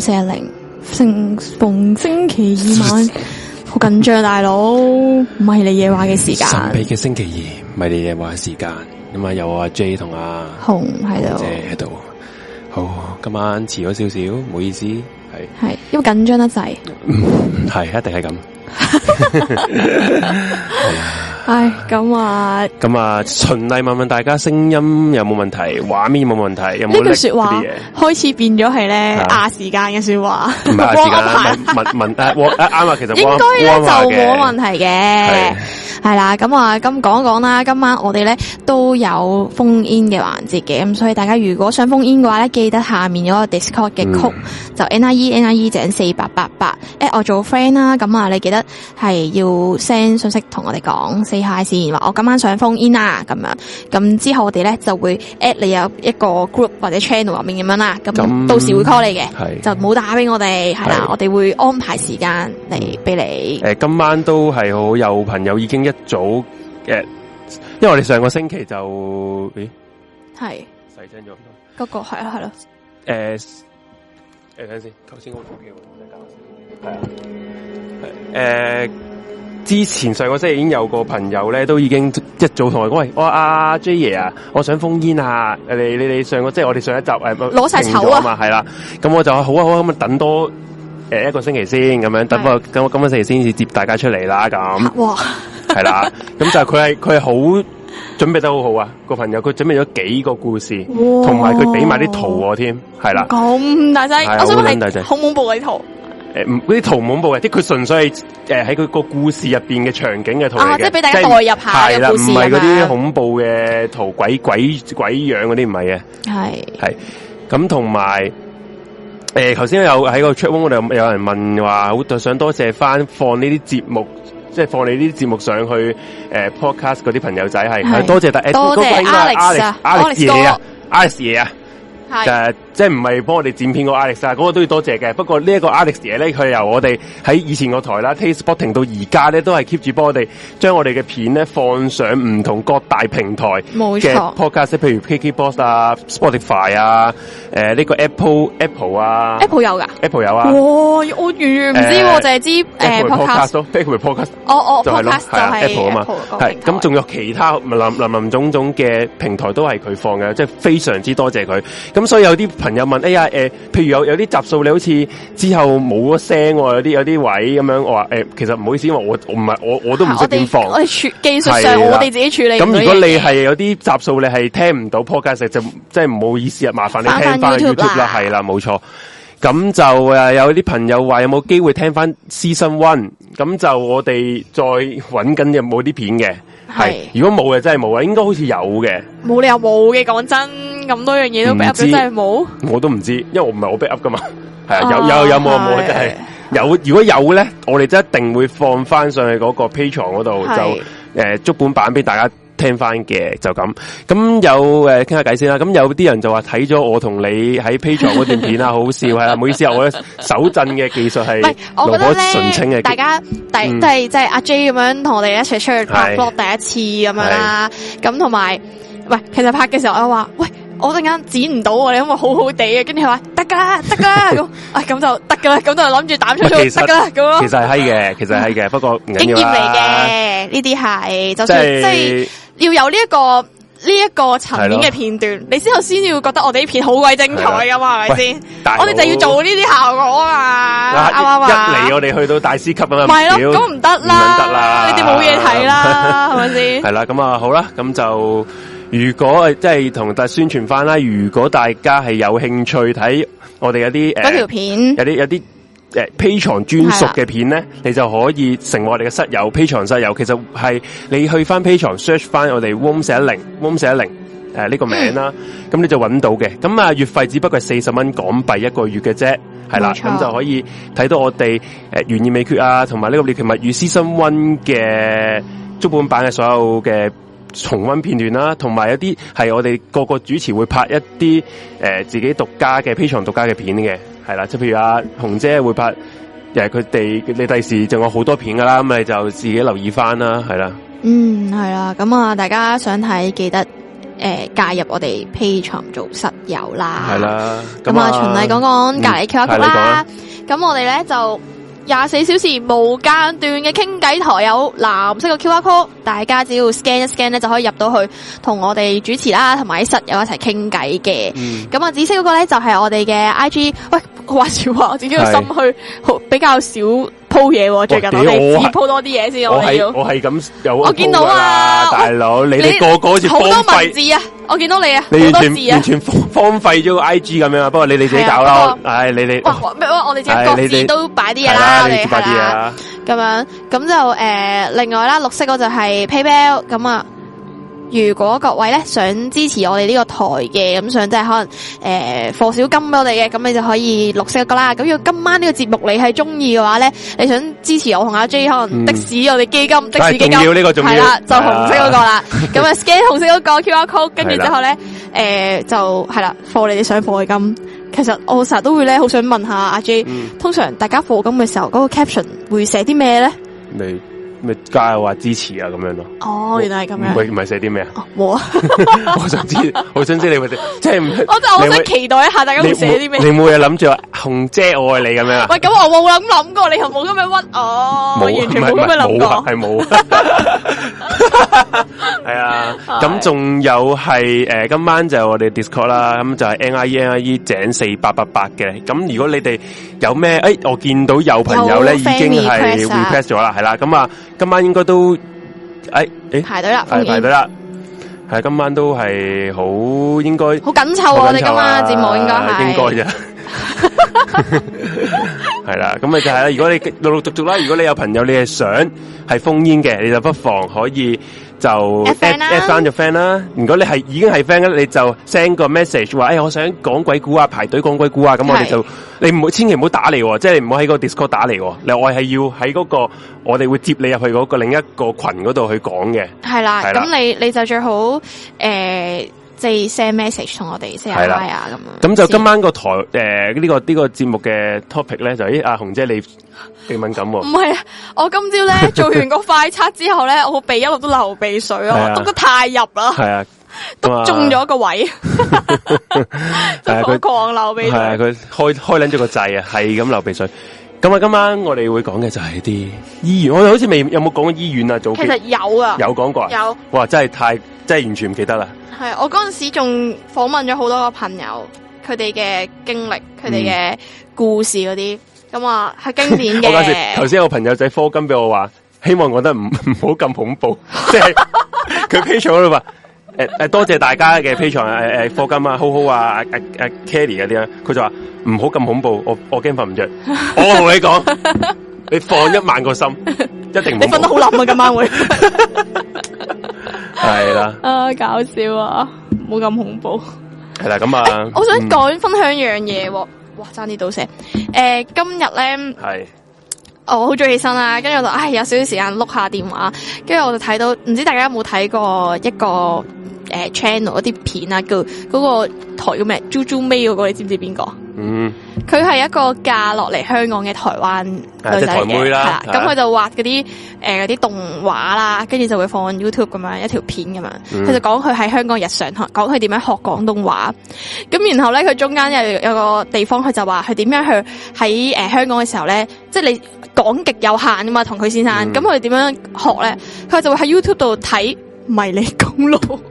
四一零星逢星期二晚好緊張，大佬，迷離夜話嘅時間。嗯，神秘嘅星期二，迷離夜話嘅時間，咁啊有我阿 J 同阿紅喺度，即喺度，好，今晚遲咗少少，唔好意思，係係，因為緊張得滯。嗯，係一定係咁。 唉，咁啊，咁啊，循例問問大家聲音有冇問題，畫面有冇問題，有冇呢句說話開始變咗係咧？亞、啊啊、時間嘅說話，唔係亞時間，問問誒，啱啊，啊，啊，啊，其實應該咧就冇問題嘅。係啦，咁啊，咁講一講啦。今晚我哋咧都有 phone in 嘅環節嘅，咁所以大家如果想 phone in 嘅話咧，記得下面嗰個 Discord 嘅 code、嗯、就 NIE NIE 井四八八八，add 我做 friend 啦。咁啊，你記得係要 send 信息，同我哋講 say hi 先，話我今晚想 phone in 啦咁樣。咁之後我哋咧就會 add 你有一個 group 或者 channel 入面咁樣啦。咁、嗯、到時會 call 你嘅、嗯，就冇打俾我哋係啦，我哋會安排時間嚟俾你。誒、呃，今晚都係好有朋友已經。一早嘅，因為我哋上個星期就，咦，係細聲咗好多，嗰、那個係啊係咯，誒誒睇先，頭先嗰張票唔識搞，係、欸、啊，誒、欸那個欸欸，之前上個星期已經有個朋友咧，都已經一早同我講，喂，我、啊、阿 J 爺啊，我想封煙啊，你你你上個即係我哋上一集誒，攞晒籌啊嘛，係啦，咁我就好啊好啊，咁、啊、等多誒一個星期先，咁樣等我等我今個星期先至接大家出嚟啦，咁，哇。係 啦，咁就佢係佢係好準備得好好啊！個朋友佢準備咗幾個故事，同埋佢俾埋啲圖我添，係啦。咁大細，我想問好恐怖嗰啲圖。誒，唔，嗰啲圖唔恐怖嘅，即係佢純粹係誒喺佢個故事面、啊、入邊嘅場景嘅圖，即係俾大家代入下，係啦，唔係嗰啲恐怖嘅圖，鬼鬼鬼樣嗰啲唔係嘅。係係咁，同埋誒，頭先有喺個 chat room 我哋有人問話，好想多謝翻放呢啲節目。即係放你呢啲節目上去，誒、呃、podcast 嗰啲朋友仔係，係多謝得 Alex 啊，Alex 爺啊，Alex 爺啊，Alex, 啊即係唔係幫我哋剪片 Alex, 個 Alex 啊？咁我都要多謝嘅。不過呢一個 Alex 嘢咧，佢由我哋喺以前個台啦，Taste Spotting 到而家咧，都係 keep 住幫我哋將我哋嘅片咧放上唔同各大平台嘅 Podcast，譬如 KKBox 啊、Spotify 啊、誒、呃、呢、這個 Apple Apple 啊，Apple 有噶？Apple 有啊？哇！我完全唔知，就、呃、係知誒 Podcast 咯，即係 Podcast。哦哦 Podcast 就係、是啊就是、Apple 啊嘛。係咁，仲有其他林林林種種嘅平台都係佢放嘅，即、就、係、是、非常之多謝佢。咁所以有啲朋友。朋友問，哎呀，誒、呃，譬如有有啲集數，你好似之後冇咗聲，有啲有啲位咁樣，我話誒、欸，其實唔好意思，因為我我唔係我我都唔識點放，我哋我哋技術上我哋自己處理。咁如果你係有啲集數，你係聽唔到 podcast 就即係唔好意思啊，麻煩你聽翻 YouTube 啦，係啦，冇錯。咁就誒有啲朋友話有冇機會聽翻 season one，咁就我哋再搵緊有冇啲片嘅。係，如果冇嘅真係冇嘅，應該好似有嘅。冇理由冇嘅，講真的，咁多樣嘢都 b a c 真係冇。我都唔知道，因為我唔係好 b a u p 噶嘛。係啊，有有沒有冇就冇，的真係有，有。如果有咧，我哋就一定會放翻上去那個 P 床度，就誒竹、呃、本版俾大家。聽翻嘅就咁，咁有誒傾下偈先啦。咁、呃、有啲人就話睇咗我同你喺 Patreon 嗰段片啊， 好笑係啦，唔好意思啊，我手震嘅技術係唔係，我覺得呢純青嘅，大家第第即係阿 J 咁樣同我哋一齊出去拍 vlog 第一次咁樣啦。咁同埋，喂，其實拍嘅時候我話，喂，我突然間剪唔到，你咁啊好好地啊。」跟住佢話得㗎，得㗎，咁 咁、哎、就得㗎啦，咁就諗住膽粗粗得㗎啦，咁其實係嘅，其實係嘅、嗯，不過不經驗嚟嘅呢啲係，即即係。要有呢、這、一個呢一、這個層面嘅片段，你之後先至會覺得我哋呢片好鬼精彩噶嘛，係咪先？我哋就要做呢啲效果啊嘛，啱一嚟我哋去到大師級咁樣，唔係咯，咁唔得啦，唔得啦，你哋冇嘢睇啦，係咪先？係 啦，咁啊好啦，咁就如果即係同大家宣傳翻啦，如果大家係有興趣睇我哋有啲嗰條片、呃、有啲有啲。有誒、yeah，Patreon 專屬嘅片咧，你就可以成為我哋嘅室友，Patreon 室友。其實係你去翻 Patreon search 翻我哋 Room410，Room410 誒呢個名啦，啊，咁 你就揾到嘅。咁啊，月費只不過係四十蚊港幣一個月嘅啫，係啦，咁就可以睇到我哋誒懸疑未決啊，同埋呢個獵奇物語 Season 1嘅足本版嘅所有嘅重溫片段啦，啊，同埋有啲係我哋個個主持會拍一啲誒、呃、自己獨家嘅 Patreon 獨家嘅片嘅。係啦，即譬如阿紅姐會拍，又誒佢哋你第時仲有好多片噶啦，咁你就自己留意翻啦，係啦。嗯，係啦，咁啊，大家想睇記得誒、呃、加入我哋 Patreon 做室友啦，係啦。咁啊、呃，循例講講隔離曲啦，咁我哋咧就。廿四小時無間斷嘅傾偈台，有藍色嘅 QR code，大家只要 scan 一 scan 咧，就可以入到去同我哋主持啦，同埋室友一齊傾偈嘅。咁、嗯、啊，紫色嗰個咧就係、是、我哋嘅 IG。喂，話時話，說話我自己個心虛，比較少。鋪嘢喎，最近我係鋪多啲嘢先，我係我係咁有。我見到我啊，大佬，你哋個個好似好多文字啊，我見到你啊，好多字啊，完全荒荒廢咗個 IG 咁樣啊。不過你哋自己搞啦，唉、啊哎，你哋。唔、哎、我哋自己各自都擺啲嘢啦，你自啦。係啦，你擺啲嘢啦。咁樣咁就誒，另外啦，綠色嗰就係 PayPal 咁啊。如果各位咧想支持我哋呢個台嘅，咁，想即係可能誒課、呃、小金俾我哋嘅，咁你就可以綠色一個啦。咁要今晚這個節呢個節目你係中意嘅話咧，你想支持我同阿 J 可能的士我哋基金、嗯、的士基金係啦，就紅色嗰個啦。咁啊那 scan 紅色嗰個 QR code，跟住之後咧誒、欸、就係啦，課你哋想課嘅金。其實我成日都會咧好想問一下阿 J，、嗯、通常大家課金嘅時候嗰、那個 caption 會寫啲咩咧？你咪加油啊、支持啊咁樣咯。哦，原來係咁樣。喂，唔係寫啲咩啊？冇啊。我想知，我想知你或者即係。我就好想期待一下，大家會寫啲咩？你冇嘢諗住啊？紅姐我愛你咁樣啊？喂，咁我冇諗諗過，你冇咁樣屈我，我完全冇咁樣諗過，係冇。係啊，咁仲有係誒，今晚就係我哋 Discord 啦，咁就係 N I E N I E 井四八八八嘅。咁如果你哋有咩誒，我見到有朋友咧已經係 request 咗啦，係啦，咁啊。今晚應該都，誒誒，排隊啦，排排隊啦，係今晚都係好應該，好緊湊啊，我哋今晚節目應該係應該啫，係啦，咁咪就係啦。如果你陸陸續續啦，如果你有朋友你係想係 phone in 嘅，你就不妨可以。就 add、啊、add friend、啊、啦。Fan, 如果你係已經係 friend 咧，你就 send 個 message 話，哎我想講鬼故啊,排隊講鬼故啊。咁我哋就你唔好，千祈唔好打嚟，即係唔好喺個 Discord 打嚟。我係要喺嗰、嗰個我哋會接你入去嗰個另一個群嗰度去講嘅。係啦，咁你你就最好誒。呃即係 send message 同我哋 send I 啊，咁，咁就今晚台、呃這個台誒、這個、呢個呢個節目嘅 topic 咧就咦阿、哎、紅姐你鼻敏感喎？唔係，我今朝咧 做完個快測之後咧，我鼻一路都流鼻水咯、啊，篤、啊、得太入啦，篤、啊、中咗個位，啊、 就佢狂流鼻水，係佢開開捻咗個掣啊，係咁、 啊、 流鼻水。咁啊，今晚我哋會講嘅就係啲醫院，我哋好似未有冇講過醫院啊？早其實有啊，有講過，有。哇，真係太，真係完全唔記得啦。係，我嗰陣時仲訪問咗好多個朋友，佢哋嘅經歷，佢哋嘅故事嗰啲，咁、嗯、啊係經典嘅。頭先有個朋友仔課金俾我話，希望我覺得唔唔好咁恐怖， 即係佢 Patreon 嗰度話。 誒，多謝大家嘅 Patreon 誒誒，課金啊，Ho Ho 啊，阿阿 Kelly 嗰啲咧，佢就話唔好咁恐怖，我我驚瞓唔着，我同你講，你放一萬個心，一定唔你瞓得好冧啊，今晚會係啦 啊搞笑啊，冇咁恐怖係啦，咁啊、欸，我想講、嗯、分享一樣嘢喎、啊，哇，差啲倒成！誒、呃，今日咧係。哦、我好早起身啦、啊，跟住我就唉有少少時間碌下電話，跟住我就睇到，唔知大家有冇睇過一個。誒、uh,，channel 嗰啲片啊，叫嗰、那個台叫咩？Juju May 嗰個，你知唔知邊個？嗯，佢係一個嫁落嚟香港嘅台灣女仔嘅，係、啊、啦。咁佢就畫嗰啲誒嗰啲動畫啦，跟住就會放 YouTube 咁樣一條片咁樣。佢、mm. 就講佢喺香港日常學，講佢點樣學廣東話。咁然後咧，佢中間有有一個地方，佢就話佢點樣去喺誒香港嘅時候咧，即、就、係、是、你講極有限啊嘛，同佢先生。咁佢哋點樣學咧？佢就會喺 YouTube 度睇迷你公路。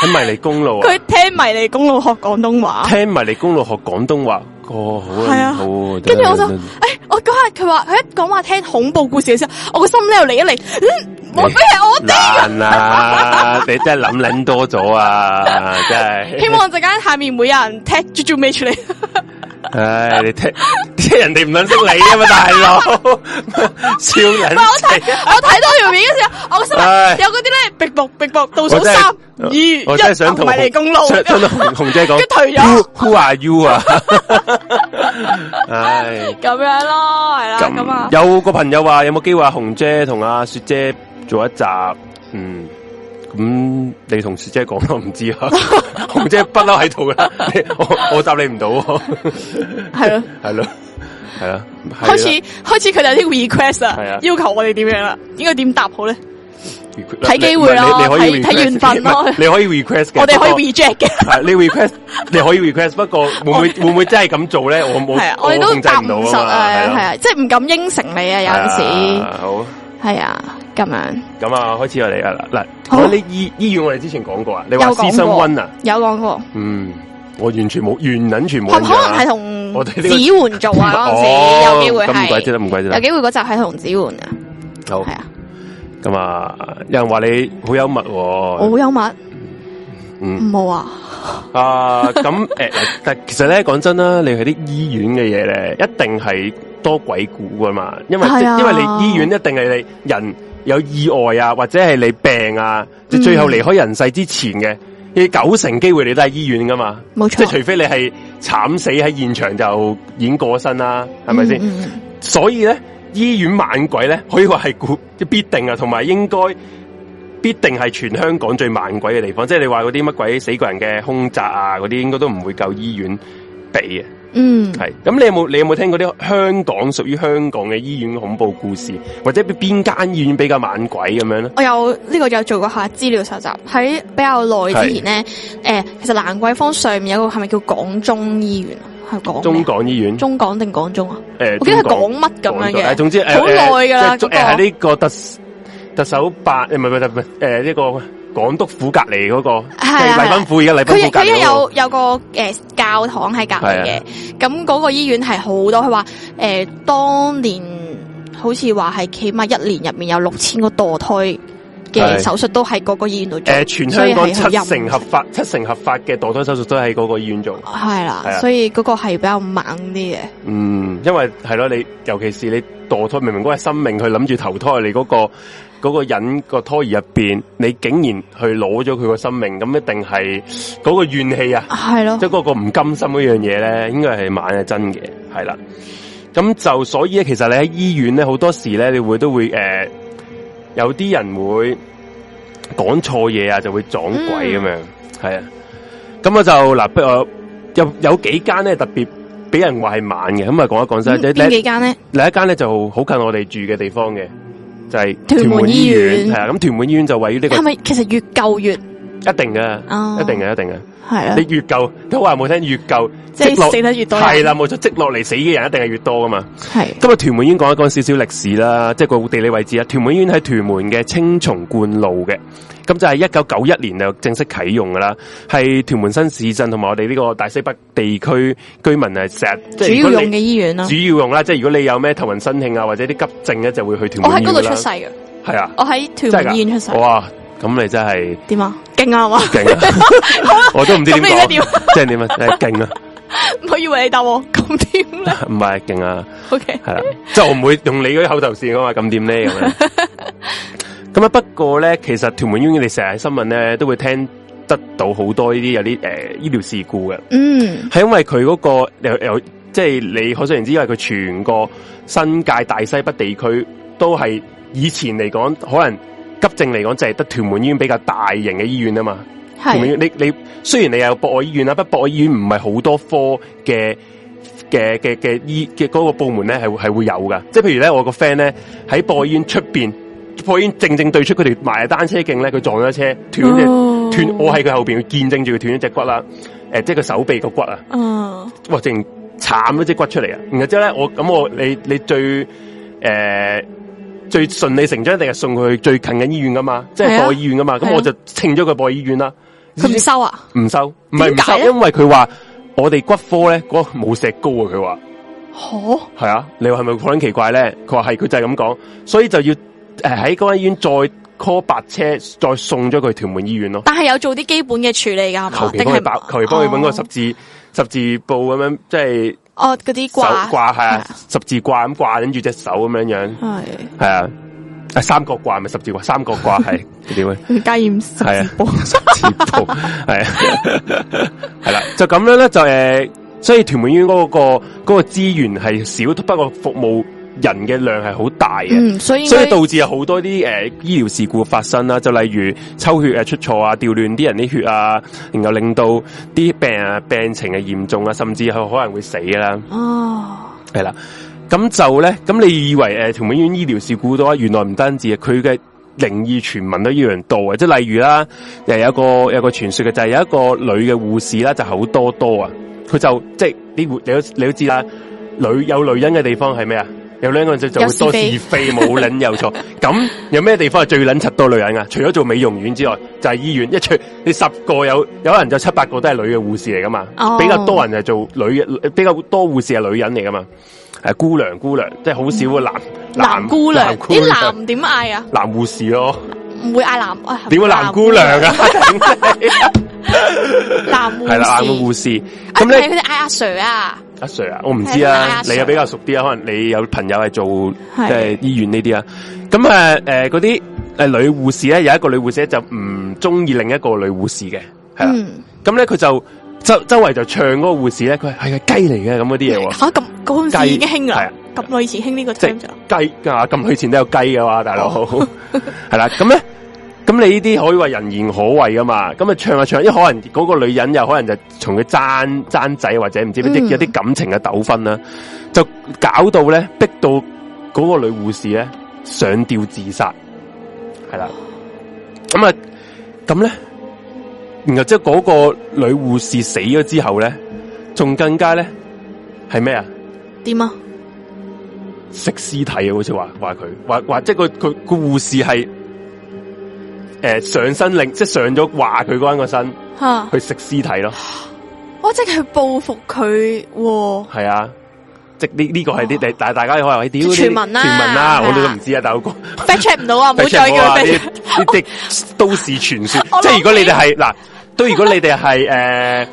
喺迷你公路佢、啊、聽迷你公路學廣東話，聽迷你公路學廣東話個、哦、好啊，好跟住我就，誒、哎哎，我嗰刻佢話，佢一講話聽恐怖故事嘅時候，我個心咧又嚟一嚟，嗯，哎、非我俾係我啲咁啦，哈哈你真係諗撚多咗啊， 真係的！ 希望陣間下面會有人踢豬豬咩出嚟。 唉、哎，你聽，聽人哋唔想識你啊嘛，大佬，笑 人。我睇，我睇到條片嘅時候， 我心、哎、有嗰啲呢，逼迫逼迫倒數三二係想同你公路。真係，紅姐講，跟團友，Who are you 啊 哎？唉，咁樣咯，係啦，咁啊。有個朋友話，有冇機會啊？紅姐同阿雪姐做一集，嗯。咁你同雪姐講都唔知啊，紅姐不嬲喺度噶啦，我 我，我答你唔到，係咯，係咯，係啊，開始開始佢哋啲 request 啊，要求我哋點樣啊，應該點答好咧？睇機會啦，睇睇緣分咯，你可以 request 嘅，我哋可以 reject 嘅， 你 request，你可以 request，不過會唔會我會唔會真係咁做咧？我我我哋都答唔到啊，係啊，啊，即係唔敢應承你啊，嗯、有陣時、啊，好，係啊。咁樣，咁啊，開始我哋啊啦，嗱，oh. 你啲醫醫院我哋之前講過啊，你話私生瘟啊，有講過，過，嗯，我完全冇，完全冇，啊，可能係同指煥做啊，嗰陣時有機會係，唔鬼知啦，唔鬼知啦，有機會嗰集係同指煥啊，好係啊，咁啊，有人話你好幽默，啊，我好幽默，嗯，冇啊，啊，咁誒、呃，但其實咧講真啦，你去啲醫院嘅嘢咧，一定係多鬼故噶嘛，因為、啊、因為你醫院一定係你人。有意外啊，或者係你病啊，即、嗯、最後離開人世之前嘅，你九成機會你都係醫院噶嘛，即係除非你係慘死喺現場就已經過身啦，係咪先？所以咧，醫院猛鬼咧，可以話係固必定啊，同埋應該必定係全香港最猛鬼嘅地方，即係你話嗰啲乜鬼死過人嘅凶宅啊，嗰啲應該都唔會夠醫院比嗯，係咁，你有冇你有冇聽過啲香港屬於香港嘅醫院恐怖故事，或者邊邊間醫院比較猛鬼咁樣咧？我有呢、這個，有做過下資料搜集，喺比較耐之前咧，誒、欸，其實蘭桂坊上面有個係咪叫港中醫院啊？係港中港醫院，中港定港中啊？誒、呃，我記得係講乜咁樣嘅，總之好耐噶啦，誒、呃，呢、呃呃那個呃、個特特首八誒，唔係唔係，誒，呢、呃這個。港督府隔離嗰個，即係禮賓府，而家禮賓府隔籬，佢佢有有一個誒、呃、教堂喺隔籬嘅，咁嗰、啊、個醫院係好多。佢話誒當年好似話係起碼一年入面有六千個墮胎嘅手術，啊，都喺嗰個醫院度做。誒、呃，全香港七成合法，七成合法嘅墮胎手術都喺嗰個醫院做。係啦、啊啊，所以嗰個係比較猛啲嘅。嗯，因為係咯，你尤其是你墮胎，明明個生命佢諗住投胎，你嗰、那個。嗰、那個人個胎兒入邊，你竟然去攞咗佢個生命，咁一定係嗰個怨氣啊！係咯，即係嗰個唔甘心嗰樣嘢咧，應該係猛係真嘅，係啦。咁就所以咧，其實你喺醫院咧，好多時咧，你會都會誒、呃，有啲人會講錯嘢啊，就會撞鬼咁樣，係、嗯、啊。咁我就嗱，有有幾間咧特別俾人話係猛嘅，咁啊講一講先。邊、嗯、幾間咧？另一間咧就好近我哋住嘅地方嘅。就係、是、屯門醫院，係啊，咁屯門醫院就位於呢個，係咪其實越舊越？一定嘅、uh，一定嘅，一定嘅。係啊，你越舊都話冇聽，越舊即係死得越多。係啦，冇錯，積落嚟死嘅人一定係越多噶嘛。係。咁啊，屯門醫院講一講少少歷史啦，即係個地理位置啊。屯門醫院喺屯門嘅青松觀路嘅，咁就係一九九一年就正式啟用噶啦。係屯門新市鎮同埋我哋呢個大西北地區居民啊，成日主要用嘅醫院啦、啊。主要用啦，即係如果你有咩頭暈身慶啊，或者啲急症咧、啊，就會去屯門醫院。我喺嗰度出世嘅，係啊，我喺屯門醫院出世。咁你真係點啊？勁啊勁啊！ 我都唔知點講！即係點啊？誒，勁啊！唔可以為你答喎！咁點？唔係勁啊！OK，係啦，即係我唔會用你嗰啲口頭禪噶嘛，咁點咧咁樣？咁啊，不過咧，其實屯門醫院你成日喺新聞咧，都會聽得到好多呢啲有啲誒、呃、醫療事故嘅。嗯，係因為佢嗰、嗰個由由即係你可想而知，因為佢全個新界大西北地區都係以前嚟講可能。急症嚟講就係得屯門醫院比較大型嘅醫院啊嘛，屯門醫院你你雖然你有博愛醫院啦，不過博愛醫院唔係好多科嘅嘅嘅嘅醫嘅嗰、那個部門咧係係會有噶，即係譬如咧我個 friend 咧喺博愛醫院出邊，博愛醫院正正對出佢哋賣單車徑咧，佢撞咗車斷咗隻斷、oh.，我喺佢後邊見證住佢斷咗隻骨啦，誒、呃、即係個手臂個骨啊，oh. 哇正慘咗隻骨出嚟啊，然後之後咧我咁我你你最誒。呃最順理成章，定係送佢去最近嘅醫院噶嘛？即係播醫院噶嘛？咁、啊、我就清咗佢播醫院啦。啊收啊？唔收？唔係收，因為佢話我哋骨科咧，嗰、那、冇、個、石膏啊。佢話，好、哦，係啊？你話係咪好撚奇怪咧？佢話係，佢就係咁講，所以就要誒喺嗰間醫院再 call 白車，再送咗佢去屯門醫院咯。但係有做啲基本嘅處理噶，求其佢白，求其幫佢搵個十字、哦、十字布咁樣，即係。哦，嗰啲卦卦係啊，十字卦咁掛緊住隻手咁樣樣，係係啊，啊三角卦咪十字卦，三角卦係點點計唔識，係啊，十字波係 是啊，係 啦、啊，就咁樣咧就誒、是，所以屯門醫院嗰、嗰個嗰個嗰個資個資源係少，不過服務。人嘅量係好大嘅、嗯，所以導致有好多啲誒、呃、醫療事故發生啦。就例如抽血誒出錯啊，調亂啲人啲血啊，然後令到啲病啊病情啊嚴重啊，甚至係可能會死啦。哦，係啦，咁就咧，咁你以為誒，傳、呃、屯門醫院醫療事故多啊？原來唔單止佢嘅靈異傳聞都一樣多啊。即係例如啦，誒，有個有個傳說嘅就係、是、有一個女嘅護士啦，就好多多啊。佢就即係啲你都你都知啦，女有女人嘅地方係咩啊？嗯有兩個人就就會多是非有是非冇撚有錯，咁 有咩地方係最撚柒多女人啊？除咗做美容院之外，就係、是，醫院。一除，你十個有，有人就七八個都係女嘅護士嚟噶嘛？Oh. 比較多人就係做女，比較多護士係女人嚟噶嘛？誒，姑娘姑娘，即係好少會男、嗯、男、男、男、男姑娘，啲男點嗌啊？男護士咯，唔會嗌男點啊？哎、點會男姑娘啊， 男係啦，男嘅護士咁咧，佢哋嗌阿 Sir 啊。阿 Sir 啊，我唔知啊。你又比較熟啲啊，Sir? 可能你有朋友係做即係醫院呢啲啊。咁啊，誒嗰啲誒女護士咧，有一個女護士就唔中意另一個女護士嘅，係啦。咁咧佢就，就周周圍就唱嗰個護士咧，佢係係個雞嚟嘅，咁嗰啲嘢。吓，咁嗰陣時已經興啦。咁耐、啊啊啊、以前興呢個 t 雞、就是、啊，咁耐以前都有雞嘅話，大佬係啦。咁、哦、咧。 咁你呢啲可以話人言可畏噶嘛？咁啊唱啊唱，因可能嗰個女人又可能就同佢爭爭仔或者唔知咩啲有啲感情嘅糾紛啦，就搞到咧逼到嗰個女護士咧上吊自殺，係啦。咁啊，咁咧，然後即係嗰個女護士死咗之後咧，仲更加咧係咩啊？啲啊？食屍體啊？好似話話佢，話話即係佢個護士係。誒、呃，上身令即係上咗話佢嗰個身，吓去食屍體咯，我即係去報復佢。係啊，即呢呢、這個係啲，但係大家可能話啲傳聞啦，傳聞啦，我都唔知啊。但係我講 check 唔到啊，唔好再叫呢啲都市傳說，哦、即係如果你哋係嗱，都如果你哋係誒。 呃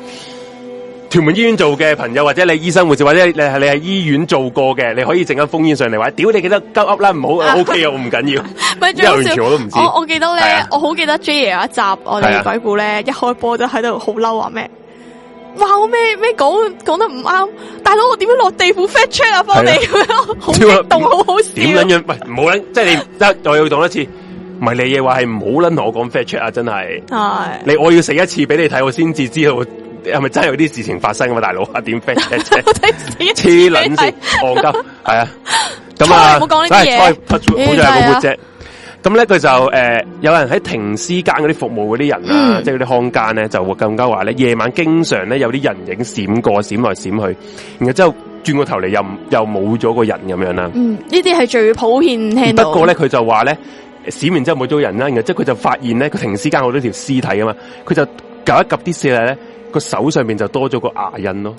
屯門醫院做嘅朋友，或者你醫生護士，或者你係你喺醫院做過嘅，你可以整根烽煙上嚟，話屌你幾多鳩噏啦，唔好 o k 啊，我唔緊要。有、啊、緣我都唔知。我我記得咧、啊，我好記得 J 爺有一集，我哋鬼故咧、啊、一開波就喺度好嬲，話咩？哇，好咩咩講講得唔啱，大佬我點樣落地府 fetch 啊，翻嚟，咁你！好、啊啊啊、激動，好、啊嗯、好笑、啊。點捻樣？唔唔好捻， 即係你得再要動一次，唔係你嘅話係唔好捻同我講 fetch 啊，真係。係、啊。你我要食一次俾你睇，我先至知道。係咪真的有啲事情發生噶嘛，大佬？點飛車？車捻先，戇鳩係啊。咁、 嗯、啊、唔、哦哎、好講啲嘢，開、哎、不、啊、就咁活啫。咁、呃、咧，佢就誒，有人喺停屍間嗰啲服務嗰啲人啊，即係嗰啲看監咧，就會更加話咧，夜晚經常咧有啲人影閃過，閃來閃去，然後之後轉個頭嚟又又冇咗個人咁樣啦。呢啲係最普遍聽不過咧，佢就話咧，閃完之後冇咗人啦，然後之後佢就發現咧，佢停屍間好多條屍體噶嘛，佢就夾一夾啲事體咧。個手上面就多咗個牙印咯，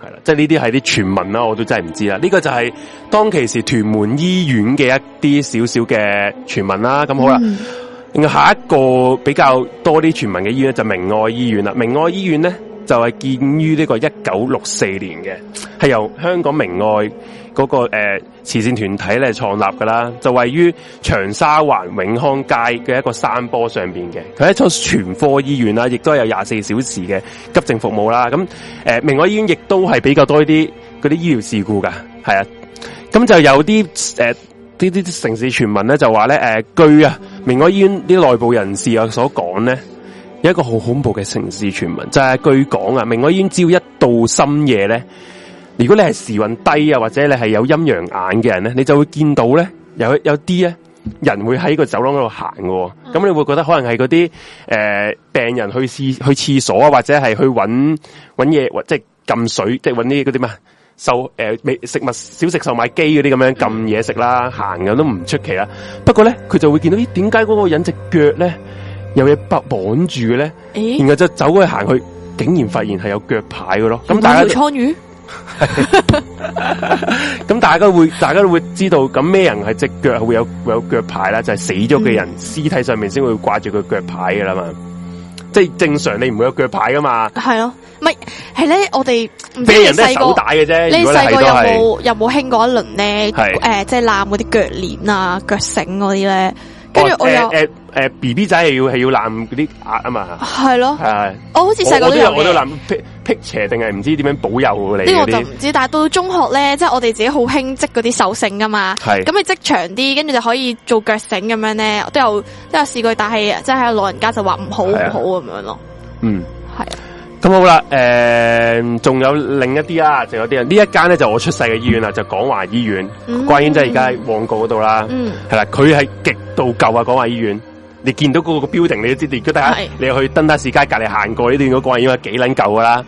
係啦，即係呢啲係啲傳聞啦，我都真係唔知啦。呢、這個就係當其時屯門醫院嘅一啲少少嘅傳聞啦。咁好啦，然、嗯、後下一個比較多啲傳聞嘅醫院就是、明愛醫院啦。明愛醫院咧就係、是、建於呢個一九六四年嘅，係由香港明愛。嗰、那個誒、呃、慈善團體咧創立噶啦，就位於長沙灣永康街嘅一個山坡上邊嘅。佢係一所全科醫院啦，亦都有廿四小時嘅急症服務啦。咁誒、呃、明愛醫院亦都係比較多啲嗰啲醫療事故噶，係、呃呃、啊。咁就有啲誒啲啲城市傳聞咧就話咧，誒據啊明愛醫院啲內部人士啊所講咧，有一個好恐怖嘅城市傳聞，就係、是、據講啊明愛醫院只要一到深夜咧。如果你係時運低啊，或者你係有陰陽眼嘅人咧，你就會見到咧有有啲咧人會喺個走廊度行嘅，咁、嗯、你會覺得可能係嗰啲誒病人去廁去廁所啊，或者係去揾揾嘢，或即係撳水，即係揾啲嗰啲咩售誒、呃、食物小食售賣機嗰啲咁樣撳嘢食啦，行嘅都唔出奇啦。不過咧佢就會見到咦，點解嗰個人隻腳咧有嘢綁住嘅咧、欸？然後就走過去行去，竟然發現係有腳牌嘅咯。咁、嗯、大家。咁 大家會，大家會知道咁咩人係隻腳會有會有腳牌咧？就係、是、死咗嘅人，屍、嗯、體上面先會掛住個腳牌噶啦嘛。即係正常你你，你唔會有腳牌噶嘛。係咯，唔係係咧，我哋咩人都手帶嘅啫。你細個有冇有冇興過一輪咧？係誒，即係攬嗰啲腳鏈啊、腳繩嗰啲咧。跟住我有誒誒，B B 仔係要係要攬嗰啲牙啊嘛。係咯，係我好似細個都有我都攬。辟邪定係唔知點樣保佑嚟？呢、這個我就唔知，但係到中學咧，即係我哋自己好興織嗰啲手繩噶嘛。係咁你織長啲，跟住就可以做腳繩咁樣咧。我都有都有試過，但係即係老人家就話唔好唔、啊、好咁樣咯。嗯，係啊。咁好啦，誒，仲、呃、有另一啲啊，仲有啲啊呢一間咧就是、我出世嘅醫院啦，就廣、是、華醫院。嗯,嗯，關於即係而家喺旺角嗰度啦。嗯，係啦，佢係極度舊啊，廣華醫院。你見到個個個 building，你都知啲。佢你去登達士街隔籬行過呢段嗰個醫院應該，幾捻舊噶啦。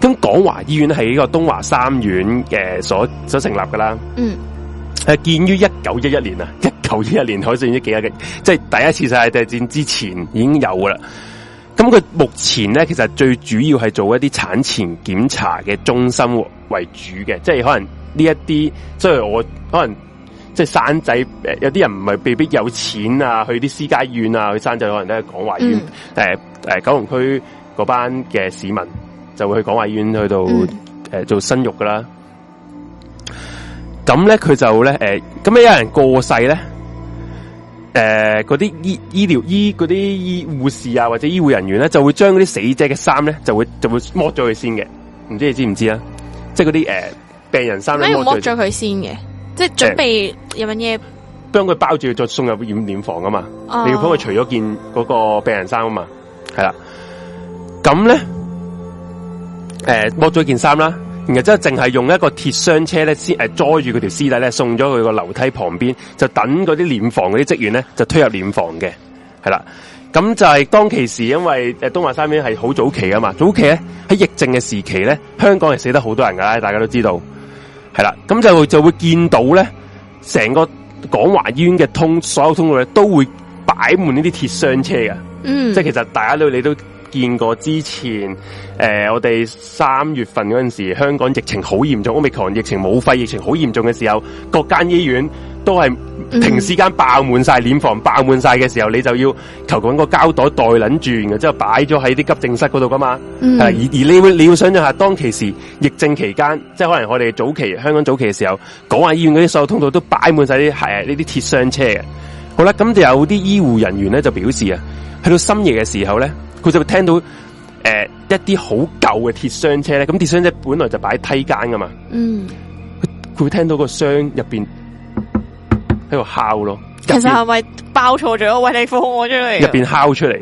咁廣華醫院係呢個東華三院嘅所所成立噶啦。嗯，係建於一九一一年啊，一九一一年，海戰一幾啊嘅，即係第一次世界大戰之前已經有噶啦。咁佢目前咧，其實最主要係做一啲產前檢查嘅中心為主嘅，即係可能呢一啲，即係我可能。即係生仔，誒，有啲人唔係未必有錢啊，去啲私家醫院啊，去生仔可能都係廣華醫院，誒、嗯、誒、呃，九龍區嗰班嘅市民就會去廣華醫院去到誒、嗯呃、做生育噶啦。咁咧佢就咧，誒、呃，咁樣有人過世咧，誒、呃，嗰啲醫醫療醫嗰啲醫護士啊或者醫護人員咧，就會將嗰啲死者嘅衫咧，就會就會剝咗佢先嘅，唔知你知唔知啊？即係嗰啲誒病人衫咧剝咗佢先嘅。即係準備有乜嘢，將、欸、佢包住再送入殮殮房啊嘛，oh. 你要幫佢除咗件嗰、嗰個病人衫啊嘛，係啦，咁咧，誒剝咗件衫啦，然後即係淨係用一個鐵箱車咧，先誒載住佢條屍體咧，送咗佢個樓梯旁邊，就等嗰啲殮房嗰啲職員咧，就推入殮房嘅，係啦，咁就係當其時，因為誒東華三院係好早期啊嘛，早期咧喺疫症嘅時期咧，香港係死得好多人噶，大家都知道。係啦，咁就就會見到咧，成個廣華醫院嘅通所有通路咧，都會擺滿呢啲鐵箱車嘅。嗯，即係其實大家都你都見過之前，誒、呃，我哋三月份嗰陣時，香港疫情好嚴重 Omicron 疫情武肺疫情好嚴重嘅時候，各間醫院都係。停屍間爆滿晒殮房，爆滿晒嘅時候，你就要求佢揾個膠袋袋捻住，然之後擺咗喺啲急症室嗰度噶嘛？嗯、而而你會，你會想象一下當其時疫症期間，即係可能我哋早期香港早期嘅時候，廣華醫院嗰啲所有通道都擺滿晒啲係呢啲鐵箱車嘅。好啦，咁就有啲醫護人員咧就表示啊，去到深夜嘅時候咧，佢就聽到誒、呃、一啲好舊嘅鐵箱車咧，咁鐵箱車本來就擺喺梯間噶嘛，佢佢會聽到個箱入邊。喺度敲咯，其實係咪爆錯咗？喂，你放我出嚟，入邊敲出嚟，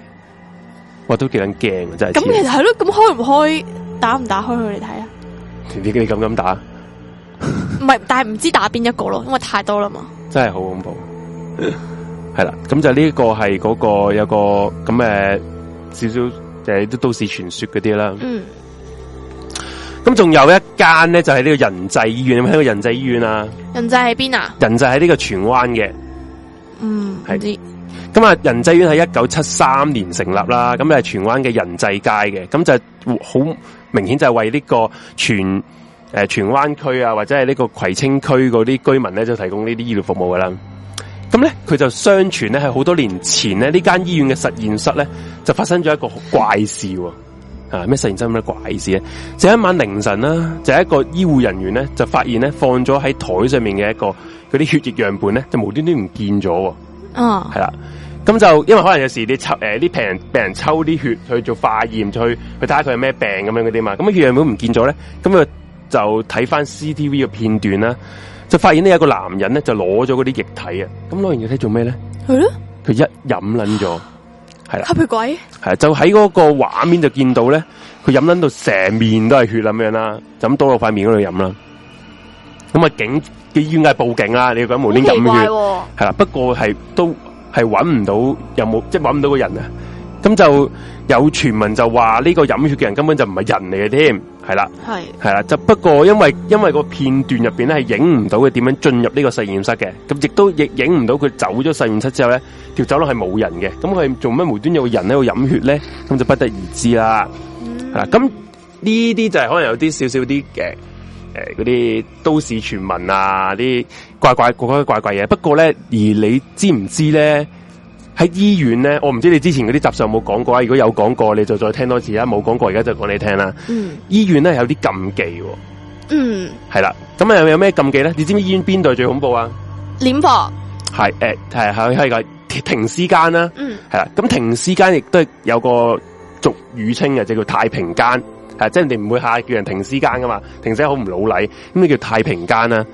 我都幾捻驚！真係。咁其實係咯，咁開唔開？打唔打開佢嚟睇啊？點解你敢唔敢打？唔係，但係唔知打邊一個咯，因為太多啦嘛。真係好恐怖。係 啦，咁就呢、那個、一個係嗰個有個咁誒，少少誒，都都市傳說嗰啲啦。嗯。咁仲有一間咧，就係、是、呢個仁濟醫院，喺個仁濟醫院啊。仁濟喺邊啊？仁濟喺呢個荃灣嘅，嗯，係咁啊，嗯、知仁濟院喺一九七三年成立啦，咁係荃灣嘅仁濟街嘅，咁就好明顯就係為呢個荃誒、呃、荃灣區啊或者係呢個葵青區嗰啲居民咧，就提供呢啲醫療服務噶啦。咁咧，佢就相傳咧係好多年前咧呢間醫院嘅實驗室咧就發生咗一個怪事。啊。 啊咩，突然真？咩怪事咧？就一晚凌晨啦，就一個醫護人員咧就發現咧放咗喺台上面嘅一個嗰啲血液樣本咧，就無端端唔見咗。啊、oh.，係啦，咁就因為可能有時你抽誒啲病病人抽啲血去做化驗，去去睇下佢係咩病咁樣嗰啲嘛。咁血樣本唔見咗咧，咁佢就睇翻 C T V 嘅片段啦，就發現呢有一個男人咧就攞咗嗰啲液體啊，咁攞完液體做咩咧？佢 佢一飲捻咗。係吸血鬼，係就喺嗰個畫面就見到咧，佢飲捻到成面都係血咁樣啦，咁多落塊面嗰度飲啦。咁啊警嘅醫院係報警啦，你講無端端飲血，係啦、哦，不過係都係搵唔到有冇，即係搵唔到個人啊。咁就有傳聞就話呢個飲血嘅人根本就唔係人嚟嘅添，係啦，係係啦，就不過因為因為個片段入邊咧係影唔到佢點樣進入呢個實驗室嘅，咁亦都亦影唔到佢走咗實驗室之後咧條走廊係冇人嘅，咁佢做咩無端有個人喺度飲血咧，咁就不得而知，嗯、啦，係啦，咁呢啲就係可能有啲少少啲嘅誒嗰啲都市傳聞啊啲怪怪怪怪嘢，不過咧而你知唔知咧？喺醫院咧，我唔知你之前嗰啲集上有冇講過啊？如果有講過，你就再聽多次啦。冇講過，而家就講你聽啦。嗯，醫院咧有啲禁忌、哦，嗯，係啦。咁啊有咩禁忌咧？你知唔知醫院邊度最恐怖啊？殮房？係誒係係係個停屍間啦，嗯，係啦。咁停屍間亦都有個俗語稱嘅，就叫太平間，係即係你唔會下叫人停屍間噶嘛？停屍間好唔老禮，咁咩叫太平間啊。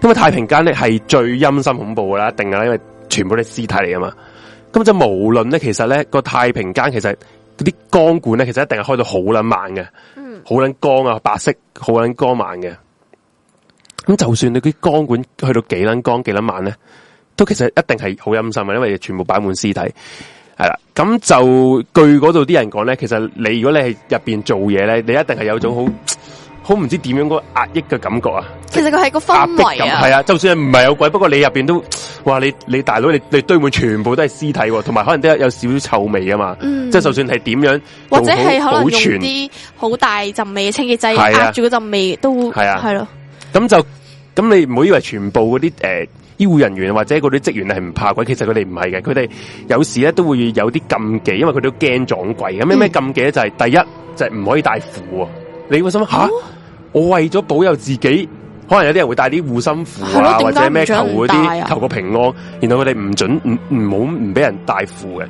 咁、那、啊、個、太平間咧係最陰森恐怖噶啦，一定噶啦，因為全部都係屍體嚟啊嘛。咁就無論咧，其實咧個太平間其實啲光管咧，其實一定係開到好撚慢嘅，嗯，好撚光啊，白色，好撚光猛嘅。咁就算你啲光管去到幾撚光、幾撚慢咧，都其實一定係好陰森嘅，因為全部擺滿屍體。係啦，咁就據嗰度啲人講咧，其實你如果你係入邊做嘢咧，你一定係有種好。嗯好唔知點樣個壓抑嘅感覺啊，壓迫感！其實佢係個氛圍啊，係啊，就算係唔係有鬼，不過你入邊都，哇！你你大佬，你你堆滿全部都係屍體喎，啊，同埋可能都有少少臭味啊嘛，即、嗯、係就算係點樣好，或者係可能用啲好大陣味嘅清潔劑壓住嗰陣味都係啊，係咯。咁、啊啊、就咁你唔好以為全部嗰啲誒醫護人員或者嗰啲職員係唔怕鬼，其實佢哋唔係嘅，佢哋有時咧都會有啲禁忌，因為佢都驚撞鬼。咁咩咩禁忌咧就係、是、第一就唔、是、可以帶褲啊！你會心吓？我為咗保佑自己，可能有啲人會帶啲護身符啊，或者咩求嗰啲求個平安。然後佢哋唔准唔唔冇唔俾人帶符嘅。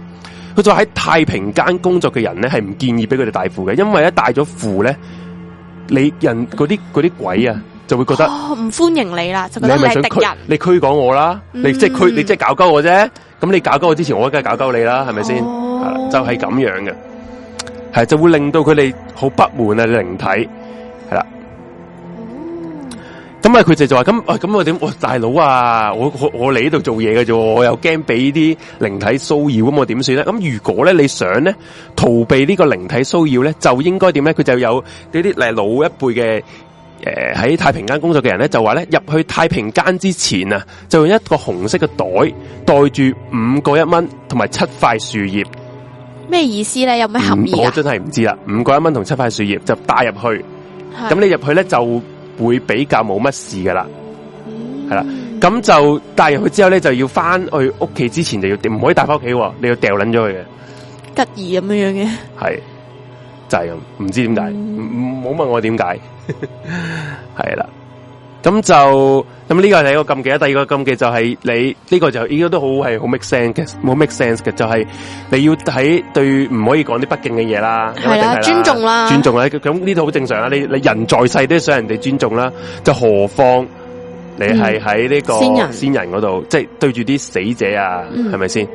佢就喺太平間工作嘅人咧，係唔建議俾佢哋帶符嘅，因為一帶咗符咧，你人嗰啲啲鬼啊就會覺得唔、哦、歡迎你啦。你咪想驅？你驅趕我啦、嗯？你即係驅？你即係搞鳩我啫？咁你搞鳩我之前，我都梗係搞鳩你啦？係咪先？就係、是、咁樣嘅，係就會令到佢哋好不滿啊！靈體。咁啊！佢就就話咁，咁我點？我、哦、大佬啊，我我我嚟呢度做嘢嘅啫，我又驚俾啲靈體騷擾咁，我點算咧？咁如果咧你想咧逃避呢個靈體騷擾咧，就應該點咧？佢就有呢啲老一輩嘅誒喺太平間工作嘅人咧，就話咧入去太平間之前啊，就用一個紅色嘅袋袋住五個一蚊同埋七塊樹葉，咩意思咧？有咩含義？我真係唔知啦。五個一蚊同七塊樹葉就帶入去，咁你入去咧就。會比較冇乜事噶啦，係、嗯、啦，咁就帶入去之後咧，就要翻去屋企之前就要唔可以帶翻屋企，你要掉捻咗佢嘅，吉爾咁樣、就是、樣嘅，係就係咁，唔知點解，唔唔好問我點解，係 啦。咁就咁呢個係第一個禁忌啦，第二個禁忌就係你呢、這個就依家都好係好 make sense 嘅，冇 make sense 嘅就係、是、你要喺對唔可以講啲不敬嘅嘢啦，係、啊、啦，尊重啦，尊重啦，咁呢度好正常啦，你你人在世都想人哋尊重啦，就何況你係喺呢個先、嗯、人先人嗰度，即、就、係、是、對住啲死者啊，係咪先？是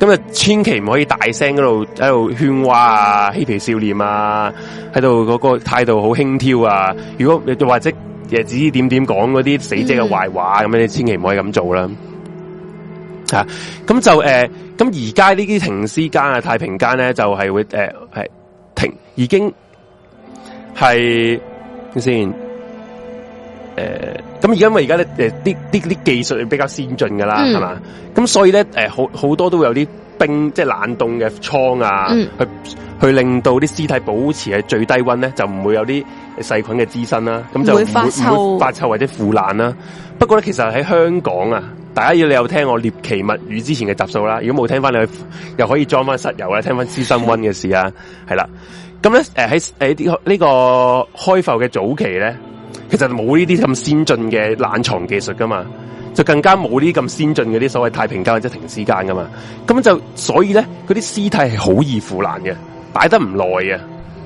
咁啊，千祈唔可以大聲嗰度喺度喧嘩啊，嬉皮笑臉啊，喺度嗰個態度好輕佻啊。如果你就或者嘢，指指點點講嗰啲死者嘅壞話，咁、嗯、樣、啊，你千祈唔可以咁做啦。吓，咁就誒，咁而家呢啲停屍間啊、太平間咧，就係、是、會誒係、呃、停，已經係先。等等誒、呃，咁而家因為而家咧，誒、呃，啲啲啲技術比較先進噶啦，係、嗯、嘛，咁所以咧，誒、呃，好好多都會有啲冰，即係冷凍嘅倉啊，嗯、去去令到啲屍體保持喺最低溫咧，就唔會有啲細菌嘅滋生啦，咁就唔會，會，會發臭或者腐爛啦。不過咧，其實喺香港啊，大家要你有聽我獵奇物語之前嘅集數啦，如果冇聽翻，你又可以裝翻石油咧，聽翻屍身溫嘅事啊，係 啦。咁咧，誒喺喺呢個呢個開埠嘅早期咧。其實冇呢啲咁先進嘅冷藏技術噶嘛，就更加冇呢啲咁先進嗰啲所謂太平間或者停屍間噶嘛，咁就所以咧，嗰啲屍體係好易腐爛嘅，擺得唔耐嘅，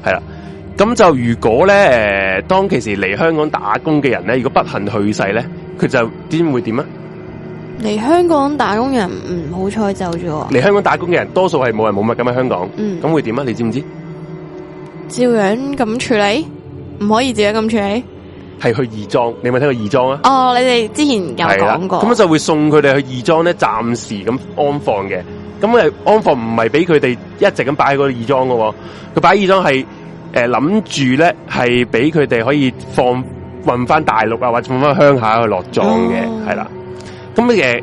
係啦。咁就如果咧，誒，當其時嚟香港打工嘅人咧，如果不幸去世咧，佢就點會點啊？嚟香港打工人唔好彩走咗，嚟香港打工嘅人多數係冇人冇物咁喺香港，嗯，咁會點啊？你知唔知？照樣咁處理，唔可以自己咁處理。係去義莊，你有冇聽過義莊啊？哦，你哋之前有講過，咁就會送佢哋去義莊咧，暫時咁安放嘅。咁啊，安放唔係俾佢哋一直咁擺喺個義莊喎。佢擺義莊係誒諗住咧，係俾佢哋可以放運翻大陸啊，或者運翻鄉下去落葬嘅。係、哦、啦。咁嘅嘢，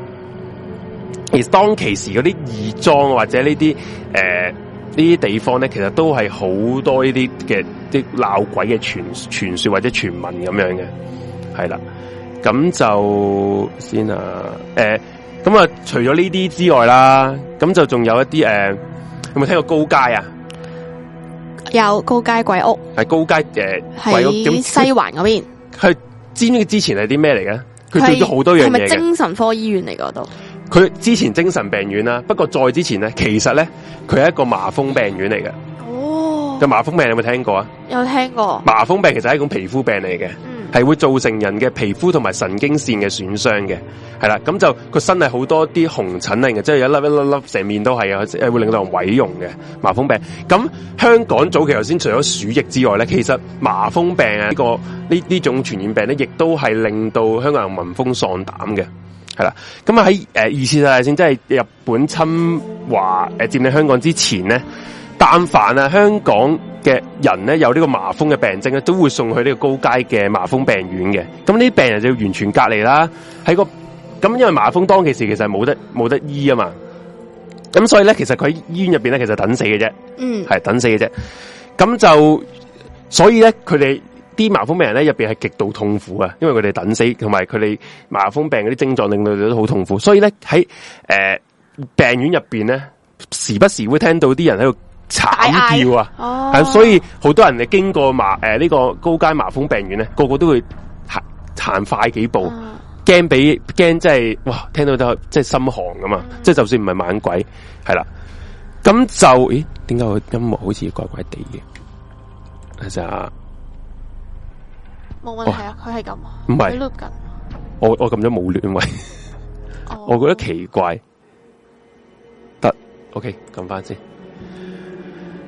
其實當其時嗰啲義莊或者呢啲誒。呃呢啲地方咧，其實都係好多呢啲嘅啲鬧鬼嘅傳傳說或者傳聞咁樣嘅，係啦，咁就先啊，誒、欸，咁啊，除咗呢啲之外啦，咁就仲有一啲誒、欸，有冇聽過高街啊？有高街鬼屋，係高街嘅、呃、鬼屋，喺西環嗰邊？佢知唔知之前係啲咩嚟嘅？佢做咗好多樣嘢，係咪精神科醫院嚟嗰度。佢之前精神病院啦，不過再之前咧，其實咧佢係一個麻風病院嚟嘅。哦，咁麻風病你有冇聽過啊？有聽過。麻風病其實係一種皮膚病嚟嘅，係、嗯、會造成人嘅皮膚同埋神經線嘅損傷嘅，係啦。咁就個身係好多啲紅疹嚟嘅，即係有一粒一粒一粒，成面都係啊，誒，會令到人毀容嘅麻風病。咁香港早期頭先除咗鼠疫之外咧，其實麻風病啊呢、呢個呢呢種傳染病咧，亦都係令到香港人聞風喪膽嘅。係啦，咁啊喺誒二次世界大戰，即係日本侵華誒佔領香港之前咧，但凡啊香港嘅人咧有呢個麻風嘅病症咧，都會送去呢個高階嘅麻風病院嘅。咁呢啲病人就要完全隔離啦，喺個咁因為麻風當其時其實係冇得冇得醫啊嘛。咁所以咧，其實佢喺醫院入邊咧，其實等死嘅啫。嗯，係等死嘅啫。咁就所以咧，佢哋。啲麻風病人咧入邊係極度痛苦啊，因為佢哋等死，同埋佢哋麻風病嗰啲症狀令到佢哋都好痛苦。所以咧喺誒病院入邊咧，時不時會聽到啲人喺度慘叫啊。哦、oh. 啊，所以好多人哋經過麻誒呢、呃這個高街麻風病院咧，個個都會行，行快幾步，驚俾驚，即係哇，聽到都即係心寒噶嘛。Mm. 即係就算唔係猛鬼，係啦。咁就咦？點解個音樂好似怪怪地嘅？阿 Sir 冇問題啊，佢係咁，唔係，我我撳咗冇亂，喂， 我覺得奇怪，得、哦，OK，撳翻先，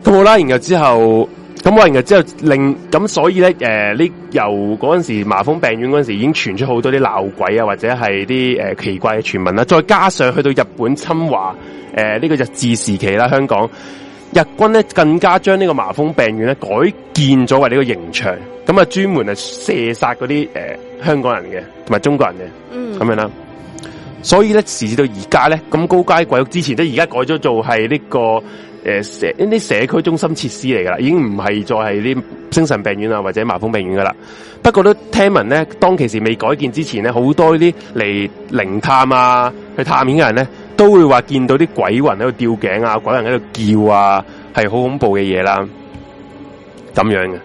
咁好啦，然後之後，咁我然後之後令咁，所以咧，誒、呃，呢由嗰陣時候麻風病院嗰陣時已經傳出好多啲鬧鬼啊，或者係啲誒奇怪嘅傳聞啦，再加上去到日本侵華，誒、呃，呢、這個日治時期啦、啊，香港。日軍咧更加將呢個麻風病院咧改建咗為呢個刑場，咁啊專門係射殺嗰啲誒香港人嘅同埋中國人嘅，咁、嗯、樣啦。所以咧，時至到而家咧，咁高街鬼屋之前咧、這個，而家改咗做係呢個誒社呢啲社區中心設施嚟噶啦，已經唔係再係啲精神病院啊或者麻風病院噶啦。不過都聽聞咧，當其時未改建之前咧，好多啲嚟靈探啊去探險嘅人咧。都會話見到啲鬼魂喺度吊頸啊，鬼人喺度叫啊，係好恐怖嘅嘢啦，咁樣嘅。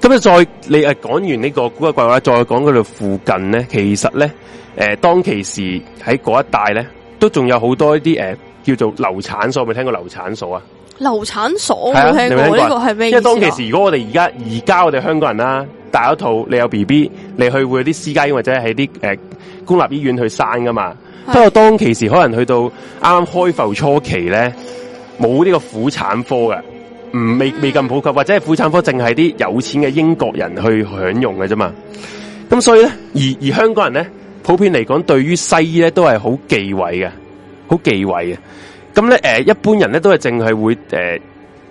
咁就再你誒講完呢、這個古惑鬼話，再講佢度附近咧，其實咧，誒、呃、當其時喺嗰一帶咧，都仲有好多一啲誒、呃、叫做流產所，有冇聽過流產所啊？流產所我冇聽過呢個係咩？因為當其時，如果我哋而家而家我哋香港人啦、啊，大一套你有 B B，你去會有啲私家醫院或者喺啲誒公立醫院去生噶嘛？不過當其時可能去到啱啱開埠初期咧，冇呢個婦產科嘅，唔未未咁普及，或者係婦產科淨係啲有錢嘅英國人去享用嘅啫嘛。咁所以咧，而而香港人咧，普遍嚟講，對於西醫咧都係好忌諱嘅，好忌諱嘅。咁咧，誒、呃，一般人咧都係淨係會誒，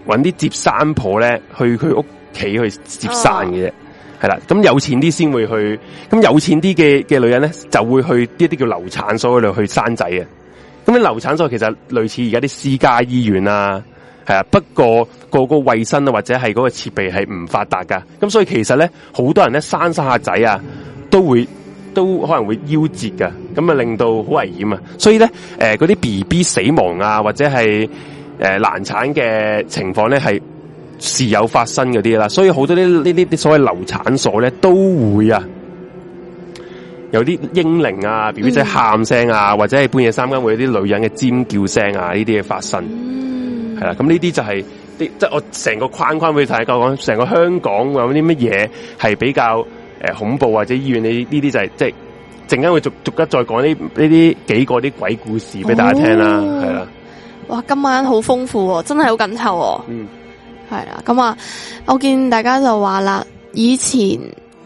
揾、呃、啲接生婆咧去佢屋企去接生嘅。啫、Oh。係啦，咁有錢啲先會去，咁有錢啲嘅嘅女人咧，就會去呢啲叫流產所度去生仔嘅。咁流產所其實類似而家啲私家醫院啊，係啊，不過個個衛生啊或者係嗰個設備係唔發達噶。咁所以其實咧，好多人咧生生下仔啊，都會都可能會夭折噶，咁啊令到好危險啊。所以咧，誒、呃、嗰啲 B B 死亡啊或者係誒、呃、難產嘅情況咧係事有發生嗰啲啦，所以好多啲呢啲啲所謂流產所咧，都會有些英啊，有啲嬰靈啊，B B 仔喊聲啊，或者係半夜三更會有啲女人嘅尖叫聲啊，呢啲嘢發生，係、嗯、啦，咁呢啲就係啲即係我成個框框俾你睇，我講成個香港有啲乜嘢係比較誒恐怖或者醫院，你呢啲就係即係陣間會逐逐一再講呢呢啲幾個啲鬼故事俾大家聽啦，係、哦、啦，哇，今晚好豐富、哦，真係好緊湊，嗯。係啦，咁啊，我見大家就話啦，以前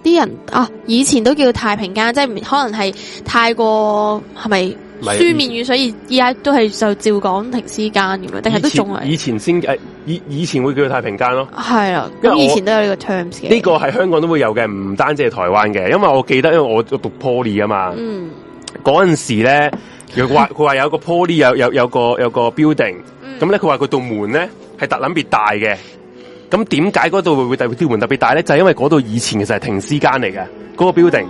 啲人啊，以前都叫太平間，即係可能係太過係咪書面語，所以而家都係就照講停屍間咁樣，定係都仲係以前先誒，以前、啊、以前會叫太平間咯，係啊，咁以前都有呢個 terms。呢、呢個係香港都會有嘅，唔單止係台灣嘅，因為我記得因為我讀 poly 啊嘛，嗯，嗰陣時咧，佢話佢話有個 poly 有有有個有個 building，咁咧佢話佢道門咧。係特撚別大嘅，咁點解嗰度會會特別跳門特別大咧？就係、是、因為嗰度以前其實係停屍間嚟嘅，嗰、那個 building，嗰、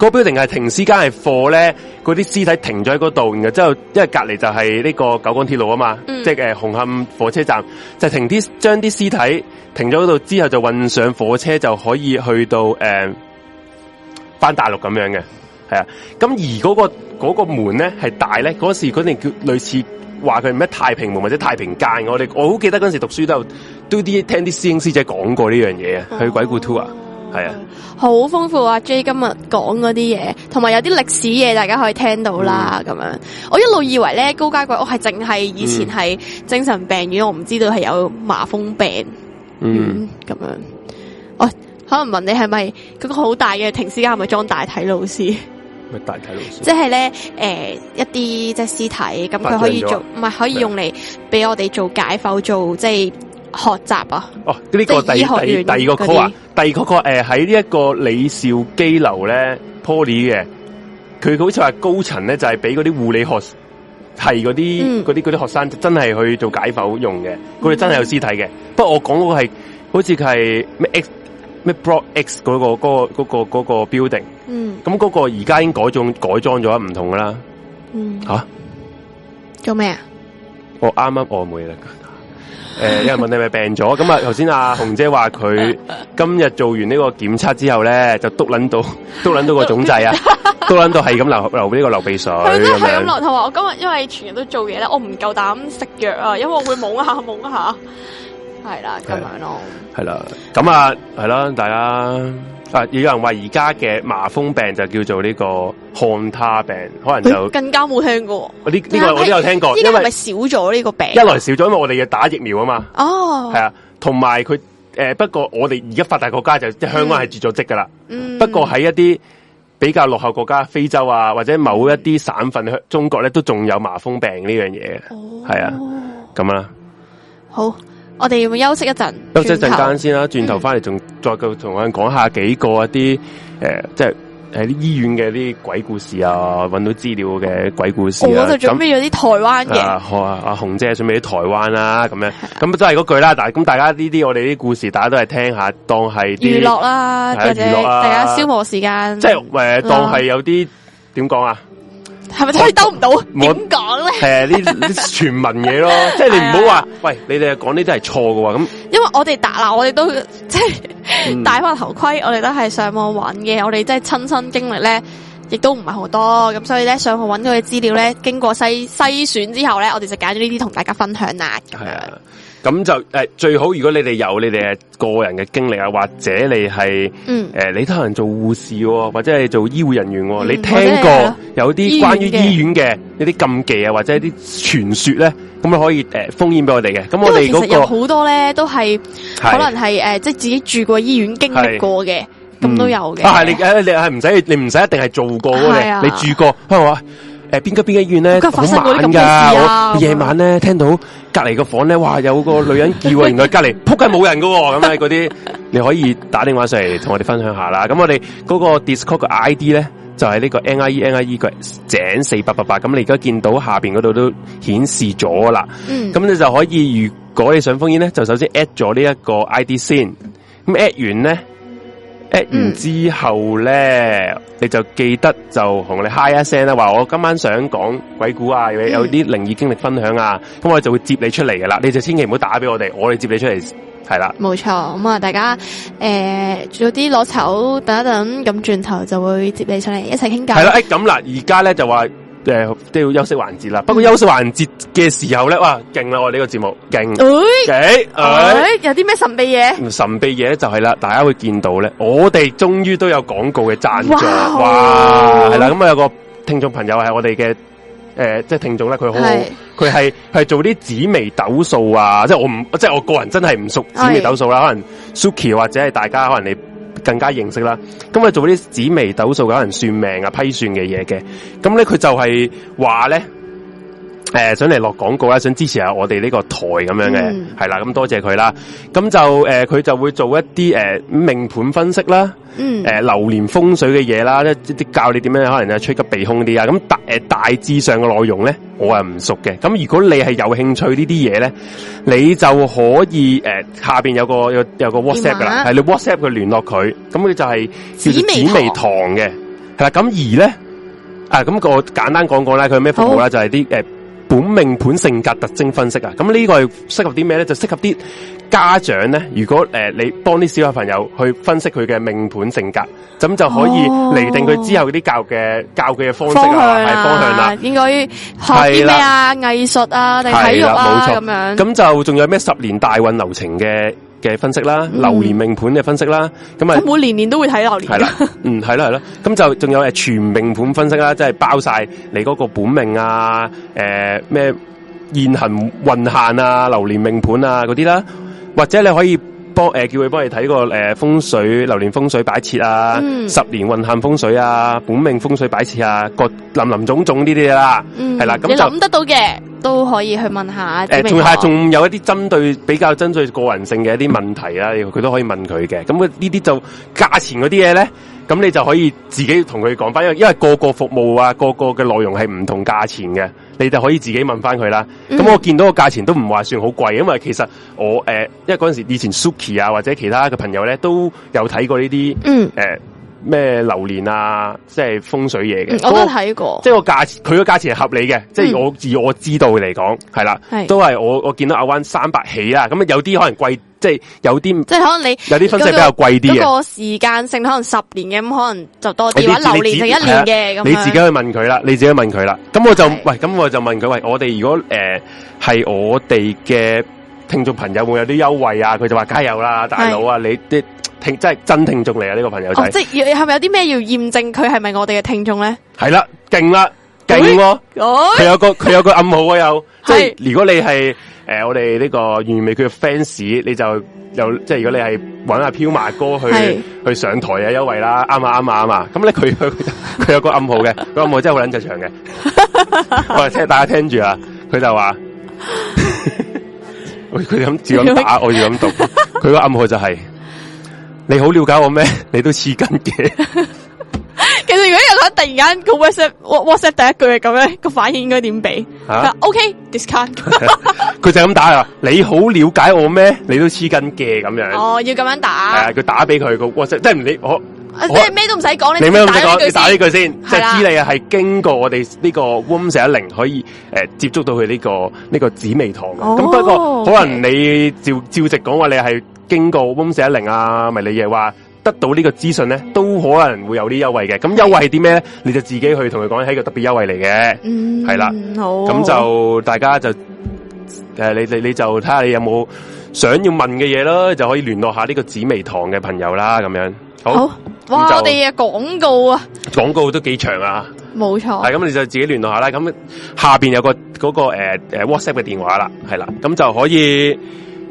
那個 building 係停屍間，係放咧嗰啲屍體停咗喺嗰度，然後之後因為隔籬就係呢個九廣鐵路啊嘛，即係誒紅磡火車站，就是、停啲將啲屍體停咗喺度之後就運上火車就可以去到誒翻、呃、大陸咁樣嘅，係啊。咁而嗰、那個嗰、那個門咧係大咧，嗰時嗰啲叫類似。話佢唔咩太平門或者太平間，我哋我好記得嗰陣時讀書時都都啲聽啲師兄師姐講過呢樣嘢啊，去鬼故 tour 係啊，好豐富啊！J 今日講嗰啲嘢，同埋有啲歷史嘢，大家可以聽到啦咁、嗯、樣。我一路以為咧高街鬼屋係淨係以前係精神病院，我唔知道係有麻風病，嗯咁、嗯、樣。我可能問你係咪嗰個好大嘅停屍間係咪裝大體老師？大體老師即係咧，誒、呃，一啲即係屍體，咁佢可以做，唔係可以用嚟俾我哋做解剖，做即係學習啊。哦，呢、這個第第第二個 call 啊，第二個 call 誒、啊，喺呢一個李兆基樓咧，poly 嘅，佢好似話高層咧就係俾嗰啲護理學系嗰啲嗰啲嗰啲學生真係去做解剖用嘅，佢哋真係有屍體嘅、嗯。不過我講嗰個係，好似佢係咩 x。咩 Block X 嗰個嗰個嗰個嗰個 building，咁嗰個而家、嗯那個、已經改種改裝咗唔同噶啦，吓做咩啊？我啱啱我妹啦，誒有人問你咪病咗？咁 啊頭先阿紅姐話佢今日做完呢個檢測之後咧，就督捻到督捻 到個腫滯啊，督 捻到係咁流流呢個流鼻水，係咁同埋我今日因為全日都做嘢咧，我唔夠膽食藥啊，因為我會懵一下懵一下。係啦，咁樣咯。係啦，咁啊，係啦、啊，大家啊，有人話而家嘅麻風病就叫做呢個漢他病，可能就更加冇聽過。呢呢、這個我都有聽過，因為咪少咗呢個病，一來少咗，因為我哋要打疫苗啊嘛。哦，係啊，同埋佢誒，不過我哋而家發達國家就即、是、係香港係絕咗跡噶啦。嗯，不過喺一啲比較落後國家，非洲啊，或者某一啲省份，中國咧都仲有麻風病呢樣嘢。哦，係啊，咁啊，好。我哋要唔要休息一陣？休息一陣間先啦，轉頭翻嚟，仲再夠同、嗯、我哋講下幾個一啲誒、呃，即係誒啲醫院嘅啲鬼故事啊，揾到資料嘅鬼故事，啊哦、我就準備咗啲台灣嘅，啊，好啊！阿紅姐準備啲台灣啊，咁、啊、樣咁即係嗰句啦。但係咁大家呢啲我哋啲故事，大家都係聽一下當係娛樂啦，或者娛樂啦，大家消磨時間。即係誒、呃嗯，當係有啲點講啊？係咪真係兜唔到？點講咧？係啊，呢啲傳聞嘢咯， 即係你唔好話，喂，你哋講呢啲都係錯嘅咁。因為我哋達啦，我哋都即係戴翻頭盔，我哋都係上網玩嘅，我哋即係親身經歷咧，亦都唔係好多咁，所以咧上網揾到嘅資料咧，經過篩篩選之後咧，我哋就揀咗呢啲同大家分享啦。係啊。咁就誒最好，如果你哋有你哋個個人嘅經歷啊，或者你係誒、嗯呃、你可能做護士或者係做醫護人員、嗯，你聽過有啲關於醫院嘅一啲禁忌啊，或者一啲傳說咧，咁啊可以誒、呃、phone in 俾我哋嘅。咁我哋嗰、嗰個其實有好多咧，都係可能係誒即係自己住過醫院經歷過嘅，咁都有嘅、嗯。啊係你你係唔使你唔使一定係做過嘅，啊、你住過係嘛？可誒，邊間邊間醫院咧好晚噶我夜晚咧聽到隔籬個房咧話有個女人叫啊，原來隔籬仆街冇人噶、哦，咁嗰啲你可以打電話上嚟同我哋分享下啦。咁我哋嗰個 Discord ID 咧就係、是、呢個 n i e n i e 個井四八八八。咁你而家見到下邊嗰度都顯示咗啦。咁、嗯、你就可以，如果你想 phone in 咧，就首先 at 咗呢一個 ID 先。咁 at 完咧。誒、嗯，然之後咧，你就記得就同你哋 hi 一聲啦，話我今晚想講鬼故啊，有啲靈異經歷分享啊，咁、嗯、我就會接你出嚟噶啦，你就千祈唔好打俾我哋，我哋接你出嚟係啦。冇錯，咁啊，大家誒，早啲攞籌，等一等，咁轉頭就會接你上嚟一齊傾偈。係、欸、啦，誒，咁嗱，而家咧就話。誒、呃，都要休息環節啦。不、嗯、過休息環節嘅時候咧，哇，勁啦我哋呢個節目，勁，勁、欸欸欸欸，有啲咩神秘嘢？神秘嘢就係啦，大家會見到咧，我哋終於都有廣告嘅贊助，哇，係啦。咁啊，有一個聽眾朋友係我哋嘅，誒、呃，即係聽眾咧，佢好佢係係做啲紫微斗數啊，即係我唔，即係我個人真係唔熟紫微斗數啦，可能 Suki 或者係大家可能你。更加認識啦，咁啊，做啲紫微斗數，有人算命啊、批算嘅嘢嘅，咁咧佢就係話咧。誒、呃，想嚟落廣告啦，想支持下我哋呢個台咁樣嘅，係、嗯、啦，咁多謝佢啦。咁就誒，佢就會做一啲誒命盤分析啦，誒流年風水嘅嘢啦，一啲教你點樣可能啊，趨吉避凶啲啊。咁大誒、呃、大致上嘅內容咧，我係唔熟嘅。咁如果你係有興趣東西呢啲嘢咧，你就可以誒、呃、下邊有個有有個 WhatsApp 噶啦，係你 WhatsApp 佢聯絡佢，咁佢就係叫做紫微堂嘅係啦。咁而咧啊，咁我簡單講講啦，佢咩服務咧就係啲誒。呃本命盤性格特徵分析啊，咁呢個係適合啲咩咧？就適合啲家長咧。如果誒、呃、你幫啲小朋友去分析佢嘅命盤性格，咁、哦啊、就可以嚟定佢之後啲教嘅教佢嘅方式啦、啊，方向啦，應該學啲咩啊？藝術啊，啊，定、啊、體育啊，咁樣。咁就仲有咩十年大運流程嘅？嘅分析啦，流年命盤嘅分析啦，咁啊、就是，每年年都會睇流年，係啦， 嗯，係啦係啦，咁就仲有誒全命盤分析啦，即、就、係、是、包晒你嗰個本命啊，誒、呃、咩現行運限啊，流年命盤啊嗰啲啦，或者你可以。幫誒、呃、叫佢幫你睇個誒、呃、風水流年風水擺設啊、嗯，十年運行風水啊，本命風水擺設啊，各林林總總呢啲嘢啦，係、嗯、啦咁你就諗得到嘅都可以去問一下。誒、呃，仲係仲有一啲針對比較針對個人性嘅一啲問題啊，佢都可以問佢嘅。咁呢啲就價錢嗰啲嘢咧，咁你就可以自己同佢講翻，因為因為個個服務啊，個個嘅內容係唔同價錢嘅。你就可以自己問翻佢啦。咁我見到個價錢都唔話算好貴，因為其實我誒，因為嗰陣時以前 Suki 啊或者其他嘅朋友咧，都有睇過呢啲嗯誒。咩流年啊，即係風水嘢嘅、嗯，我都睇過、嗰個。即係個價，佢個價錢係合理嘅。即係我自我知道嚟講，係啦，都係我我見到阿灣三百起啦。咁啊，有啲可能貴，即係有啲即係可能你有啲分析比較貴啲嘅。嗰、嗰個時間性可能十年嘅，咁可能就多啲。流年係一年嘅，咁你，你，你，你，你，你自己去問佢啦，你自己去問佢啦。咁我就喂，咁我就問佢喂，我哋如果誒係、呃、我哋嘅聽眾朋友會有啲優惠啊？佢就話加油啦，大佬啊，你啲。聽真係真聽眾嚟啊！呢、這個朋友就係、哦，即係係咪有啲咩要驗證佢係咪我哋嘅聽眾咧？係啦，勁啦，勁、哦！佢、欸欸、有個佢有個暗號啊，又即係如果你係誒、呃、我哋呢、這個完美嘅 fans，你就又即係如果你係揾阿飄馬哥去去上台嘅優惠啦，啱啊，啱啊，啱啊！咁咧佢佢有個暗號嘅，個 暗號真係好捻在長嘅。 我話聽大家聽住啊，佢就話，喂， 佢咁自咁打，我要咁讀，佢 個暗號就係、是。你好了解我咩？你都黐筋嘅。其實如果有人突然間個 WhatsApp WhatsApp 第一句係咁樣，個反應應該點俾？OK, discount。佢就咁打啊！Okay, 打你好了解我咩？你都黐筋嘅咁樣。哦，要咁樣打。係啊，佢打俾佢個 WhatsApp，即係唔你我、啊、我即係咩都唔使講。你咩都唔使講，你打呢句先，即係知你係經過我哋呢個 Room 四一零可以誒、呃、接觸到佢呢、呢個呢、呢個紫微堂。咁不過可能你照、okay. 照直講話，你係。經過 phone 四一零啊，迷離夜話得到這個資訊，呢個資訊咧，都可能會有啲優惠嘅。咁優惠係啲咩咧，你就自己去同佢講，係一個特別優惠嚟嘅，係、嗯、啦。咁就好，大家就誒、呃，你你你就睇下你有冇想要問嘅嘢咯，就可以聯絡下呢個紫薇堂嘅朋友啦。咁樣好，好，哇！我哋嘅廣告啊，廣告都幾長啊，冇錯。係咁，那你就自己聯絡下啦。咁下邊有個嗰、那個誒誒、呃呃、WhatsApp 嘅電話啦，係啦，咁就可以。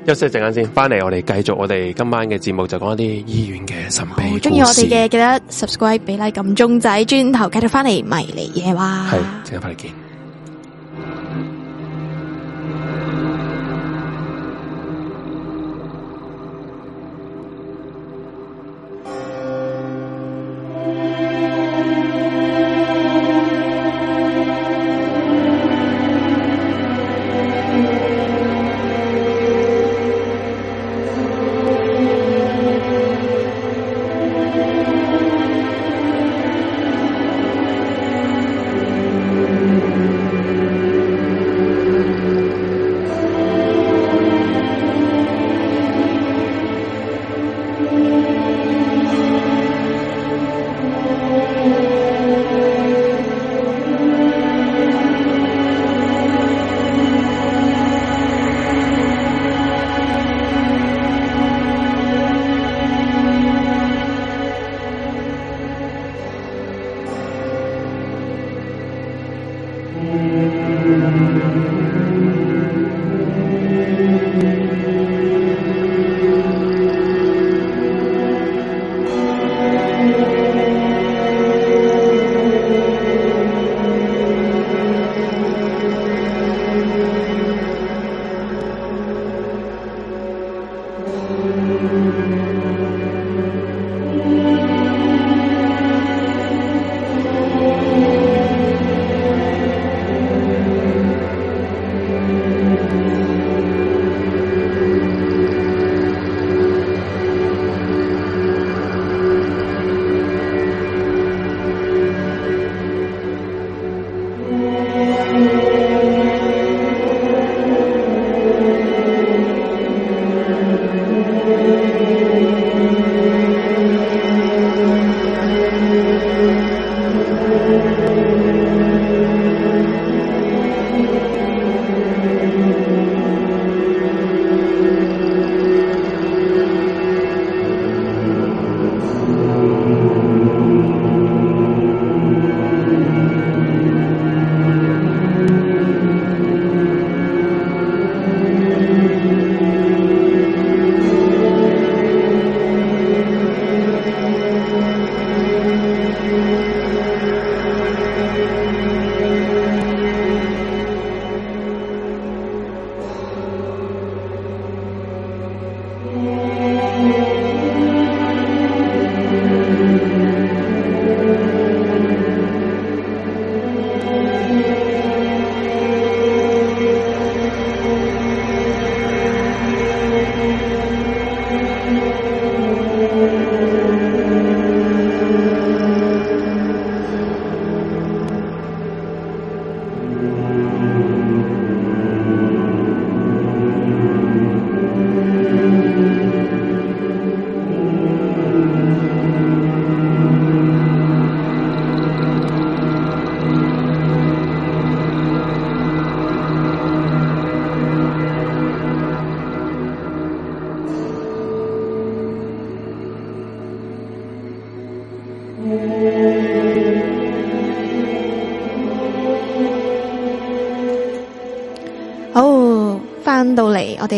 休息一陣間先，翻嚟，我哋繼續我哋今晚嘅節目，就講一啲醫院嘅神秘故事。好，鍾意我哋嘅記得 subscribe、俾 like、撳鐘仔、轉頭繼續翻嚟迷離夜話。係，陣間返嚟見。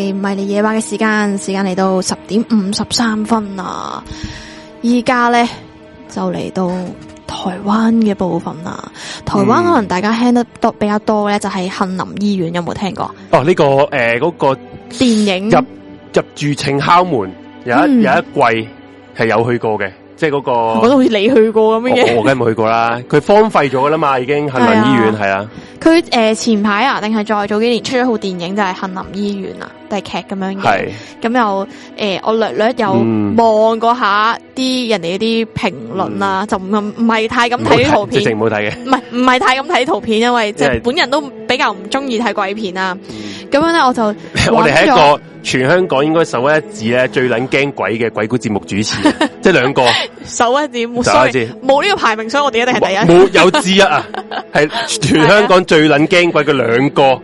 係迷離夜話嘅時間。時間嚟到十點五十三分啦。依家咧就嚟到台灣嘅部分啦。台灣可能大家聽得多，嗯、比較多咧，就係杏林醫院有冇聽過？哦、呢、這個誒、嗰、呃那個電影入入住請敲門，有一、嗯、有一季係有去過嘅，即係嗰個我都好似你去過咁樣嘅，我梗係冇去過啦。佢 荒廢咗啦嘛，已經杏林醫院係啊。是啊。佢誒、呃，前排啊，定係再早幾年出咗套電影就係《杏林醫院》啊，就係劇咁樣嘅，咁又誒、呃，我略略又望、嗯、過下啲人哋啲評論啊，嗯、就唔唔係太敢睇圖片，直情唔好睇嘅，唔係唔係太敢睇圖片，因為即係本人都。比較唔中意睇鬼片啊，咁樣咧我就我哋係一個全香港應該首屈一指咧最捻驚鬼嘅鬼故節目主持，即係兩個首屈 一指，冇、哦、呢個排名，所以我哋一定係第一，冇，有之一啊，係 全香港最捻驚鬼嘅兩個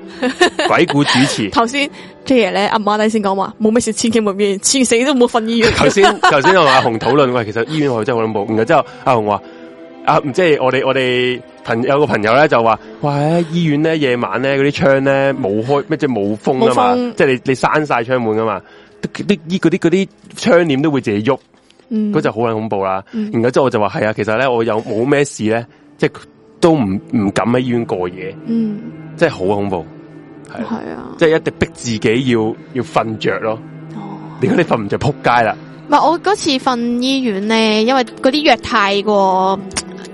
鬼故主持。頭 先 J 爺咧阿媽低先講話冇咩事，千祈唔好入醫院，死都唔好瞓醫院。頭先頭先我同阿紅討論話， 其實醫院我真係好恐怖，然之後之後阿紅話。啊，即係我哋我哋朋友有個朋友咧就話，話哇醫院咧夜晚咧嗰啲窗咧冇開，咩即係冇風啊嘛，即係你你閂晒窗門噶嘛，啲啲嗰啲嗰啲窗簾都會自己喐，嗰、嗯、就好鬼恐怖啦、嗯。然後之後我就話係啊，其實咧我又冇咩事咧，即係都唔唔敢喺醫院過夜，嗯，即係好恐怖，係啊，啊，即係一定逼自己要要瞓着咯，哦、然後如果你瞓唔着扑街啦。唔係我嗰次瞓醫院咧，因為嗰啲藥太過。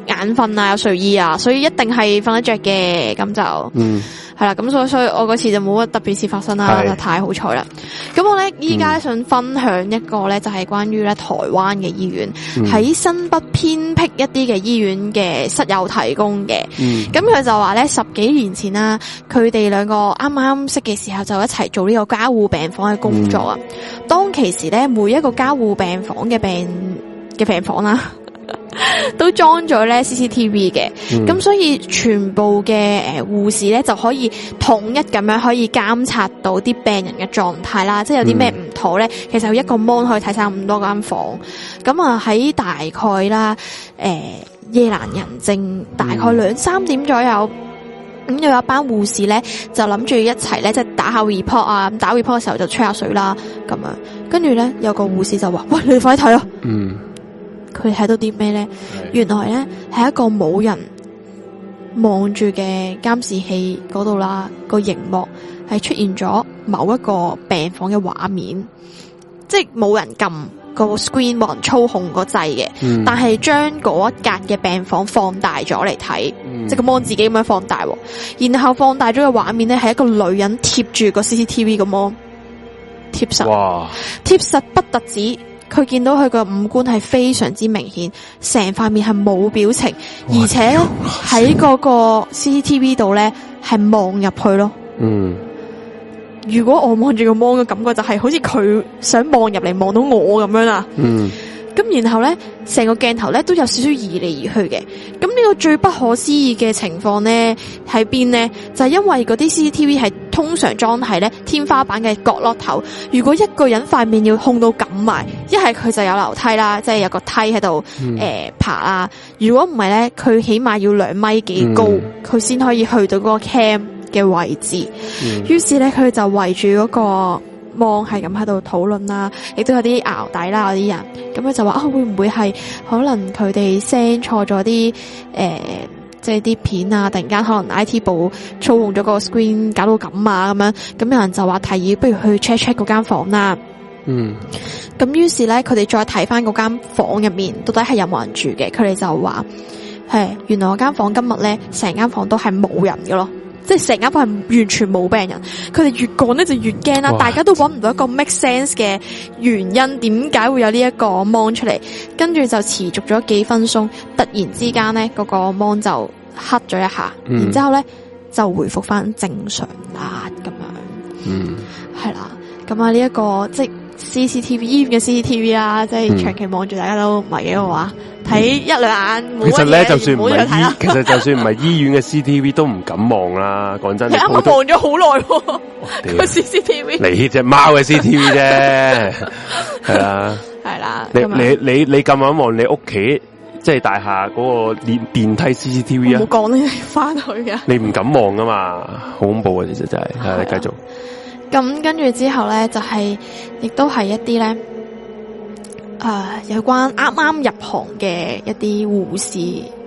眼瞓啊，有睡意啊，所以一定係瞓得着嘅，咁就係啦。咁、嗯、所所以，我嗰次就冇乜特別事發生啦，太好彩啦。咁我咧依家想分享一個咧，就係關於咧台灣嘅醫院，喺、嗯、新北偏僻一啲嘅醫院嘅室友提供嘅。咁、嗯、佢就話咧十幾年前啦、啊，佢哋兩個啱啱識嘅時候就一齊做呢個加護病房嘅工作啊、嗯。當其時咧，每一個加護病房嘅病嘅病房啦、啊。都裝咗咧 CCTV 嘅，咁、嗯、所以全部嘅誒護士咧就可以統一咁樣可以監察到啲病人嘅狀態啦，即係有啲咩唔妥咧，其實有一個 mon 可以睇晒咁多間房間。咁啊喺大概啦，誒夜闌人靜，大概兩三點左右，咁、嗯、又有一班護士咧就諗住一齊咧即係打下 report 啊，打 report 嘅時候就吹下水啦，咁樣。跟住咧有個護士就話、嗯，喂，你快睇咯、啊！嗯。佢睇到啲咩咧？原來咧係一個冇人望住嘅監視器嗰度啦，個熒幕係出現咗某一個病房嘅畫面，即係冇人撳個 screen，冇人操控嗰個掣嘅、嗯，但係將嗰一格嘅病房放大咗嚟睇，即係個 mon 自己咁樣放大、啊，然後放大咗嘅畫面咧係一個女人貼住個 CCTV 個 mon 貼實，哇，貼實不特止。佢見到佢個五官係非常之明顯，成塊面係冇表情，而且喺嗰個 CCTV 度咧係望入去咯。嗯，如果我望住個芒嘅感覺，就係好似佢想望入嚟望到我咁樣啦。嗯。咁然後咧，成個鏡頭咧都有少少移嚟移去嘅。咁呢個最不可思議嘅情況咧喺邊呢？就係、是、因為嗰啲 CCTV 係通常裝喺咧天花板嘅角落頭。如果一個人塊面要控到咁埋，一係佢就有樓梯啦，即係有個梯喺度誒爬啦、啊。如果唔係呢，佢起碼要兩米幾高，佢、嗯、先可以去到嗰個 cam 嘅位置。嗯、於是咧，佢就圍住嗰、那個。望係咁喺度討論啦，亦都有啲淆底啦嗰啲人，咁佢就話啊會唔會係可能佢哋 send 錯咗啲誒，即係啲片啊，突然間可能 I T 部操控咗個 screen 搞到咁啊，咁樣咁有人就話提議，不如去 check check 嗰間房啦。嗯，咁於是咧，佢哋再睇翻嗰間房入面，到底係有冇人住嘅，佢哋就話係、欸、原來嗰間房今日咧，成間房都係冇人嘅咯。即係成間房係完全冇病人，佢哋越講咧就越驚啦，大家都揾唔到一個 make sense 嘅原因，點解會有呢一個 mon 出嚟？跟住就持續咗幾分鐘，突然之間咧嗰個 mon 就黑咗一下，嗯、然之後咧就回復翻正常啦咁樣。嗯，係啦，咁啊呢一個即 CCTV 醫院嘅 CCTV 啦，即係、啊、長期望住大家都唔係幾好啊。嗯睇一兩眼，其實咧就算唔係，其實就算唔係醫院嘅 CCTV 都唔敢望啦。講真，你啱我望咗好耐個 CCTV，嚟你隻貓嘅 CCTV 啫，係、哦、啊，係啦。你你你你咁樣望你屋企即係大廈嗰個電電梯 CCTV 啊？唔好講你翻去啊！你唔、 啊啊、敢望噶、就是啊啊、嘛，好恐怖啊！其實就係、是，係繼、啊啊、續。咁跟住之後咧，就係、是、亦都係一啲咧。誒、uh,，有關啱啱入行嘅一啲護士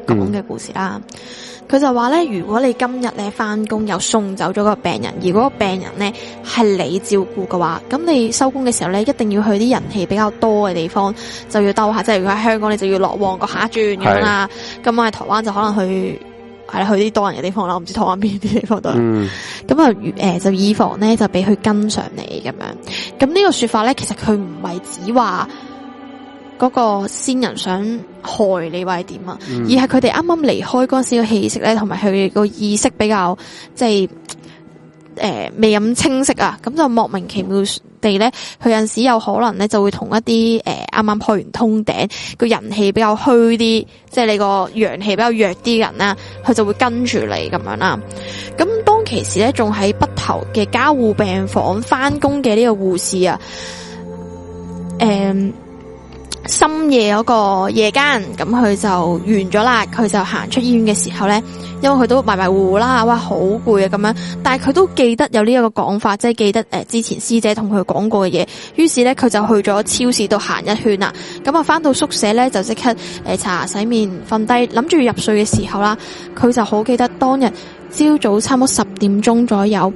咁嘅故事啦。佢、嗯、就話咧，如果你今日咧翻工，又送走咗個病人，如果個病人咧係你照顧嘅話，咁你收工嘅時候咧，一定要去啲人氣比較多嘅地方，就要兜下。即、就、係、是、如果喺香港，你就要落旺角下轉咁樣啦。咁我喺台灣就可能去係去啲多人嘅地方啦。唔知台灣邊啲地方都、嗯。咁啊，誒、呃、就以防咧就俾佢跟上你咁樣。咁呢個說法咧，其實佢唔係指話。嗰、那個先人想害你，或係點啊？而係佢哋啱啱離開嗰陣時嘅氣息咧，同埋佢哋個意識比較即係誒、呃、未咁清晰啊！咁就莫名其妙地咧，佢有陣時候有可能咧就會同一啲誒啱啱破完通頂，個人氣比較虛啲，即係你個陽氣比較弱啲嘅人啦，佢就會跟住你咁樣啦。咁當其時咧，仲喺北頭嘅加護病房翻工嘅呢個護士啊，誒、呃。深夜嗰個夜間，咁佢就完咗啦。佢就行出醫院嘅時候呢，因為佢都迷迷糊糊啦，哇，好攰啊咁樣。但係佢都記得有呢一個講法，即係記得、呃、之前師姐同佢講過嘅嘢。於是呢，佢就去咗超市度行一圈啦。咁啊，翻到宿舍呢，就即刻刷牙、呃、洗面瞓低，諗住入睡嘅時候啦，佢就好記得當日朝早差唔多十點鐘左右。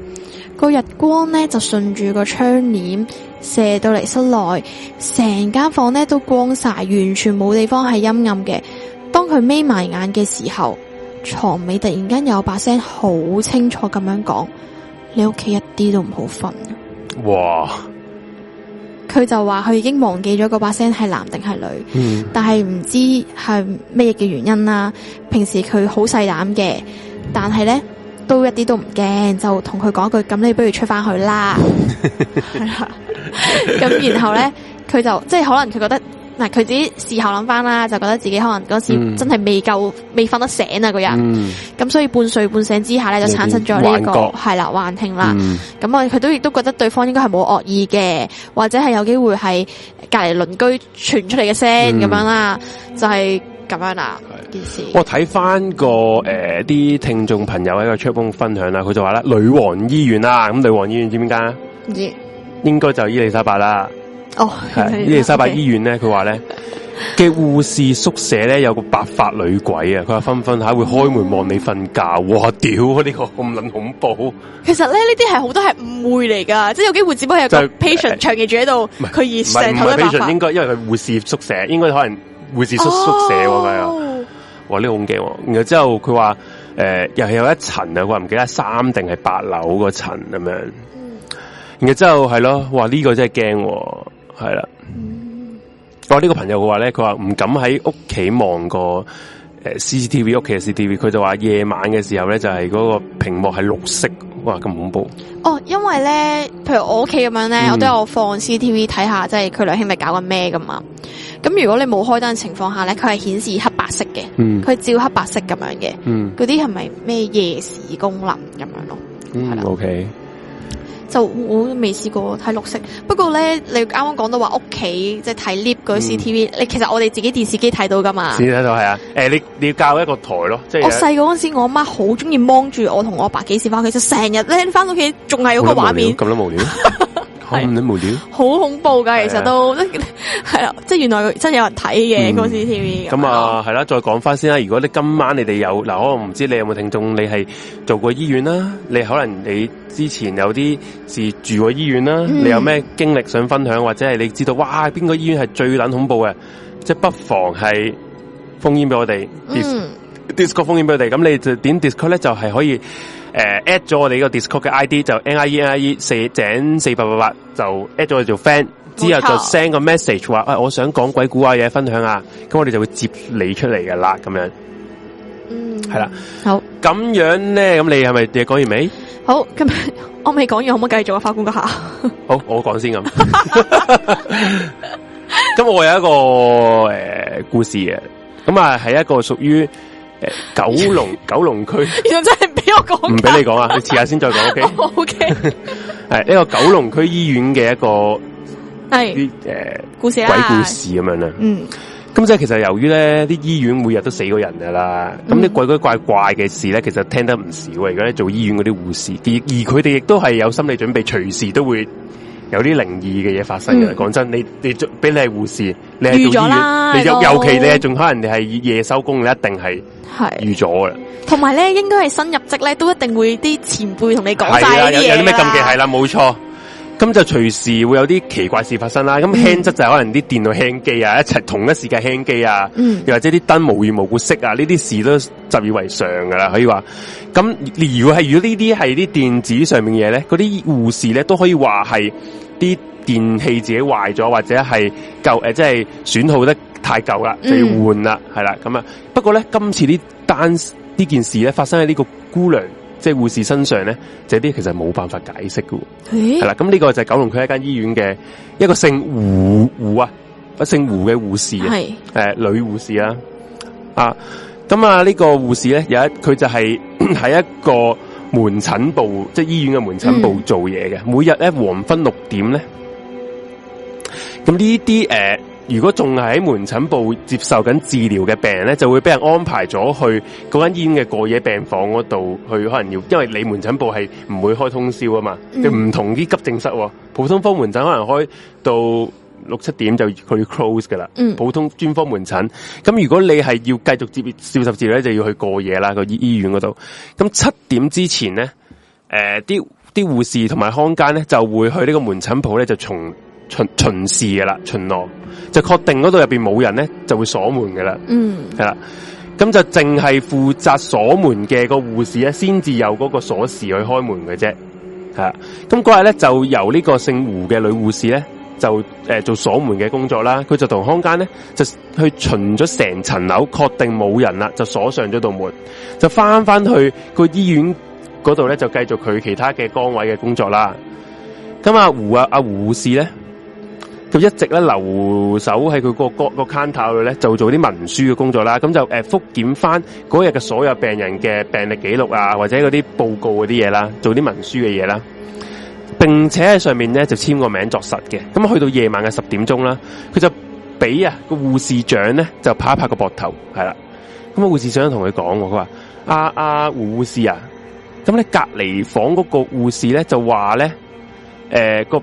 個日光咧就順住個窗簾射到嚟室內，成間房咧都光晒，完全冇地方係陰暗嘅。當佢眯埋眼嘅時候，床尾突然間有把聲好清楚咁樣講：你屋企一啲都唔好瞓。哇！佢就話佢已經忘記咗個把聲係男定係女，嗯、但係唔知係咩嘅原因啦。平時佢好細膽嘅，但係咧。都一啲都唔驚，就同佢講句咁，你不如出翻去啦。咁 然後呢，佢就即係可能佢覺得，嗱，佢自己事後諗翻啦，就覺得自己可能嗰時真係未夠未瞓、嗯、得醒啊，個人。咁所以半睡半醒之下呢，就產生咗呢一個係啦、嗯、幻、幻聽啦。咁啊，佢都亦都覺得對方應該係冇惡意嘅，或者係有機會係隔離鄰居傳出嚟嘅聲咁樣啦，就係。咁啊件事，我睇翻個誒啲、呃、聽眾朋友喺個 chat room 分享啦，佢就話啦，女王醫院啦、啊、咁女王醫院知唔知？唔知，應該就伊利沙伯啦。哦、oh,，係、啊、伊利沙伯醫院咧，佢話咧嘅護士宿舍咧有個白髮女鬼啊，佢話瞓瞓下會開門望、嗯、你瞓覺，哇屌！呢、啊這個咁捻恐怖。其實咧呢啲係好多係誤會嚟噶，即係有機會只不過係個 patient 長期住喺度，佢而上頭啲白髮。patient 應該因為佢護士宿舍，應該可能。護士宿宿舍喎佢啊，哇呢、這個咁驚、哦，然後之後佢話誒，又係有一層啊，我唔記得是三定係八樓嗰層咁樣，mm. 然後之後係咯，哇呢、這個真係驚、哦，係啦，我、mm. 呢、這個朋友佢話咧，佢話唔敢喺屋企望過。誒、呃、CCTV 屋企嘅 CCTV，佢就話夜晚嘅時候咧，就係、是、嗰個屏幕係綠色，哇咁恐怖！哦，因為咧，譬如我屋企咁樣咧、嗯，我都有放 CCTV 睇下，即係佢兩兄弟搞緊咩噶嘛。咁如果你冇開燈嘅情況下咧，佢係顯示黑白色嘅，佢、嗯、照黑白色咁樣嘅，嗰啲係咪咩夜視功能咁樣咯？嗯，O K。就我都未試過睇綠色，不過咧，你啱啱講到說、就是、話屋企即係睇 lift 嗰 CCTV，你其實我哋自己電視機睇到噶嘛？睇到係啊，誒，你你要教一個台咯，即係。我細個嗰陣時，我媽好中意望住我同我阿爸幾時翻屋企，就成日咧翻到屋企仲係嗰個畫面。咁都無聊。 你、oh, 啊、無聊？好恐怖噶，其實都係啊， 啊！即係原來真係有人睇嘅公司 TV。咁、嗯嗯嗯嗯、啊，係啦、啊，再講翻先啦、啊。如果你今晚你哋有嗱，我唔知你有冇聽眾，你係做過醫院啦、啊，你可能你之前有啲事住過醫院啦、啊，嗯、你有咩經歷想分享，或者係你知道哇，邊個醫院係最捻恐怖嘅？即係不妨係封煙俾我哋，Discord 封煙俾我哋。咁你點 Discord 咧？就係、是、可以。誒，at 咗我哋呢個 Discord 嘅 ID 就 NIE NIE 四井四八八八，就 at 咗我哋做 friend，之後就 send 個 message 話、哎、我想講鬼故啊嘢分享啊，咁我哋就會接你出嚟噶啦，咁樣，嗯，係啦，好，咁樣咧，咁你係咪你講完未？好，咁我未講完，可唔可以繼續啊？法官閣下，好，我講先咁。咁我有一個誒、呃、故事嘅，咁啊係一個屬於誒九龍 九龍區，原來真係。唔俾你講啊， 你遲下先再講。O K，係一個九龍區醫院嘅一個係啲誒故事、啊，鬼故事咁樣啦。嗯，咁即係其實由於咧，啲醫院每日都死過人噶啦，咁啲鬼鬼怪怪嘅事咧，其實聽得唔少。而家做醫院嗰啲護士，而而佢哋亦都係有心理準備，隨時都會。有啲靈異嘅嘢發生嘅，講、嗯、真，你你俾你係護士，你係度醫院，你尤其你仲可能你係夜收工，你一定係預咗嘅。同埋咧，應該係新入職咧，都一定會啲前輩同你講晒啦，有啲咩禁忌係啦，冇錯、啊。咁就隨時會有啲奇怪事發生啦。咁輕則就可能啲電腦輕機啊，一齊同一時間輕機啊，又、嗯、或者啲燈無緣無故熄啊，呢啲事都習以為常噶啦。可以話咁，如果係如果呢啲係啲電子上面嘅嘢咧，嗰啲護士咧都可以話係。啲電器自己壞咗，或者係舊誒，即係損耗得太舊啦、嗯，就要換啦，係啦咁啊。不過咧，今次啲單呢件事咧，發生喺呢個姑娘即係護士身上咧，這啲其實冇辦法解釋嘅。係、欸、啦，咁呢個就係九龍區一間醫院嘅一個姓胡胡啊，姓胡嘅護士係誒、呃、女護士啦、啊。啊，咁啊呢個護士咧有一，佢就係、是、喺一個。門診部即係醫院嘅門診部做嘢嘅，每日咧黃昏六點咧，咁呢啲誒如果仲係喺門診部接受緊治療嘅病人咧，就會俾人安排咗去嗰間醫院嘅過夜病房嗰度去，可能要，因為你門診部係唔會開通宵啊嘛，唔、嗯、同啲急症室、哦，普通科門診可能開到。六七點就佢 close 噶啦，普通專科門診。咁、嗯、如果你係要繼續接接十字咧，就要去過夜啦個醫醫院嗰度。咁七點之前咧，誒、呃，啲啲護士同埋看更咧就會去呢個門診部咧就從巡巡視噶啦，巡邏就確定嗰度入邊冇人咧就會鎖門噶啦。嗯，係啦，咁就淨係負責鎖門嘅個護士咧先至有嗰個鎖匙去開門嘅啫。係啦，咁嗰日咧就由呢個姓胡嘅女護士咧。就誒、呃、做鎖門嘅工作啦，佢就同看更咧就去巡咗成層樓，確定冇人啦，就鎖上咗道門，就翻翻去個醫院嗰度咧，就繼續佢其他嘅崗位嘅工作啦。咁、嗯、阿、啊、胡啊阿護士咧，就一直咧留守喺佢個各個 counter 裏咧，就做啲文書嘅工作啦。咁就誒覆、呃、檢翻嗰日嘅所有病人嘅病歷記錄啊，或者嗰啲報告嗰啲嘢啦，做啲文書嘅嘢啦。並且喺上面咧就簽個名作實嘅，咁去到夜晚嘅十點鐘啦，佢就俾啊個護士長咧就拍一拍個膊頭，係啦，咁啊護士長同佢講，佢話啊啊，護護士啊，咁咧隔離房嗰個護士咧就話咧，誒、呃、個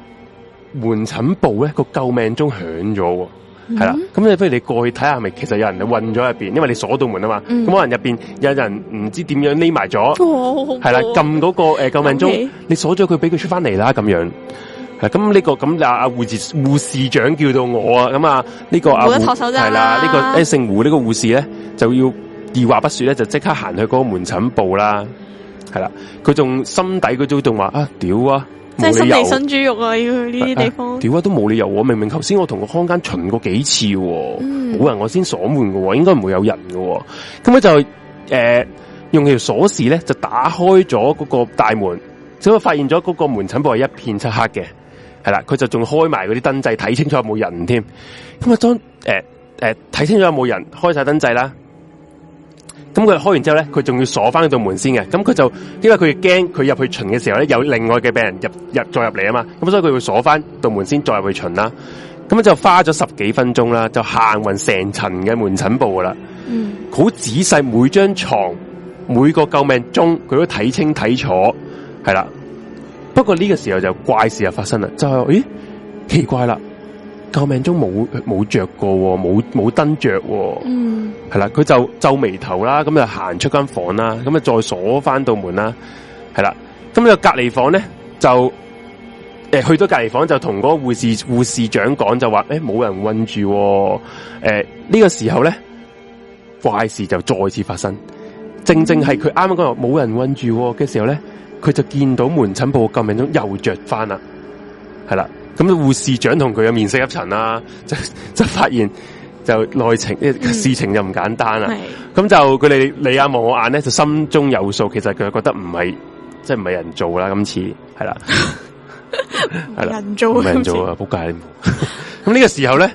門診部咧個救命鐘響咗。係、mm、啦 -hmm.，咁你不如你過去睇下，係咪其實有人就混咗入邊？因為你鎖到門啊嘛，咁、mm -hmm. 可能入邊有人唔知點樣匿埋咗，係、oh, 啦，撳嗰、嗰個誒救、呃、命鐘，okay. 你鎖咗佢，俾佢出翻嚟啦，咁樣。係咁呢個咁阿阿護士護士長叫到我啊，咁、呢個、啊呢、呢個阿護士長，係啦，呢個姓胡呢個護士咧就要二話不說咧，就即刻行去嗰個門診部啦。係啦，佢仲心底嗰種仲話啊，屌啊！理即係心理新豬肉啊！要去呢啲地方，屌啊都冇理由。我明明頭先我同個康間巡過幾次，冇、嗯、人我先鎖門喎，應該唔會有人喎！咁佢就誒、呃、用條鎖匙咧就打開咗嗰個大門，咁啊發現咗嗰個門診部係一片漆黑嘅，係啦，佢就仲開埋嗰啲燈掣睇清楚有冇人添。咁啊當誒誒睇清楚有冇人，開晒燈掣啦。咁佢開完之後咧，佢仲要鎖翻嗰道門先嘅。咁佢就因為佢驚佢入去巡嘅時候咧，有另外嘅病人入入再入嚟啊嘛。咁所以佢會鎖翻道門先再入去巡啦。咁就花咗十幾分鐘啦，就行勻成層嘅門診部噶啦。嗯，好仔細每張床每個救命鐘，佢都睇清睇楚係啦。不過呢個時候就怪事就發生啦，就係、是、咦奇怪啦。救命鐘冇冇着過，冇冇燈着，係、嗯、啦，佢就皺眉頭啦，咁就行出間房啦，咁就再鎖翻道門啦，係、欸、啦，咁呢個隔離房咧就誒去到隔離房就同嗰個護士護士長講就話誒冇人困住、哦，誒、欸、呢、這個時候咧怪事就再次發生，正正係佢啱啱講到冇人困住嘅、哦、時候咧，佢就見到門診部救命鐘又着翻啦，係啦。咁護士長同佢嘅面色一層啦、啊，就就發現就內情事情就唔簡單啦。咁、嗯、就佢哋你眼望我眼咧，就心中有數。其實佢覺得唔係，即係唔係人做啦。今次係啦，係啦， 人，人做啊，人做啊，仆街！咁呢 個時候咧，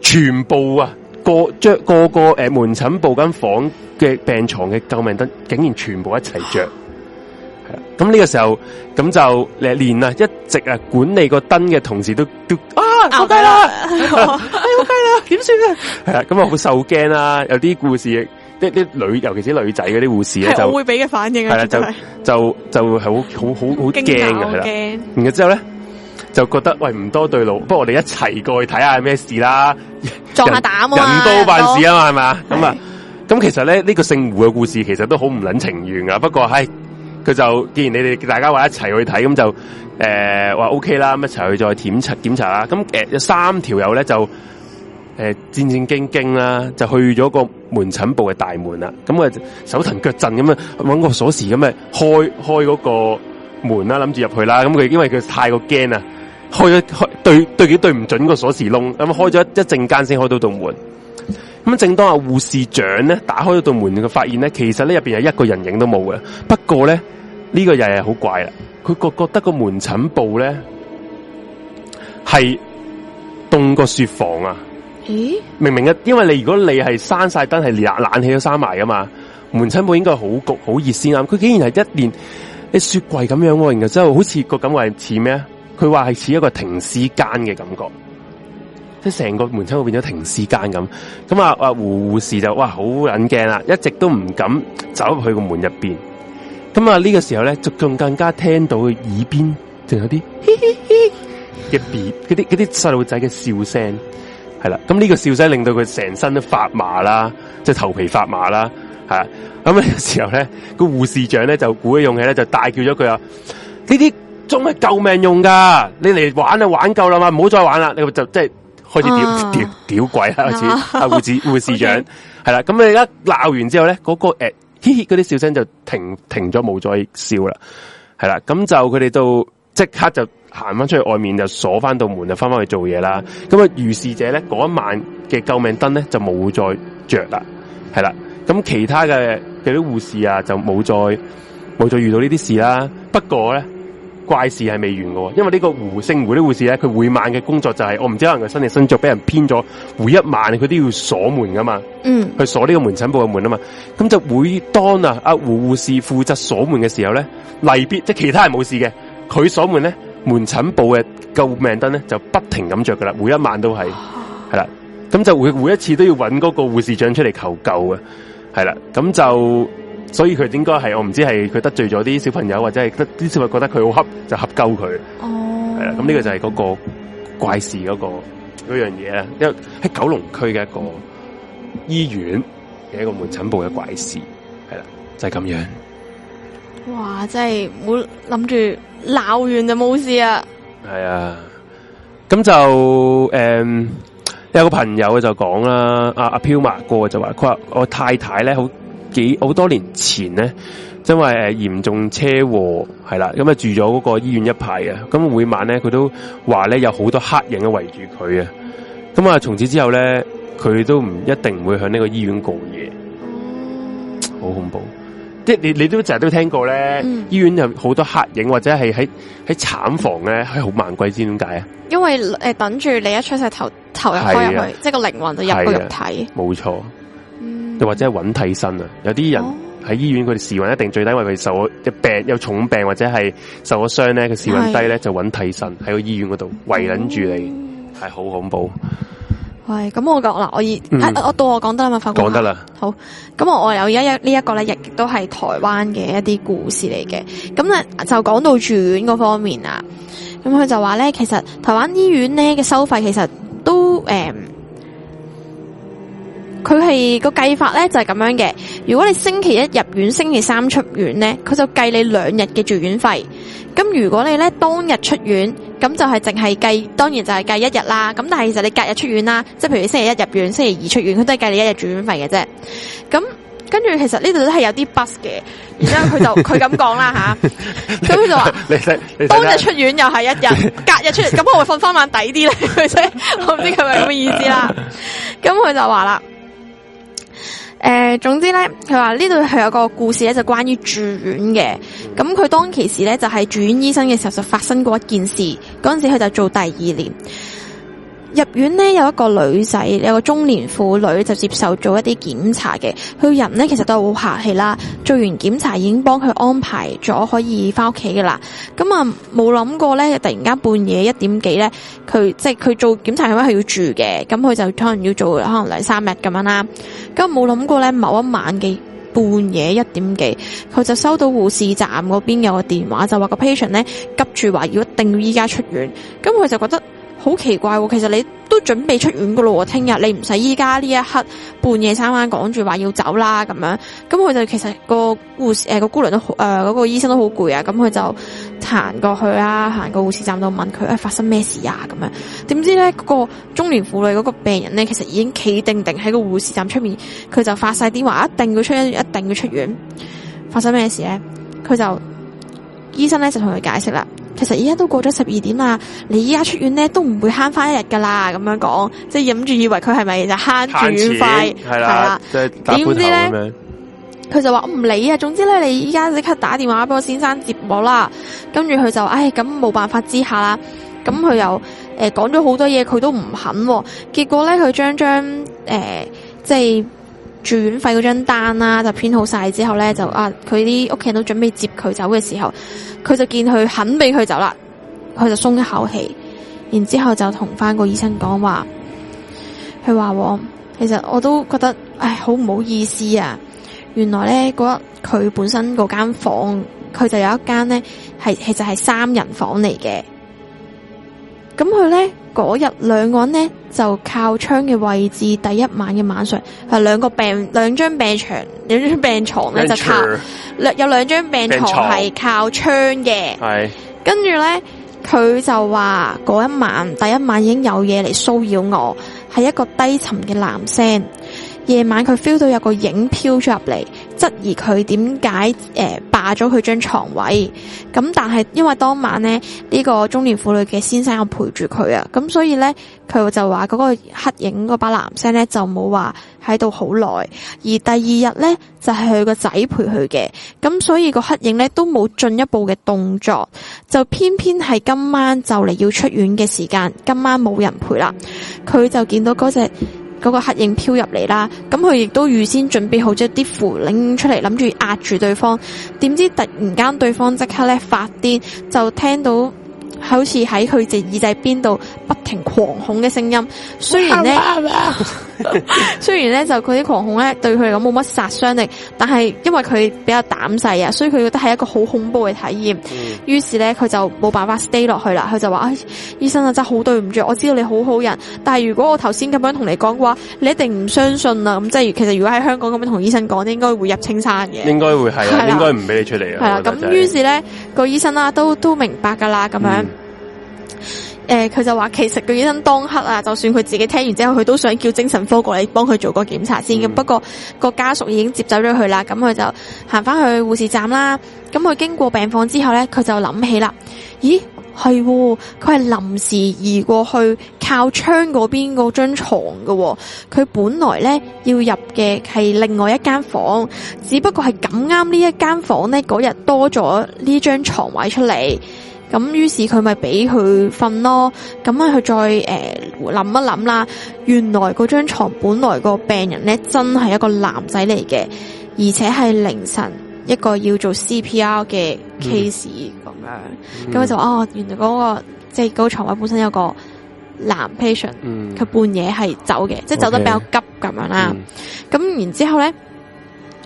全部啊，各各個着個個誒、呃、門診部間房嘅病床嘅救命燈，竟然全部一齊着。咁、啊、呢、這個時候，咁就誒，連啊，一直啊，管理個燈嘅同事都都啊，好驚啦，誒，好驚啦，點算啊？係啦，咁啊，好、啊哎 啊、 受驚啦。有啲故事，啲女，尤其是啲女仔嗰啲護士咧，就會俾嘅反應係啦，就就就係好好好好驚嘅，係啦。然之後咧，就覺得喂，唔多對路，不過我哋一齊過去睇下咩事啦，壯下膽人，人多辦事啊嘛，係咪？咁啊，咁其實咧，呢、這個姓胡嘅故事其實都好唔捻情願啊。不過，係、哎。佢就，既然你哋大家話一齊去睇，咁就，誒、呃，話 OK 啦，咁一齊去再檢查檢查啦。咁，誒、呃，有三條友咧就，誒、呃，戰戰兢兢啦，就去咗個門診部嘅大門啦。咁啊，手騰腳震咁啊，揾個鎖匙咁啊，開開嗰個門啦，諗住入去啦。咁佢因為佢太過驚啊，開咗開，開，對對幾對唔準個鎖匙窿，咁啊，開咗一一陣間先開到道門。咁正當阿護士長咧打開咗道門，佢發現咧其實呢入邊係一個人影都冇嘅。不過咧呢、這個又係好怪啦，佢覺覺得個門診部咧係凍過雪房啊！咦？明明啊，因為你如果你係閂晒燈，係冷冷氣都閂埋噶嘛，門診部應該好焗好熱先啱。佢竟然係一連啲、欸、雪櫃咁樣、啊，然後之後好似個感覺似咩？佢話係似一個停屍間嘅感覺。即成個門窗變咗停屍間咁咁啊！啊護士就哇好撚驚啦，一直都唔敢走入去個門入邊。咁啊呢、這個時候咧，仲更加聽到佢耳邊仲有啲嘻嘻嘻嘅別嗰啲嗰啲細路仔嘅笑聲係啦。咁呢個笑聲令到佢成身都發麻啦，即、就、係、是、頭皮發麻啦吓。咁呢個時候咧，個護士長咧就鼓起勇氣咧就大叫咗佢啊：呢啲做咩救命用噶？你嚟玩啊玩夠啦嘛，唔好再玩啦！你就即係。就是開始屌屌屌鬼啦！開始護、uh, 啊、士護士長係啦，咁、okay. 你一鬧完之後咧，嗰、那個誒，嗰、欸、啲笑聲就停停咗，冇再笑啦。係啦，咁就佢哋到即刻就行翻出去外面，就鎖翻道門，就翻翻去做嘢啦。咁啊，如是者咧嗰一晚嘅救命燈咧就冇再着啦。係啦，咁其他嘅啲護士啊就冇再冇再遇到呢啲事啦。不過咧。怪事係未完喎！因為呢個胡姓胡呢護士咧，佢每晚嘅工作就係、是，我唔知可能佢身理身作俾人編咗，每一晚佢都要鎖門噶嘛，嗯，去鎖呢個門診部嘅門啊嘛，咁就每當啊阿胡護士負責鎖門嘅時候咧，例必即係其他人冇事嘅，佢鎖門咧，門診部嘅救命燈咧就不停咁著噶啦，每一晚都係係啦，咁就每每一次都要搵嗰個護士長出嚟求救嘅，係啦，咁就。所以佢應該係，我唔知係佢得罪咗啲小朋友或者係得啲小朋友覺得佢好恰就恰鳩佢，哦係啦，咁呢個就係嗰個怪事嗰、那個嗰樣嘢啦，因為喺九龍區嘅一個醫院嘅一個門診部嘅怪事係啦，就係、是、咁樣哇，真係冇諗住鬧完就冇事啊，係啊，咁就誒、嗯、有個朋友就講啦，阿阿飄馬哥就話佢話，我太太咧好。幾好多年前咧，因為誒嚴重車禍係啦，咁啊住咗嗰個醫院一排嘅。咁每晚咧佢都話咧有好多黑影啊圍住佢啊，咁啊從此之後咧佢都唔一定唔會喺呢個醫院過夜，好、嗯、恐怖！即係你你都成日都聽過咧、嗯，醫院有好多黑影或者係喺喺產房咧係好猛鬼，知點解啊？因為誒、呃、等住你一出世頭頭入開入去，即係個靈魂都入個肉體冇錯。又或者揾替身啊！有啲人喺醫院佢哋時運一定最低，因為佢受咗病、有重病或者係受咗傷咧，佢時運低咧就揾替身喺個醫院嗰度圍撚住你，係、嗯、好、哎、恐怖。喂、嗯，咁我講嗱，我、哎、已我到我講得啦嘛，法講得啦。好，咁我又而家有一、這個、呢一個咧，亦都係台灣嘅一啲故事嚟嘅。咁咧就講到住院嗰方面啊，咁佢就話咧，其實台灣醫院咧嘅收費其實都誒。嗯佢係、個計法咧就係、是、咁樣嘅，如果你星期一入院，星期三出院咧，佢就計你兩日嘅住院費。咁如果你咧當日出院，咁就係淨係計，當然就係計一日啦。咁但係其實你隔日出院啦，即係譬如星期一入院，星期二出院，佢都係計你一日住院費嘅啫。咁跟住其實呢度都係有啲 bus 嘅，然之後佢就佢咁講啦吓，咁 佢、嗯、就話 當日出院又係一日， 隔日出嚟，咁我會瞓翻晚抵啲咧，佢 咪我唔知係咪咁嘅意思啦。咁佢就話啦。誒、呃，總之咧，佢話呢度係有個故事咧，就關於住院嘅。咁佢當其時咧，就係住院醫生嘅時候就發生過一件事。嗰陣時佢就做第二年。入院呢，有一個女仔，有個中年婦女就接受做一啲檢查嘅。佢人呢，其實都好客氣啦。做完檢查已經幫佢安排咗可以翻屋企噶啦。咁啊冇諗過呢，突然間半夜一點幾呢，佢即係佢做檢查嘅話係要住嘅。咁佢就可能要做可能兩三日咁樣啦。咁冇諗過呢，某一晚嘅半夜一點幾，佢就收到護士站嗰邊有個電話，就話個 patient 呢，急住話要一定要依家出院。咁佢就覺得。好奇怪，其實你都準備出院噶咯，聽日你唔使依家呢一刻半夜三晚講住話要走啦咁樣，咁佢就其實個護士誒、呃嗰個姑娘都誒嗰、呃嗰個醫生都好攰啊，咁佢就行過去啦，行個護士站度問佢誒、哎、發生咩事呀、啊、咁樣，點知咧嗰、嗰個中年婦女嗰個病人咧其實已經企定定喺個護士站出面，佢就發晒啲話一定要出一一定要出院，發生咩事咧、啊？佢就醫生咧就同佢解釋啦。其實而家都過咗十二點啦，你依家出院咧都唔會慳翻一日噶啦，咁樣講、就是，即係諗住以為佢係咪就慳住院費？係啦，點知咧，佢就話唔理啊，總之咧，你依家即刻打電話俾我先生接我啦。跟住佢就，唉、哎，咁冇辦法之下啦，咁佢又誒講咗好多嘢，佢都唔肯、哦。結果咧，佢將將誒即係。呃就是住院費嗰張單啦，就編好晒之後咧，就啊，佢啲屋企人都準備接佢走嘅時候，佢就見佢肯俾佢走啦，佢就鬆一口氣，然之後就同翻個醫生講話，佢話喎其實我都覺得唉，好唔好意思啊，原來咧嗰佢本身嗰間房，佢就有一間咧係其實係三人房嚟嘅，咁佢咧。嗰日兩個人咧就靠窗嘅位置，第一晚嘅晚上係兩個病兩張病床，兩張病床咧就靠有兩張病床係靠窗嘅，跟住咧佢就話嗰一晚第一晚已經有嘢嚟騷擾我，係一個低沉嘅男聲。夜晚佢 feel 到有個影飄咗入嚟，質疑佢點解誒霸咗佢張床位。咁但係因為當晚呢，呢、呢個中年婦女嘅先生有陪住佢啊，咁所以呢，佢就話嗰個黑影嗰把男聲呢就冇話喺度好耐。而第二日呢，就係佢個仔陪佢嘅，咁所以個黑影呢都冇進一步嘅動作。就偏偏係今晚就嚟要出院嘅時間，今晚冇人陪啦，佢就見到嗰隻。嗰、那個黑影飄入嚟啦，咁佢亦都預先準備好咗啲符拎出嚟，諗住壓住對方。點知突然間對方即刻咧發癲，就聽到。好似喺佢隻耳仔邊度不停狂恐嘅聲音，雖然咧，啊啊啊、 雖然咧就佢啲狂恐咧對佢嚟講冇乜殺傷力，但係因為佢比較膽細啊，所以佢覺得係一個好恐怖嘅體驗。於、嗯、是咧，佢就冇辦法 stay 落去啦。佢就話、哎：，醫生啊，真係好對唔住，我知道你好好人，但係如果我頭先咁樣同你講嘅話，你一定唔相信啦。咁即係，其實如果喺香港咁樣同醫生講，應該會入青山嘅，應該會係，應該唔俾你出嚟。係啦，咁於是咧、那個醫生啦、啊、都都明白噶啦，咁樣。嗯誒、呃，佢就話其實佢醫生當刻啊，就算佢自己聽完之後，佢都想叫精神科過嚟幫佢做個檢查先嘅。不過個家屬已經接走咗佢啦，咁佢就行翻去護士站啦。咁佢經過病房之後呢，佢就諗起啦。咦，係佢係臨時移過去靠窗嗰邊嗰張床嘅，哦。佢本來呢要入嘅係另外一間房，只不過係咁啱呢一間房呢，嗰日多咗呢張床位出嚟。咁於是佢咪俾佢瞓咯，咁佢再誒諗、呃、一諗啦。原來嗰張床本來個病人咧，真係一個男仔嚟嘅，而且係凌晨一個要做 CPR 嘅 case 咁、嗯、樣。咁、嗯、佢就哦，原來嗰、那個即係嗰個床位本身有個男 patient，佢、嗯、半夜係走嘅，okay, 即係走得比較急咁樣啦。咁、嗯、然之後咧。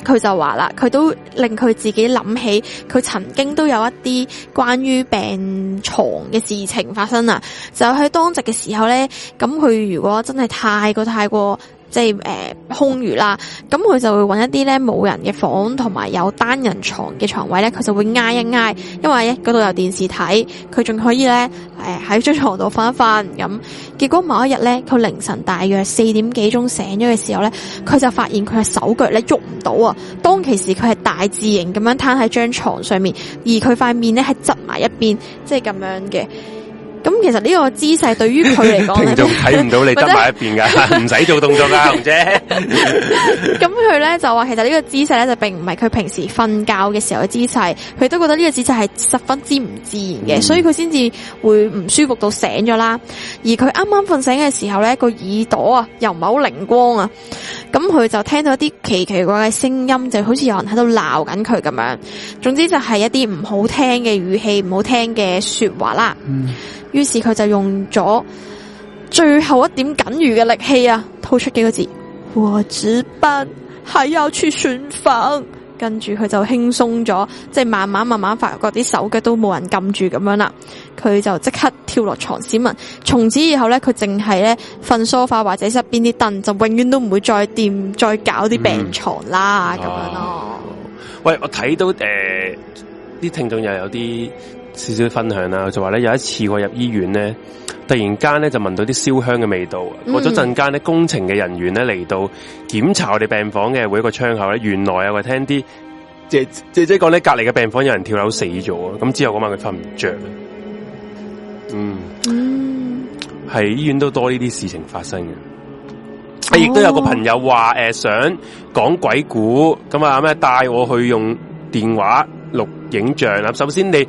佢就話啦，佢都令佢自己諗起，佢曾經都有一啲關於病床嘅事情發生啦。就喺當值嘅時候呢，咁佢如果真係太過太過。即係誒、呃、空餘啦，咁佢就會揾一啲咧冇人嘅房，同埋有單人床嘅床位咧，佢就會挨一挨，因為嗰度有電視睇，佢仲可以咧誒喺張床度瞓一瞓。咁結果某一日咧，佢凌晨大約四點幾鐘醒咗嘅時候咧，佢就發現佢係手腳咧喐唔到啊！當其時佢係大字形咁樣攤喺張床上面，而佢塊面咧係側埋一邊，即係咁樣嘅。咁其實呢個姿勢對於佢嚟講，聽眾睇唔到你得埋一邊噶，唔 使是呢 做動作噶，啊，紅姐。咁佢咧就話，其實呢個姿勢咧就並唔係佢平時瞓覺嘅時候嘅姿勢，佢都覺得呢個姿勢係十分之唔自然嘅，嗯，所以佢先至會唔舒服到醒咗啦。而佢啱啱瞓醒嘅時候咧，個耳朵啊又唔係好靈光啊，咁佢就聽到一啲奇奇怪怪嘅聲音，就好似有人喺度鬧緊佢咁樣。總之就係一啲唔好聽嘅語氣、唔好聽嘅說話啦。嗯於是佢就用咗最後一點僅餘嘅力氣啊，吐出幾個字：和子班喺有處選房。」跟住佢就輕鬆咗，即係慢慢慢慢發覺啲手腳都冇人撳住咁樣啦。佢就即刻跳落床，市民從此以後咧，佢淨係咧瞓梳化或者側邊啲凳，就永遠都唔會再掂、嗯，再搞啲病床啦咁、哦、樣咯。喂，我睇到誒，啲、呃、聽眾又有啲。少少分享啦，就話咧有一次我入醫院咧，突然間咧就聞到啲燒香嘅味道。嗯、過咗陣間咧，工程嘅人員咧嚟到檢查我哋病房嘅每一個窗口咧，原來啊，我聽啲姐姐姐講咧，隔籬嘅病房有人跳樓死咗。咁之後嗰晚佢瞓唔着。嗯嗯，係醫院都多呢啲事情發生嘅。亦、哦、都有個朋友話誒、呃、想講鬼故咁啊咩，帶我去用電話錄影像啦。首先你。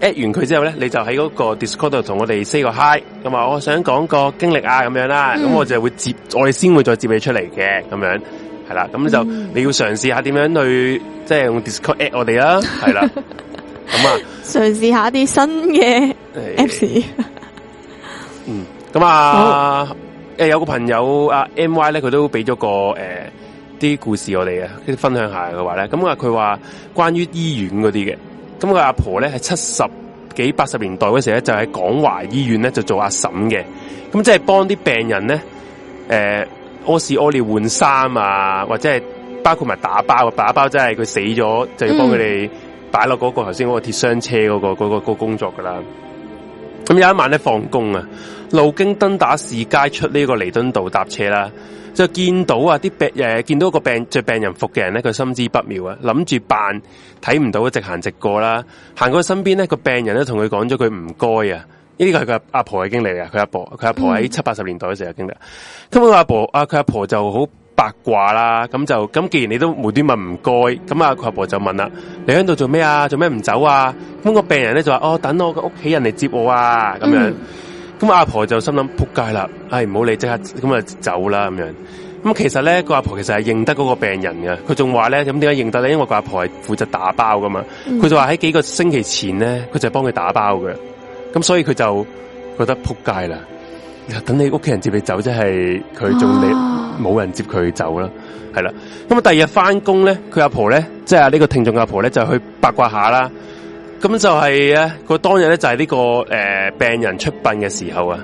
at 完佢之後咧，你就喺嗰個 Discord 度同我哋 say 個 hi，咁啊，我想講個經歷啊，咁樣啦，咁我就會接，我哋先會再接你出嚟嘅，咁樣係啦，咁就、嗯、你要嘗試下點樣去，即係用 Discord at 我哋啦，係啦，咁啊，嘗試、 啊、下啲新嘅 apps，、哎、嗯，咁啊，誒、呃，有個朋友啊 M Y 咧，佢都俾咗個誒啲、呃、故事我哋啊，分享下嘅話咧，咁啊，佢話關於醫院嗰啲嘅。咁個阿婆咧係七十幾八十年代嗰時咧就喺廣華醫院咧就做阿嬸嘅，咁即係幫啲病人咧，誒屙屎屙尿換衫啊，或者係包括埋打包，打包即係佢死咗就要幫佢哋擺落嗰個頭先嗰個鐵箱車嗰、嗰個嗰個、嗰個工作噶啦。咁有一晚咧放工啊，路經登打士街出呢個彌敦道搭車啦。就見到啊，啲病誒見到個病著病人服嘅人咧，佢心知不妙啊，諗住扮睇唔到，直行直過啦。行過身邊咧，個病人咧同佢講咗句唔該啊。呢個係佢阿婆嘅經歷啊，佢阿婆佢阿婆喺、嗯、七八十年代嘅時候經歷。咁啊，阿婆啊，佢阿婆就好八卦啦。咁就咁，既然你都無端問唔該，咁啊，佢阿婆，婆就問啦：你喺度做咩啊？做咩唔走啊？咁、那個病人咧就話：哦，等我個屋企人嚟接我啊！咁、嗯、樣。咁阿婆，婆就心諗撲街啦，唉，唔、哎、好理，即刻咁啊走啦咁樣。咁其實咧，個阿婆，婆其實係認得嗰個病人嘅，佢仲話咧，咁點解認得咧？因為個阿婆係負責打包噶嘛，佢、嗯、就話喺幾個星期前咧，佢就係幫佢打包嘅，咁所以佢就覺得撲街啦。等你屋企人接你走，即係佢仲未冇人接佢走啦，係啦。咁啊，第二日翻工咧，佢阿婆咧，即係呢個聽眾阿婆咧，就去八卦下啦。咁就係啊嗰個當日咧，就係呢個誒病人出殯嘅時候啊，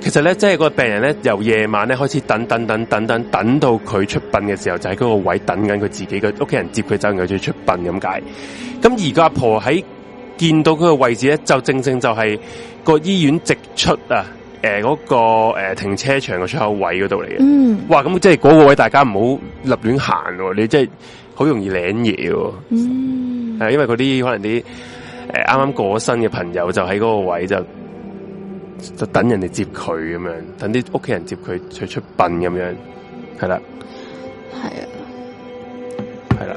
其實咧即係個病人咧由夜晚咧開始等等等等等等到佢出殯嘅時候，就喺嗰個位等緊佢自己嘅屋企人接佢走，佢就出殯咁解。咁而家阿婆喺見到佢個位置咧，就正正就係個醫院直出啊誒嗰個誒停車場嘅出口位嗰度嚟嘅。嗯，哇咁即係嗰個位大家唔好立亂行，你即係好容易領嘢喎，係因為嗰啲可能啲。誒，啱啱過咗身嘅朋友就喺嗰個位就就等人哋接佢咁樣，等啲屋企人接佢去出殯咁樣，係啦，係啊，係啦，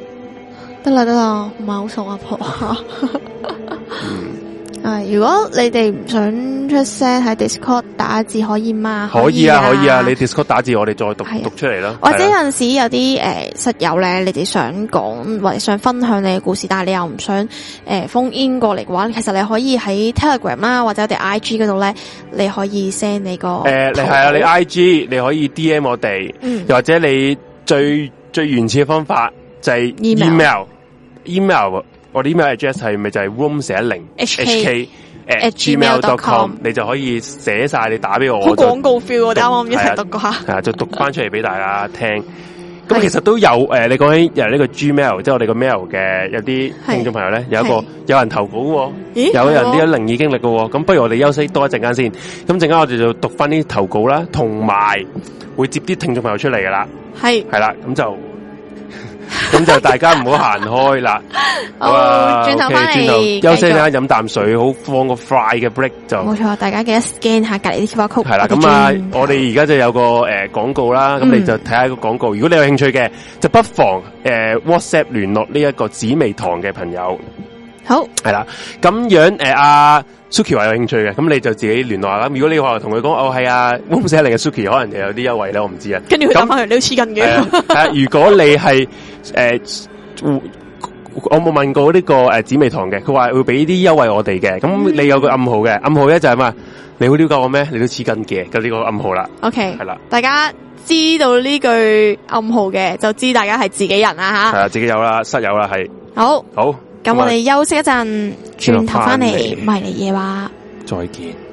得啦得啦，唔係好熟阿婆吓。 嗯。啊、如果你哋唔想出聲喺 Discord 打字可以嗎？可以、啊？可以啊，可以啊，你 Discord 打字我哋再讀、啊、讀出嚟咯。或者、啊、有陣時候有啲誒、呃、室友咧，你哋想講或者想分享你嘅故事，但係你又唔想誒、呃、封 in 過嚟嘅話，其實你可以喺 Telegram 啦，或者我哋 IG 嗰度咧，你可以 send 你個誒，係、呃、啊，你 IG 你可以 DM 我哋，又、嗯、或者你最最原始嘅方法就係 email，email。Email 我啲 email address 係咪就係 room 410 HK 誒 gmail dot com 你就可以寫晒你打俾我，好廣告 feel 我哋啱啱一齊讀下係啊，就讀翻、啊、出嚟俾大家聽。咁其實都有誒、呃、你講起誒呢個 gmail 即係我哋個 mail 嘅，有啲聽眾朋友咧，有一個有人投稿，咦有人啲靈異經歷嘅。咁不如我哋休息多一陣間先，咁陣間我哋就讀翻啲投稿啦同埋會接啲聽眾朋友出嚟噶啦係係啦咁就。咁 就大家唔好行開啦。哦， 轉頭翻嚟休息一下，飲啖水，好放個 fry 嘅 break 就。冇錯，大家記得 scan 下隔籬啲 QR code 係啦，咁啊，我哋而家就有個誒廣、呃、告啦，咁、嗯、你就睇下一個廣告。如果你有興趣嘅，就不妨誒、呃、WhatsApp 聯絡呢一個紫薇堂嘅朋友。好，係啦，咁樣誒、呃啊 Suki 話有興趣嘅，咁你就自己聯絡下啦。咁如果你話同佢講，哦係啊，翁小姐嚟嘅 Suki，可能就有啲優惠咧，我唔知啊。跟住佢打翻嚟，你都黐筋嘅。如果你係誒、哦啊，我冇問、啊 呃、問過呢、這個誒、呃、紫薇堂嘅，佢話會俾啲優惠我哋嘅。咁你有一個暗號嘅，暗號咧就係咩？你好了解我咩？你都黐筋嘅，就呢個暗號啦。OK，係啦，大家知道呢句暗號嘅，就知道大家係自己人啦吓。係啊，自己有啦，室友啦係。好，好。咁我哋休息一陣，轉頭翻嚟，迷離夜話。再見。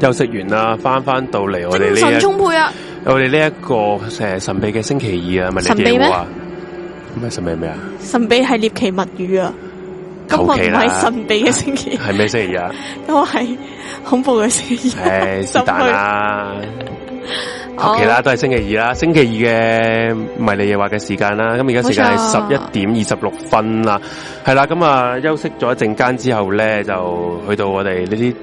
又食完啦，翻翻到嚟我哋呢，精神充沛啊！我哋呢一個誒神秘嘅星期二啊，神秘咩啊？咩神秘咩啊？神秘係獵奇物語啊！求其啦，神秘嘅星期係咩星期二啊？都係恐怖嘅星期，二，哎。是但啊！求 其，okay，啦，都係星期二啦。星期二嘅迷離夜話嘅時間啦，咁而家時間係十一點二十六分啦。係啦，咁啊休息咗一陣間之後咧，就去到我哋呢啲。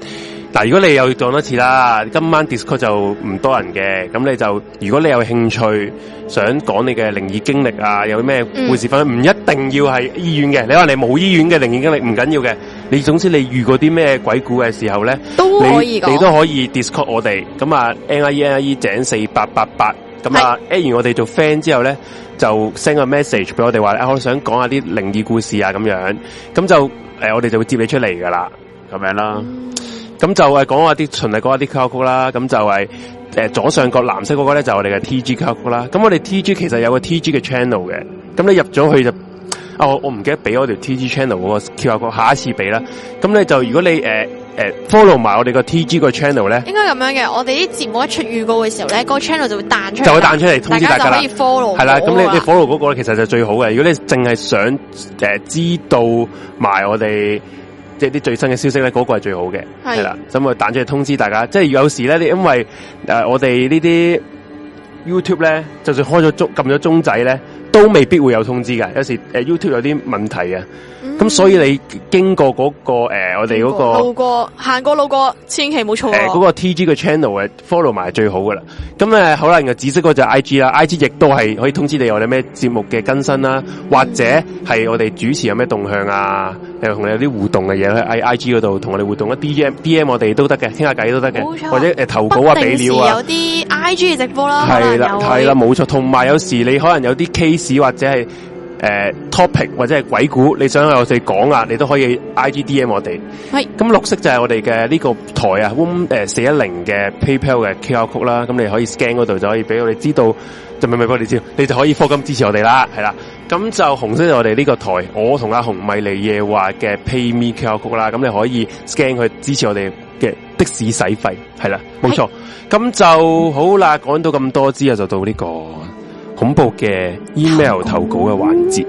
嗱，如果你又講多次啦，今晚 Discord 就唔多人嘅，咁你就如果你有興趣想講你嘅靈異經歷啊，有咩故事分享，唔、嗯、一定要係醫院嘅，你話你冇醫院嘅靈異經歷唔緊要嘅，你總之你遇過啲咩鬼故嘅時候咧，都你都可以 Discord 我哋，咁啊，N I E N I E 井四八八八，咁啊，Add 完我哋做 friend 之後咧，就 send 個 message 俾我哋話、啊，我想講下啲靈異故事啊，咁樣，咁就、呃、我哋就會接你出嚟噶啦，咁樣啦。咁就係講下啲循例講下啲 group 啦，咁就係、是、誒、呃、左上角藍色嗰個咧就是、我哋嘅 T G group 啦。咁我哋 T G 其實有個 T G 嘅 channel 嘅，咁你入咗去就，啊我我唔記得俾我條 T G channel 嗰個，我叫下下一次俾啦。咁你就如果你誒誒、呃呃、follow 埋我哋個 T G 個 channel 咧，應該咁樣嘅。我哋啲節目一出預告嘅時候咧，嗰個 channel 就會彈出，就會彈出嚟，通知大家就可以 follow。係啦，咁、那、你、個、你 follow 嗰個其實就最好嘅。如果你淨係想誒、呃、知道埋我哋。即係啲最新嘅消息咧，嗰、那個係最好嘅，係啦，咁我彈出去通知大家。即係有時咧，你因為誒、呃、我哋呢啲 YouTube 咧，就算開咗鐘、撳咗鐘仔咧，都未必會有通知㗎。有時誒、呃、YouTube 有啲問題㗎。咁、嗯嗯、所以你經過嗰、那個誒、呃，我哋嗰、那個過路過行過路過，千祈冇錯。誒、那個，嗰個 T G 嘅 channel follow 埋係最好噶啦。咁咧、呃，可能嘅紫色嗰隻 I G 啦，I G 亦都係可以通知你我哋咩節目嘅更新啦，嗯、或者係我哋主持有咩動向啊，同你有啲互動嘅嘢喺 I I G 嗰度同我哋互動、啊。D M D M 我哋都得嘅，傾下偈都得嘅，或者誒、呃、投稿啊，俾料啊。有啲 I G 嘅直播啦，係啦係啦，冇錯。同埋有，有時你可能有啲 case 或者係。誒、uh,，topic 或者係鬼故，你想我哋講啊，你都可以 IGDM 我哋係。咁綠色就係我哋嘅呢個台啊，Room 誒四一零嘅 PayPal 嘅 QR code 啦，咁你可以 scan 嗰度就可以俾我哋知道。就唔明唔我俾你知道，你就可以課金支持我哋啦，係啦。咁就紅色就我哋呢個台，我同阿紅迷離夜話嘅 PayMe QR code 啦，咁你可以 scan 去支持我哋嘅的,的士使費，係啦，冇錯。咁就好啦，講到咁多之後就到呢、這個。恐怖嘅 email 投稿嘅環節，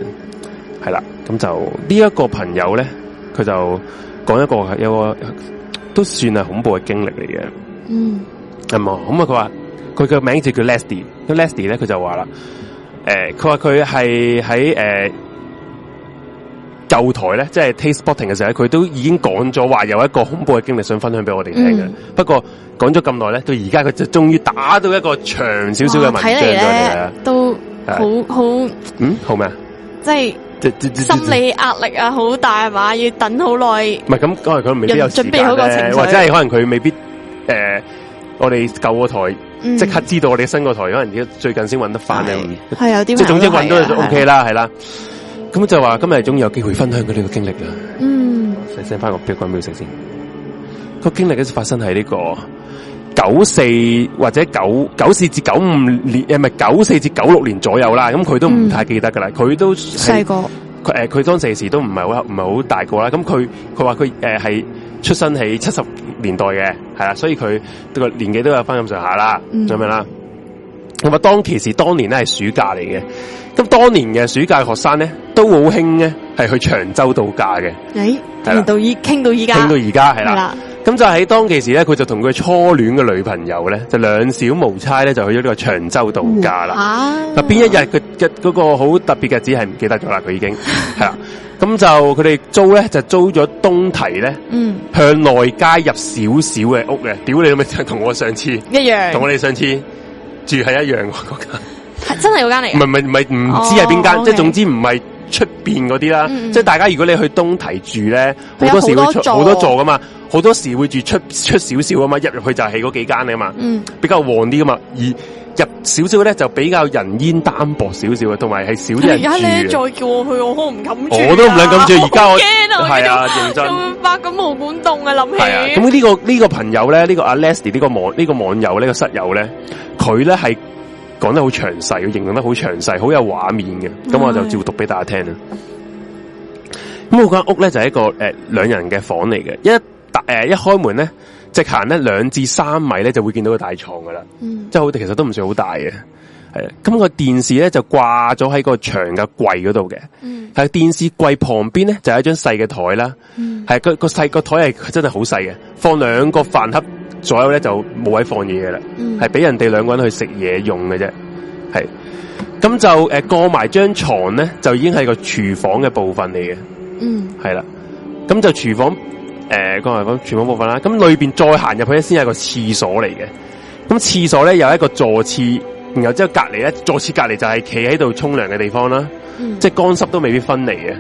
係啦、啊，咁就呢一、這個朋友咧，佢就講一個有一個都算係恐怖嘅經歷嚟嘅，嗯，係嘛？咁啊佢話佢嘅名字叫 Leslie，咁、嗯、Leslie 咧佢就話啦，誒、呃，佢話佢係喺誒。呃舊台咧，即係 Taste Botting 嘅時候佢都已經講咗話有一個恐怖嘅經歷想分享俾我哋聽嘅、嗯。不過講咗咁耐咧，到而家佢就終於打到一個長少少嘅問題出咗嚟，都是是好好嗯好咩？即係心理壓力啊，好大係嘛？要等好耐，唔係咁，可能佢未必有時間咧，或者係可能佢未必誒、呃，我哋舊個台、嗯、即刻知道我哋新個台，可能而家最近先揾得翻咧，係有啲即係總之揾到就、啊、OK 啦，係啦。咁就話今日終於有機會分享佢呢個經歷啦、嗯。嗯，細聲翻個背景音樂先。個經歷咧發生喺呢個九四或者九九四至九五年誒，唔係九四至九六年左右啦。咁佢都唔太記得噶啦，佢都細個。佢誒，佢、呃、當時時都唔係好唔係好大個啦。咁佢佢話佢誒係出生喺七十年代嘅，係啦，所以佢個年紀都有翻咁上下啦，係咪啦？我話當其時當年咧係暑假嚟嘅，咁當年嘅暑假嘅學生咧都好興咧，係去長洲度假嘅。誒、欸，到傾到依家，傾到而家係啦。咁就喺當其時咧，佢就同佢初戀嘅女朋友咧，就兩小無猜咧，就去咗呢個長洲度假啦、嗯。啊，嗱邊一日、那個、日佢嘅個好特別嘅日子係唔記得咗啦，佢已經係啦。咁 就佢哋租咧就租咗東堤咧，嗯，向內街入少少嘅屋嘅，屌你咪同我上次一樣，同我哋上次。住係一樣，嗰間真係嗰間嚟，唔係唔係唔係唔知係邊間，即、oh, 係、okay. 總之唔係出邊嗰啲啦。即、嗯、係、就是、大家如果你去東堤住咧，好、嗯、多時會出好多座噶嘛，好多時會住出出少少啊嘛，入入去就係嗰幾間啊嘛，嗯，比較旺啲噶嘛，而入少少咧就比較人煙單薄小小少少嘅，同埋係少人住。再叫我去，我好唔敢，、啊、敢住，我都唔想咁住。而家我係啊，我認真咁發咁毛管戙啊，諗、啊、起。係啊，咁呢、這個呢、這個朋友咧、呢、這個阿 Leslie 呢個網呢、這個網友呢、這個室友咧。佢咧係講得好詳細，形容得好詳細，好有畫面嘅。咁我就照讀俾大家聽啦。咁我間屋咧就係、是、一個誒兩、呃、人嘅房嚟嘅、呃。一開誒一開門咧，直行咧兩至三米咧就會見到個大床噶啦。即係我哋其實都唔算好大嘅。係咁、那個電視咧就掛咗喺個牆嘅櫃嗰度嘅。係、嗯、電視櫃旁邊咧就係、是、一張細嘅台啦。係、嗯、個個細個台係真係好細嘅，放兩個飯盒。左右咧就冇位放嘢嘅啦，係、嗯、俾人哋兩個人去食嘢用嘅啫，係。咁就誒、呃、過埋張床咧，就已經係個廚房嘅部分嚟嘅，嗯，係啦。咁就廚房誒，過埋講廚房部分啦。咁裏邊再行入去咧，先係個廁所嚟嘅。咁廁所咧有一個坐廁，然後之後隔籬咧坐廁隔籬就係企喺度沖涼嘅地方啦、嗯，即係乾濕都未必分離嘅，係、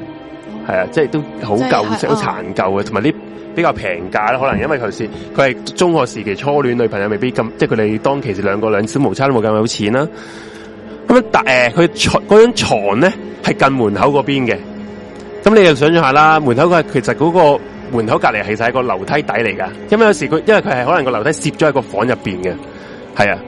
嗯、啊，即係都好舊，好殘舊嘅，同埋呢。嗯比較平價啦，可能因為佢是佢係中學時期初戀女朋友，未必咁，即係佢哋當其時兩個兩小無差都冇咁有，有錢啦。咁樣，但係佢、呃、床嗰張床咧係近門口嗰邊嘅。咁你又想象下啦，門口嗰其實嗰、嗰個門口隔籬係就係個樓梯底嚟㗎。因為有時佢因為佢係可能個樓梯攝咗喺個房入邊嘅，係啊。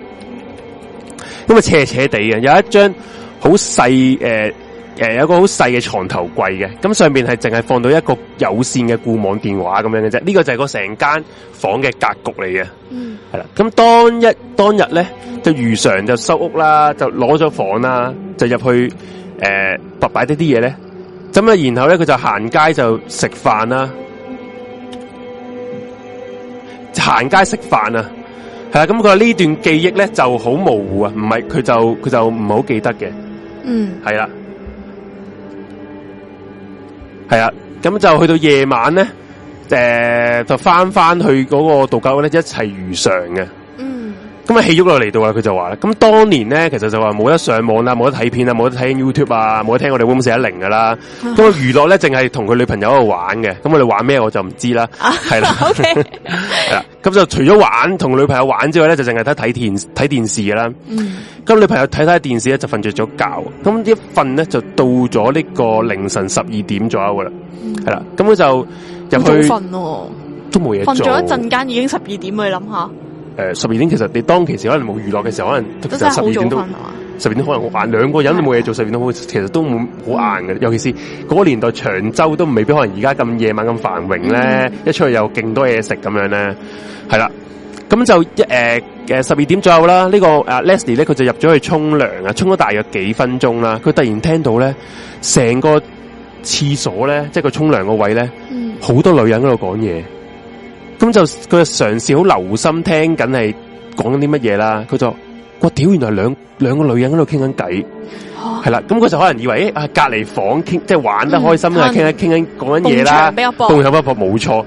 咁啊，斜斜地嘅，有一張好細誒。呃誒、呃，有個好細嘅床頭櫃嘅，咁上邊係淨係放到一個有線嘅固網電話咁樣嘅啫。呢、這個就係個成間房嘅格局嚟嘅，係、嗯、啦。咁當一當日咧，就如常就收屋啦，就攞咗房啦，就入去誒，白擺啲啲嘢咧。咁啊，然後咧佢就行街就食飯啦，行街食飯啊，係啦。咁佢話呢段記憶咧就好模糊啊，唔係佢就佢就唔好記得嘅，嗯，係啦。係啊，咁就去到夜晚咧，誒就返返去嗰個道教咧，一切如常嘅。咁啊，氣郁落嚟到啦，佢就話咧，咁當年咧，其實就話冇得上網啦，冇得睇片啊，冇得睇 YouTube 啊，冇得聽我哋 Room410 噶啦。咁 啊，娛樂咧，淨係同佢女朋友喺度玩嘅。咁我哋玩咩，我就唔知啦。係 啦，咁、okay，就除咗玩同女朋友玩之外咧，就淨係睇睇電睇電視啦。咁、嗯、女朋友睇睇電視咧，就瞓着咗覺。咁一瞓咧，就到咗呢個凌晨十二點左右噶、嗯、啦。係啦，咁佢就入去瞓咯，都冇嘢。瞓咗一陣間，已經十二點啊！你諗下。誒、呃，十二點其實你當其時可能冇娛樂嘅時候，可能十二點都十二、就是、點可能好晏，兩個人沒有10都冇嘢做，十二點好其實都好好硬嘅。尤其是嗰個年代，長洲都未必可能而家咁夜晚咁繁榮咧，嗯、一出去有勁多嘢食咁樣咧，係啦。咁就一誒嘅十二點左右啦，這個呃 Leslie、呢個誒 Leslie 咧佢就入咗去沖涼啊，沖咗大約幾分鐘啦，佢突然聽到咧，成個廁所咧，即係佢沖涼個位咧，好、嗯、多女人喺度講嘢。咁就佢就嘗試好留心聽緊你講緊啲乜嘢啦，佢就哇屌，原來係兩兩個女人喺度傾緊偈，係啦。咁佢就可能以為啊、欸，隔籬房傾，即係玩得開心啦，傾緊傾緊講緊嘢啦，boom boom boom，冇錯。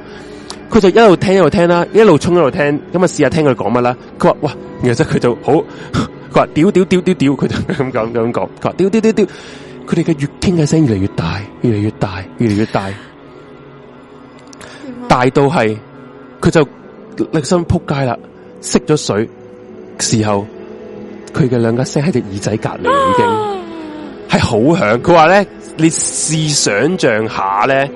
佢就就一路聽一路聽啦，一路沖一路聽，咁啊試下聽佢講乜啦。佢話哇，然後即係佢就好，佢話屌屌屌屌屌，佢就咁講咁講，佢話屌屌屌屌，佢哋嘅越傾嘅聲越嚟越大，越嚟越大，越嚟越大，大到係。佢就力心撲街啦，熄咗水時候，佢嘅兩個聲喺隻耳仔隔籬已經係好響。佢話咧，你試想象下咧，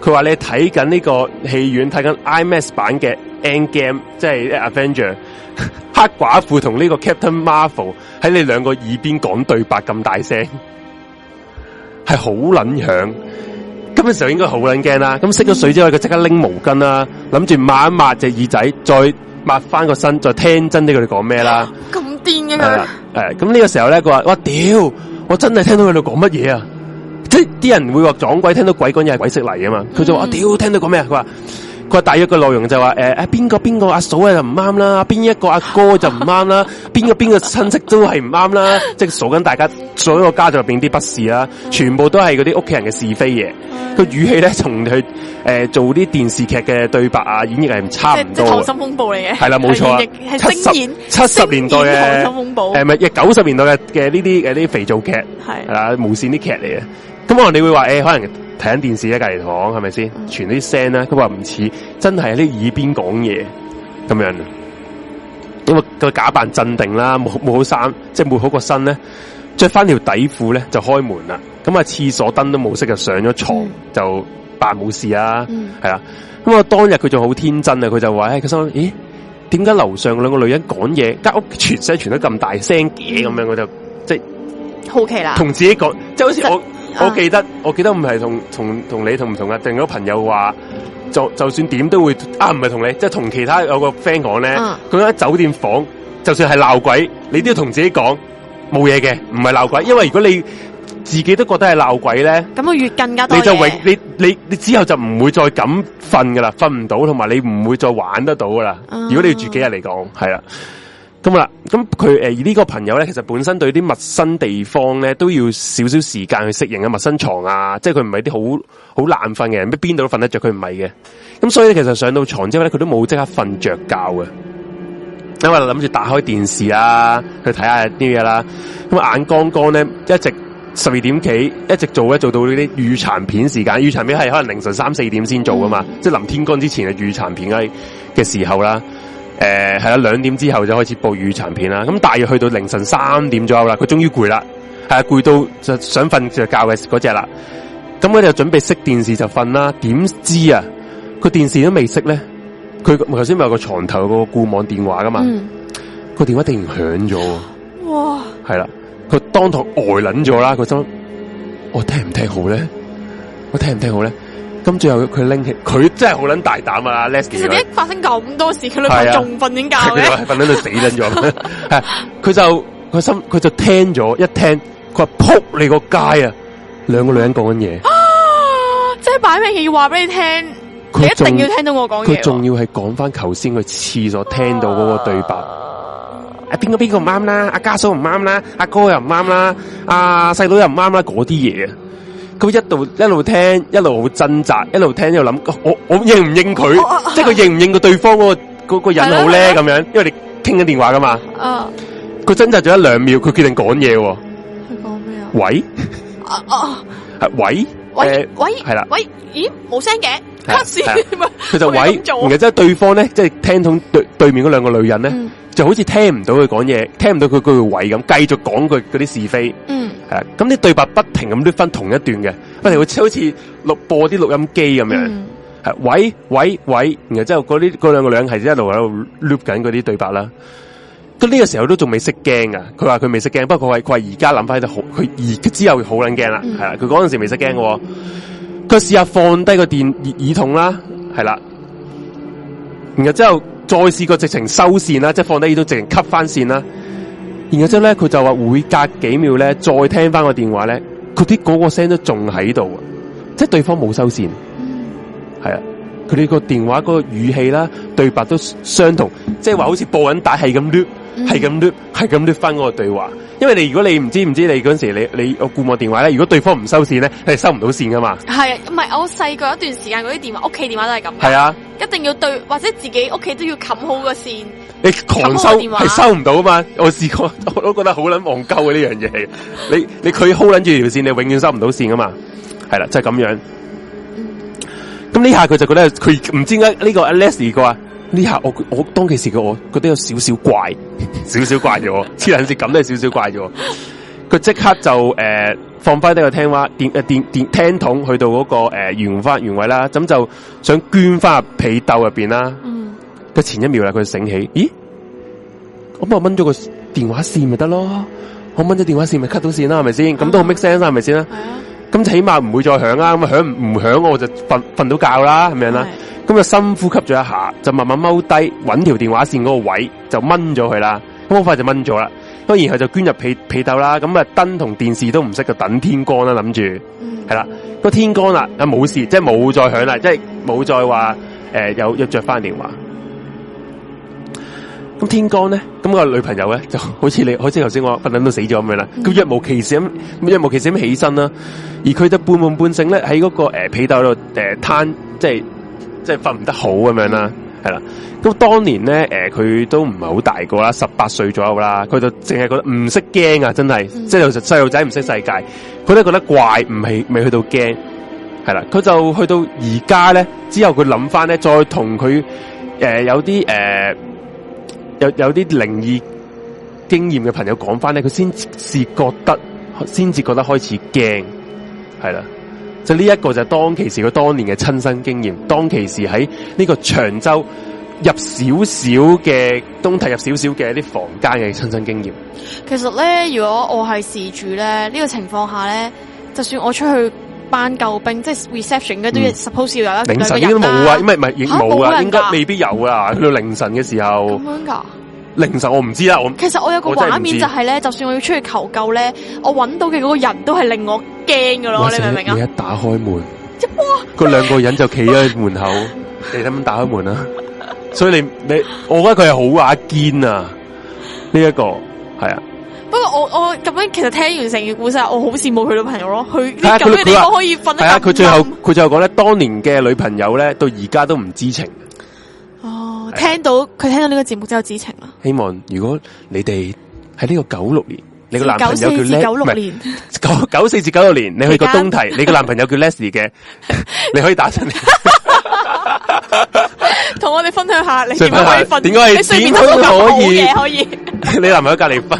佢話你睇緊呢個戲院睇緊 IMAX 版嘅 Endgame，即係 Avenger 黑寡婦同呢個 Captain Marvel 喺你兩個耳邊講對白咁大聲，係好撚響。根本時候應該好卵驚啦，咁熄咗水之外，佢即刻拎毛巾啦，諗住抹一抹隻耳仔，再抹翻個身，再身，再聽真啲佢哋講咩啦。咁癲嘅佢，係誒，咁呢個時候咧，佢話：哇屌、啊，我真係聽到佢哋講乜嘢啊！即係啲人會話撞鬼，聽到鬼講嘢係鬼識嚟啊嘛。佢就：我屌，聽到講咩啊？佢話。佢大約個內容就話、是、誒，邊、呃、個邊個阿嫂就唔啱啦，邊一個阿哥，哥就唔啱啦，邊 個邊個親戚都係唔啱啦，即係數緊大家所有家族入邊啲不是啦、嗯，全部都係嗰啲屋企人嘅是非嘢。佢、嗯、語氣咧，從佢誒做啲電視劇嘅對白啊，演繹係唔差唔多溏心風暴嚟嘅，係啦，冇錯啊。係精演七,七十年代嘅溏心風暴，誒、呃、咪？亦九十年代嘅呢啲嘅啲肥皂劇，係啊無線啲劇嚟嘅。咁我你會話誒、欸，可能睇緊電視一、啊、隔籬堂，係咪先傳啲聲咧？佢、嗯啊、話唔似真係喺啲耳邊講嘢咁樣。咁啊，佢假扮鎮定啦，冇冇好衫，即係冇好個身咧，着翻條底褲咧就開門啦。咁啊，廁所燈都冇熄就上咗床、嗯、就扮冇事啊，係、嗯、啦。咁啊，我當日佢就好天真啊，佢就話誒，佢、欸、心諗，咦，點解樓上兩個女人講嘢間屋傳聲傳得咁大聲嘅咁樣？佢、嗯、就即係好奇啦，同自己講，好似我。Uh, 我記得，我記得唔係同同同你同唔同啊？定咗個朋友話，就就算點都會啊，唔係同你，即係同，啊就是，同其他有個 friend 講咧。佢、uh, 喺酒店房，就算係鬧鬼，你都要同自己講冇嘢嘅，唔係鬧鬼。Uh, 因為如果你自己都覺得係鬧鬼咧，咁我越更加你就永你你你，你之後就唔會再咁瞓噶啦，瞓唔到，同埋你唔會再玩得到噶啦。Uh, 如果你要住幾日嚟講，係啦。咁啦，咁佢誒，呢個朋友咧，其實本身對啲陌生地方咧，都要少少時間去適應啊。陌生床啊，即係佢唔係啲好好難瞓嘅人，邊度都瞓得着，佢唔係嘅。咁所以其實上到床之後咧，佢都冇即刻瞓着覺嘅，因為諗住打開電視啊，去睇下啲嘢啦。咁啊，眼光光咧，一直十二點幾，一直做咧，做到呢啲預殘片時間，預殘片係可能凌晨三四點先做噶嘛，嗯、即係臨天光之前嘅預殘片嘅時候啦。誒、嗯，係啦、啊，兩點之後就開始播雨殘片啦。咁大約去到凌晨三點左右啦，佢終於攰啦，係啊，攰到就想瞓着覺嘅嗰隻啦。咁我就準備熄電視就瞓啦。點知啊，個電視都未熄咧，佢頭先咪有個床頭個固網電話噶嘛，個、嗯、電話突然響咗。哇！係啦、啊，佢當堂呆撚咗啦，佢心，我聽唔聽好咧？我聽唔聽好咧？咁最後佢拎起，佢真係好捻大膽啊 Leslie 其實點解發生咁多事，佢女仔仲瞓緊覺佢又係瞓喺度死緊咗佢就佢心佢就聽咗一聽，佢話扑你個街啊！兩、嗯、個女人講緊嘢啊，即係擺明係要話俾你聽，佢一定要聽到我講嘢。佢仲要係講翻頭先去廁所聽到嗰個對白，阿邊個邊個唔啱啦？阿、啊、家嫂唔啱啦，阿、啊、哥又唔啱啦，阿細佬又唔啱啦，嗰啲嘢啊！佢一路一路聽，一路好掙扎，一路聽一路諗，我我認唔認佢，即係佢認唔認個對方嗰個嗰個人好叻？咁樣，因為你傾緊電話噶嘛。啊！佢掙扎咗一兩秒，佢決定講嘢。佢講咩啊？喂！啊啊！係喂喂喂係啦喂，咦冇聲嘅黒線，佢就喂，而家對方咧，即係聽筒對對面嗰兩個女人咧。就好似聽唔到佢講嘢，聽唔到佢句位咁，繼續講佢嗰啲是非。嗯，係咁啲對白不停咁 loop 翻同一段嘅，不如會好似錄播啲錄音機咁樣。係、嗯，喂喂喂，然後之後嗰啲個兩個兩係一路喺度 loop 緊嗰啲對白啦。佢呢個時候都仲未識驚呀。佢話佢未識驚，不過佢係佢而家諗翻就好，佢而之後好捻驚啦。係、嗯、啦，佢嗰陣時未識驚噶佢試下放低個電耳耳筒啦，係啦，然後之後，再試過直情收線啦，即係放低呢種直情吸翻線啦。然後之後咧，佢就話會隔幾秒咧，再聽翻個電話咧，佢啲嗰個聲都仲喺度，即係對方冇收線。係啊，佢哋個電話嗰個語氣啦、對白都相同，即係話好似播緊大戲咁。係咁捋，係咁捋翻嗰個對話。因為你如果你唔知唔知你時你，你嗰陣時你你我固網電話咧，如果對方唔收線咧，係收唔到線噶嘛。係，唔係我細個一段時間嗰啲電話，屋企電話都係咁。係啊，一定要對或者自己屋企都要冚好個線。你狂收電話，係收唔到啊嘛？我試過，我都覺得好捻戇鳩嘅呢樣嘢。你你佢 hold 住條線，你永遠收唔到線㗎嘛？係啦，就係、是、咁樣。咁呢下佢就覺得佢唔知點解呢個 a l e s s 個啊。呢下我我當其時嘅，我覺得有少少怪，少 少怪咗，似冷似咁都係少少怪咗。佢即刻就誒、呃、放翻低個聽話電誒電電、電聽筒去到嗰、那個誒原翻原位啦，咁、呃、就想捐翻入被斗入邊啦。佢、嗯、前一秒啦，佢醒起，咦，我我掹咗個電話線咪得咯，我掹咗電話線咪 cut 到線啦，係咪先？咁都好 make 聲啦，係咪先啦？係啊。咁起碼唔會再響啦，咁響唔響我就瞓瞓到覺啦，咁咪？啦、uh -huh.。咁就深呼吸咗一下，就慢慢踎低，揾條電話線嗰個位就掹咗佢啦。咁好快就掹咗啦。咁然後就捐入被被竇啦。咁啊燈同電視都唔熄，就等天光啦，諗住係啦。個、嗯、天光啦，啊冇事，嗯、即係冇再響啦、嗯，即係冇再話誒、嗯呃、有有着返電話。咁、嗯、天光咧，咁個女朋友咧就好似你，好似頭先我瞓緊都死咗咁樣啦。佢、嗯、若無其事咁，若無其事咁起身啦。而佢就半夢半醒咧，喺嗰、那個誒被竇度誒攤，嗯、即係。即係瞓唔得好咁樣啦，係啦。咁當年咧，誒、呃，佢都唔係好大個啦，十八歲左右啦，佢就淨係覺得唔識驚啊，真係、嗯，即係其實細路仔唔識世界，佢都覺得怪，唔係未去到驚，係啦。佢就去到而家咧，之後佢諗翻咧，再同佢誒有啲誒、呃、有有啲靈異經驗嘅朋友講翻咧，佢先至覺得，先至覺得開始驚，係啦。就呢一個就係當其時佢當年嘅親身經驗，當其時喺呢個長洲入少少嘅東堤入少少嘅一啲房間嘅親身經驗。其實咧，如果我係事主咧，呢、這個情況下咧，就算我出去搬救兵，即係 reception 嘅都要 suppose 要有一、啊嗯。凌晨已經冇啊，唔係唔係亦冇啊，啊沒應該未必有啊。去到凌晨嘅時候。咁樣噶。其實我唔知啦。其實我有個畫面就係、是、咧，就算我要出去求救咧，我揾到嘅嗰個人都係令我驚噶咯。你明唔明啊？你一打開門，哇！嗰兩個人就企喺門口。 你點樣打開門啊？所以你你，我覺得佢係好阿堅啊。呢一、這個係啊。不過我我咁樣，其實聽完成個故事，我好羨慕佢女朋友咯。佢咁嘅地方可以瞓得咁安穩。係啊，佢最後佢就講咧，當年嘅女朋友咧，到而家都唔知情。聽到佢聽到呢個節目之後知情啊。希望如果你哋喺呢個九六年，年，你個男朋友叫叻，唔係九九四至九六年，年，你去過東堤，你個男朋友叫 Leslie 嘅， 你可以打親。同 我哋分享一下，你點解點解可以？你男朋友隔籬瞓，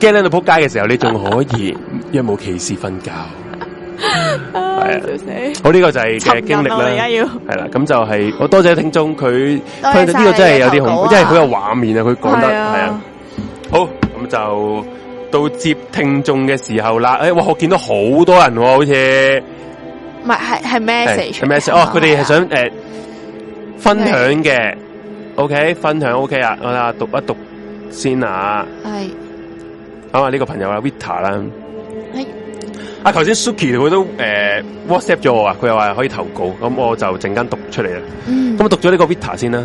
驚喺度扑街嘅時候，你仲可以一冇歧視瞓覺。係 啊， 好呢、這個就係嘅經歷啦，係啦，咁就係、是、我多謝聽眾佢，呢、這個真係有啲恐怖，因為好有畫面啊，佢講得係啊，好咁就到接聽眾嘅時候啦，誒、哎，我見到好多人，好似唔係係係 message，係 message 哦，佢哋係想誒、啊、分享嘅、啊、，OK，分享 OK 啊，我啦讀一讀先啊，啊，啊，係，啊嘛呢個朋友啊，Vita 啦、哎，啊！頭先 Suki 佢都誒、呃、WhatsApp 咗我啊，佢又話可以投稿，咁我就陣間讀出嚟啦。咁、嗯、我讀咗呢個 Vita 先啦。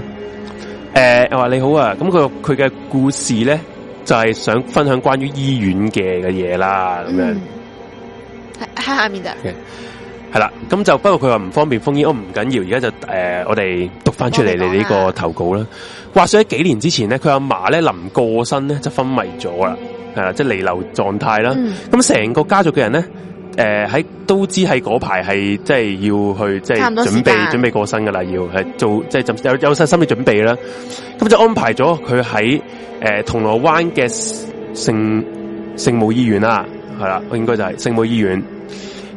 誒、呃，我話你好啊，咁佢佢嘅故事咧就係、是、想分享關於醫院嘅嘅嘢啦，咁、嗯、樣喺下面嘅。係、okay, 啦，咁就不過佢話唔方便封煙、哦呃，我唔緊要，而家就誒我哋讀翻出嚟你呢個投稿啦。話說喺幾年之前咧，佢阿嫲咧臨過身咧就昏迷咗啦，係啦，即係彌留狀態啦。咁、嗯、成個家族嘅人咧。誒、呃，喺都知係嗰排係即係要去，即係準備準備過身噶啦，要係做即係有有晒心理準備啦。咁就安排咗佢喺誒銅鑼灣嘅聖聖母醫院啦，係啦，應該就係聖母醫院。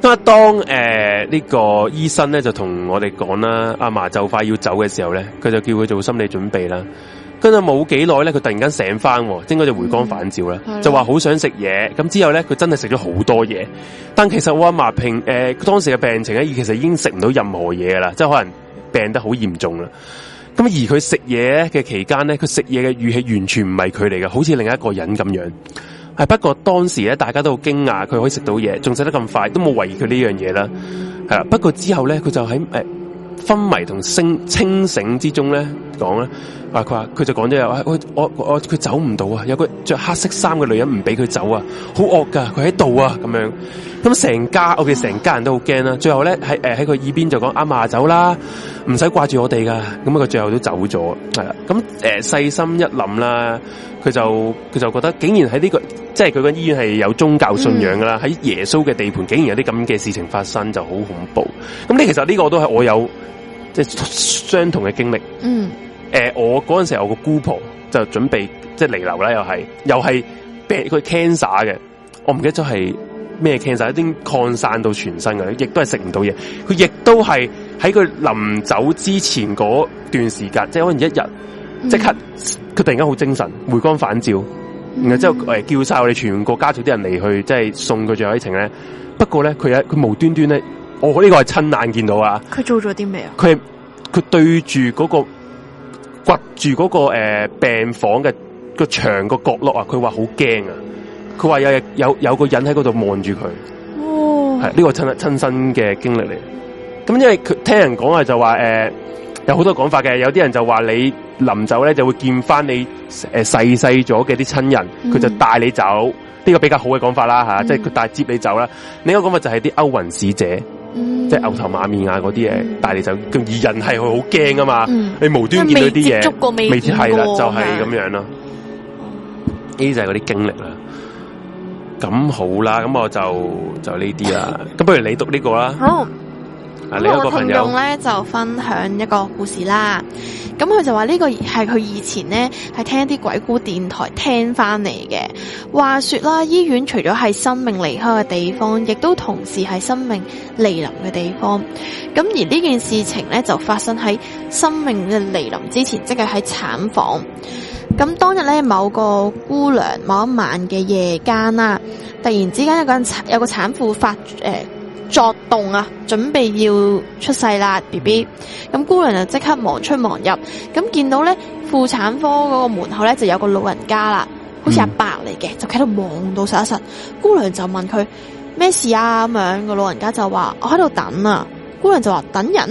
咁啊，當誒呢個醫生咧就同我哋講啦，阿嫲就快要走嘅時候咧，佢就叫佢做心理準備啦。跟住冇幾耐咧，佢突然間醒返，應該就回光返照啦、嗯。就話好想食嘢，咁之後咧，佢真係食咗好多嘢。但其實我阿嫲平誒、呃，當時嘅病情咧，其實已經食唔到任何嘢噶啦，即係可能病得好嚴重啦。咁而佢食嘢嘅期間咧，佢食嘢嘅語氣完全唔係佢嚟嘅，好似另一個人咁樣。係不過當時咧，大家都好驚訝佢可以食到嘢，仲食得咁快，都冇懷疑佢呢樣嘢啦。係啦，不過之後咧，佢就喺誒、呃、昏迷同醒清,清醒之中咧。講、啊、咧，話佢話佢就講咗又，我我我佢走唔到啊！有個着黑色衫嘅女人唔俾佢走啊，好惡噶，佢喺度啊，咁樣咁成家，我哋成家人都好驚啦。最後咧喺誒喺佢耳邊就講，阿嫲走啦，唔使掛住我哋噶。咁佢最後都走咗，係啦。咁誒細心一諗啦，佢就佢就覺得，竟然喺呢、這個即係佢間醫院係有宗教信仰噶啦，喺、嗯、耶穌嘅地盤，竟然有啲咁嘅事情發生，就好恐怖。咁呢其實呢個都係我有即係、就是、相同嘅經歷，嗯。誒、呃，我嗰陣時候我個姑婆就準備即係離流啦，又係又係病佢 cancer 嘅，我唔記得咗係咩 cancer，已經擴散到全身嘅，亦都係食唔到嘢。佢亦都係喺佢臨走之前嗰段時間，即係可能一日即、嗯、刻，佢突然間好精神，回光返照，嗯、然後之後誒叫晒我哋全個家族啲人嚟去即係送佢最後一程咧。不過咧，佢有佢無端端咧，我、哦、呢、這個係親眼見到啊！佢做咗啲咩啊？佢佢對住嗰、那個。掘住嗰、那個誒、呃、病房嘅、那個牆個角落啊，佢話好驚啊！佢話有有有個人喺嗰度望住佢，係、哦、呢、這個親親身嘅經歷嚟。咁、嗯、因為佢聽人講話，就話誒有好多講法嘅，有啲人就話你臨走咧就會見翻你誒逝世咗嘅啲親人，佢就帶你走呢、嗯，這個比較好嘅講法啦吓，即係佢帶你接你走啦。另一個講法就係啲歐雲使者。即係牛頭馬面啊嗰啲嘢，但係就而人係會好驚啊嘛、嗯，你無端見到啲嘢，未知係啦，就係、是，咁樣咯。呢就係嗰啲經歷啦。咁好啦，咁我就就呢啲啦。咁不如你讀呢個啦。好我個聽眾咧就分享一個故事啦，咁佢就話呢個係佢以前呢係聽一啲鬼故電台聽翻嚟嘅。話說啦，醫院除咗係生命離開嘅地方，亦都同時係生命嚟臨嘅地方。咁而呢件事情呢，就發生喺生命嘅嚟臨之前，即係喺產房。咁當日呢，某個姑娘某一晚嘅夜間啦，突然之間有個人有個產婦發誒。呃作動啊！準備要出世啦，B B。咁姑娘就即刻忙出忙入，咁見到咧婦產科嗰個門口咧就有個老人家啦，好似阿伯嚟嘅，就喺度望到實一實。姑娘就問佢咩事啊？咁、那、樣個老人家就話我喺度等啊。姑娘就話等人，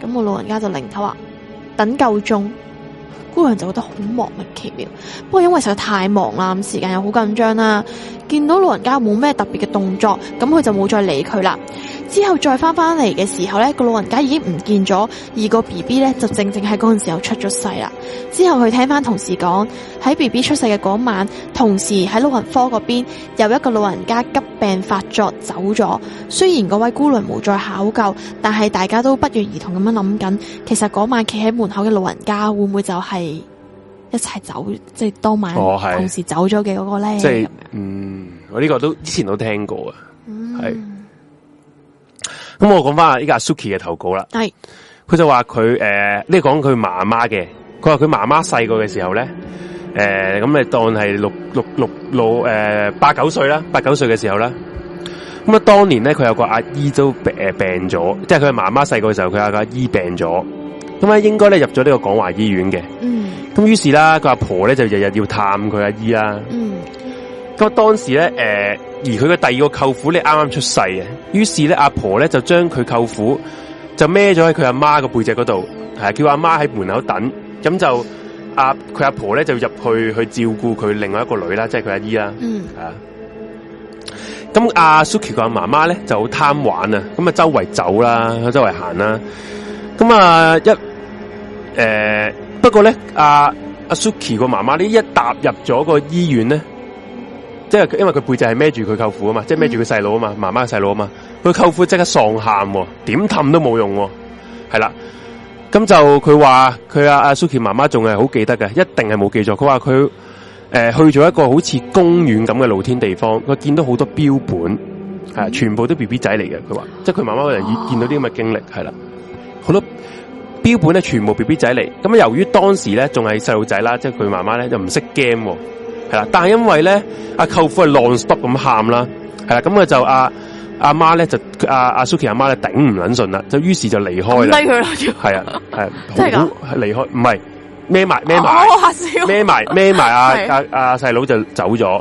咁、那個老人家就擰頭話等夠鐘。個人就覺得好莫名其妙，不過因為實在太忙啦，咁時間又好緊張啦，見到老人家冇咩特別嘅動作，咁佢就冇再理佢啦。之後再翻翻嚟嘅時候呢、呢個老人家已經唔見咗，而個 B B 呢，就正正喺嗰陣時候出咗世啦。之後佢聽翻同事講，喺 B B 出世嘅嗰晚，同時喺老人科嗰邊有一個老人家急病發作走咗。雖然嗰位姑娘無再考究，但係大家都不約而同咁樣諗緊，其實嗰晚企喺門口嘅老人家會唔會就係一齊走，即係當晚同時走咗嘅嗰個呢？即、就、係、是、嗯，我呢個都之前都聽過嘅，係、嗯。是咁、嗯、我講翻呢個阿 Suki 嘅投稿啦，係佢就話佢誒，呢講佢媽媽嘅，佢話佢媽媽細個嘅時候咧，誒咁咪當係六六六六誒八九歲啦，八九歲嘅時候啦，咁啊當年咧佢有個阿姨都誒病咗，即係佢媽媽細個嘅時候，佢有個阿姨病咗，咁咧應該咧入咗呢個廣華醫院嘅，嗯，咁於是啦，佢阿婆咧就日日要探佢阿姨啦，嗯，咁當時咧誒。呃而佢嘅第二個舅父咧啱啱出世啊，於是咧阿婆咧就將佢舅父就孭咗喺佢阿媽個背脊嗰度，係叫阿媽喺門口等，咁就阿佢、啊、阿婆咧就入去去照顧佢另外一個女啦，即係佢阿姨啦、嗯，啊，咁阿、啊、Suki 個媽媽咧就好貪玩啊，咁啊周圍走啦，周圍行啦，咁啊一誒、呃，不過咧阿阿 Suki 個媽媽呢，一踏入咗個醫院咧。即係因為佢背脊係孭住佢舅父啊嘛，即係孭住佢細佬啊嘛，媽媽嘅細佬啊嘛，佢舅父即刻喪喊，點氹都冇用，係啦。咁就佢話佢阿阿 Suki 媽媽仲係好記得嘅，一定係冇記錯。佢話佢誒去咗一個好似公園咁嘅露天地方，佢見到好多標本，係全部都 B B 仔嚟嘅。佢話即係佢媽媽人見見到啲咁嘅經歷，係啦，好多標本咧全部 B B 仔嚟。咁由於當時咧仲係細路仔啦，即係佢媽媽咧就唔識驚。係、啊、啦，但係因為咧，阿舅父係 long stop 咁喊啦，係、啊、啦，咁佢就阿阿媽咧就阿阿 Suki 阿媽咧頂唔捻順啦，就於是就離開啦。係啊，係好離開唔係孭埋孭埋，孭埋孭埋，阿阿阿細佬就走咗。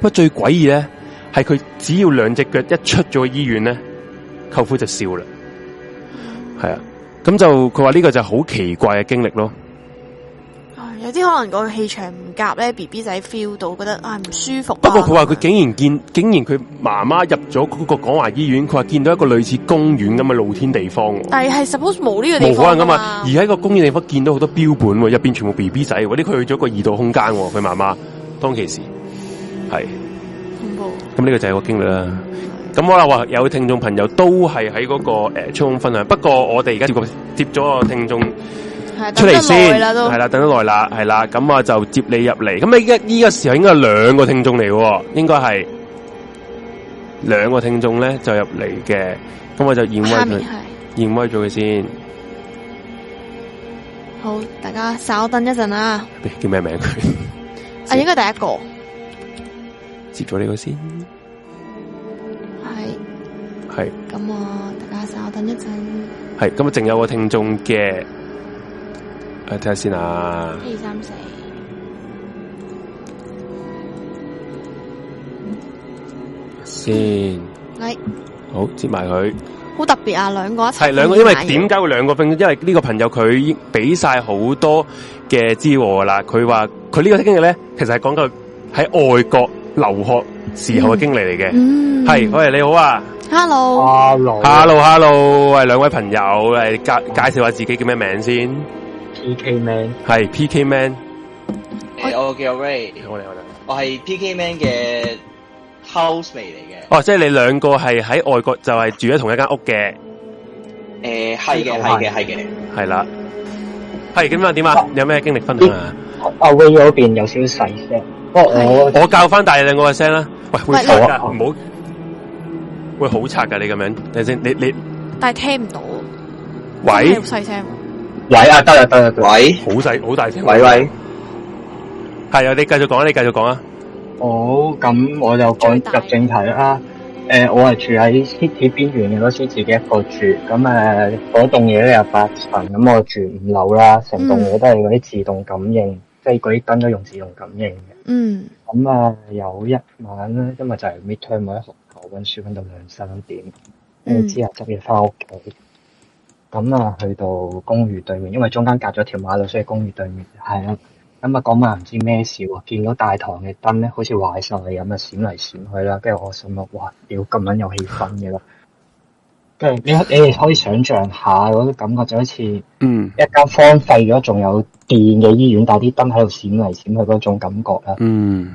不過最詭異咧，係佢只要兩隻腳一出咗醫院咧，舅父就笑啦。係啊，咁就佢話呢個就係好奇怪嘅經歷咯。有啲可能個氣場唔夾咧，B B 仔 feel 到覺得啊唔舒服。不過佢話佢竟然見，啊、竟然佢媽媽入咗嗰個廣華醫院，佢話見到一個類似公園咁嘅露天地方。但係 suppose 冇呢個地方冇可能噶嘛？啊、而喺個公園地方見到好多標本喎，入邊全部 B B 仔，或者佢去咗個異度空間，佢媽媽當其時係恐怖。咁呢個就係個經歷啦。咁我話話有聽眾朋友都係喺嗰個誒抽、呃、空分享，不過我哋而家接接咗個聽眾。嗯來出嚟先，係啦，等咗耐啦，係啦，咁我就接你入嚟。咁你依家呢個時候應該係兩個聽眾嚟嘅，應該係兩個聽眾咧就入嚟嘅。咁我就驗威，驗威咗佢先。好，大家稍等一陣啊。叫咩名？佢啊，應該係第一個接咗呢個先。係係。咁我大家稍等一陣。係咁 啊，仲有個聽眾嘅。睇下先啊，一二三四，先，係，好，接埋佢，好特別啊，兩個一齊係兩個，因為點解會兩個？因為呢個朋友佢俾晒好多嘅資料㗎啦，佢話佢呢個經歷咧，其實係講到喺外國留學時候嘅經歷嚟嘅。嗯，係、嗯，喂，你好啊，Hello，Hello，Hello，Hello，喂，hello, hello, hello, hello, 兩位朋友，嚟介介紹下自己叫咩名先？P K Man 係 P K Man，欸、我叫 Ray，你好你好，我係 P K Man 嘅 Housemate 嚟嘅。哦，即係你兩個係喺外國就係住喺同一間屋嘅。誒、呃，係嘅，係嘅，係嘅，係啦。係咁、嗯嗯、啊？點啊？有咩經歷分享啊？阿 Ray 嗰邊有少少細聲，我我教翻大兩個嘅聲啦。喂，會嘈啊！唔好會好差噶，你咁樣，等先，你你。但係聽唔到。喂，好細聲。喂啊，得啦得啦，喂，好細好大聲，喂喂，係啊，你繼續講你繼續講啊。好、啊，咁、哦、我就講入正題啦。誒、呃，我係住喺地鐵邊緣嘅嗰時，自己一個住。咁、嗯、誒，嗰棟嘢咧有八層，咁我住五樓啦。成棟嘢都係嗰啲自動感應，嗯、即係嗰啲燈都用自動感應嘅。嗯。咁、嗯、啊，有一晚咧，因為就係 midnight 咪學校温書温到兩三點、嗯，之後執嘢翻屋企。咁啊，去到公寓對面，因為中間隔咗條馬路，所以公寓對面係啊，咁啊，嗰晚唔知咩事喎，見到大堂嘅燈咧，好似壞晒咁啊，閃嚟閃去啦。跟住我心諗，哇，屌咁樣有氣氛嘅啦。跟住你你哋可以想象下嗰種感覺，就好似嗯一間荒廢咗，仲有電嘅醫院，但啲燈喺度閃嚟閃去嗰種感覺啦。嗯，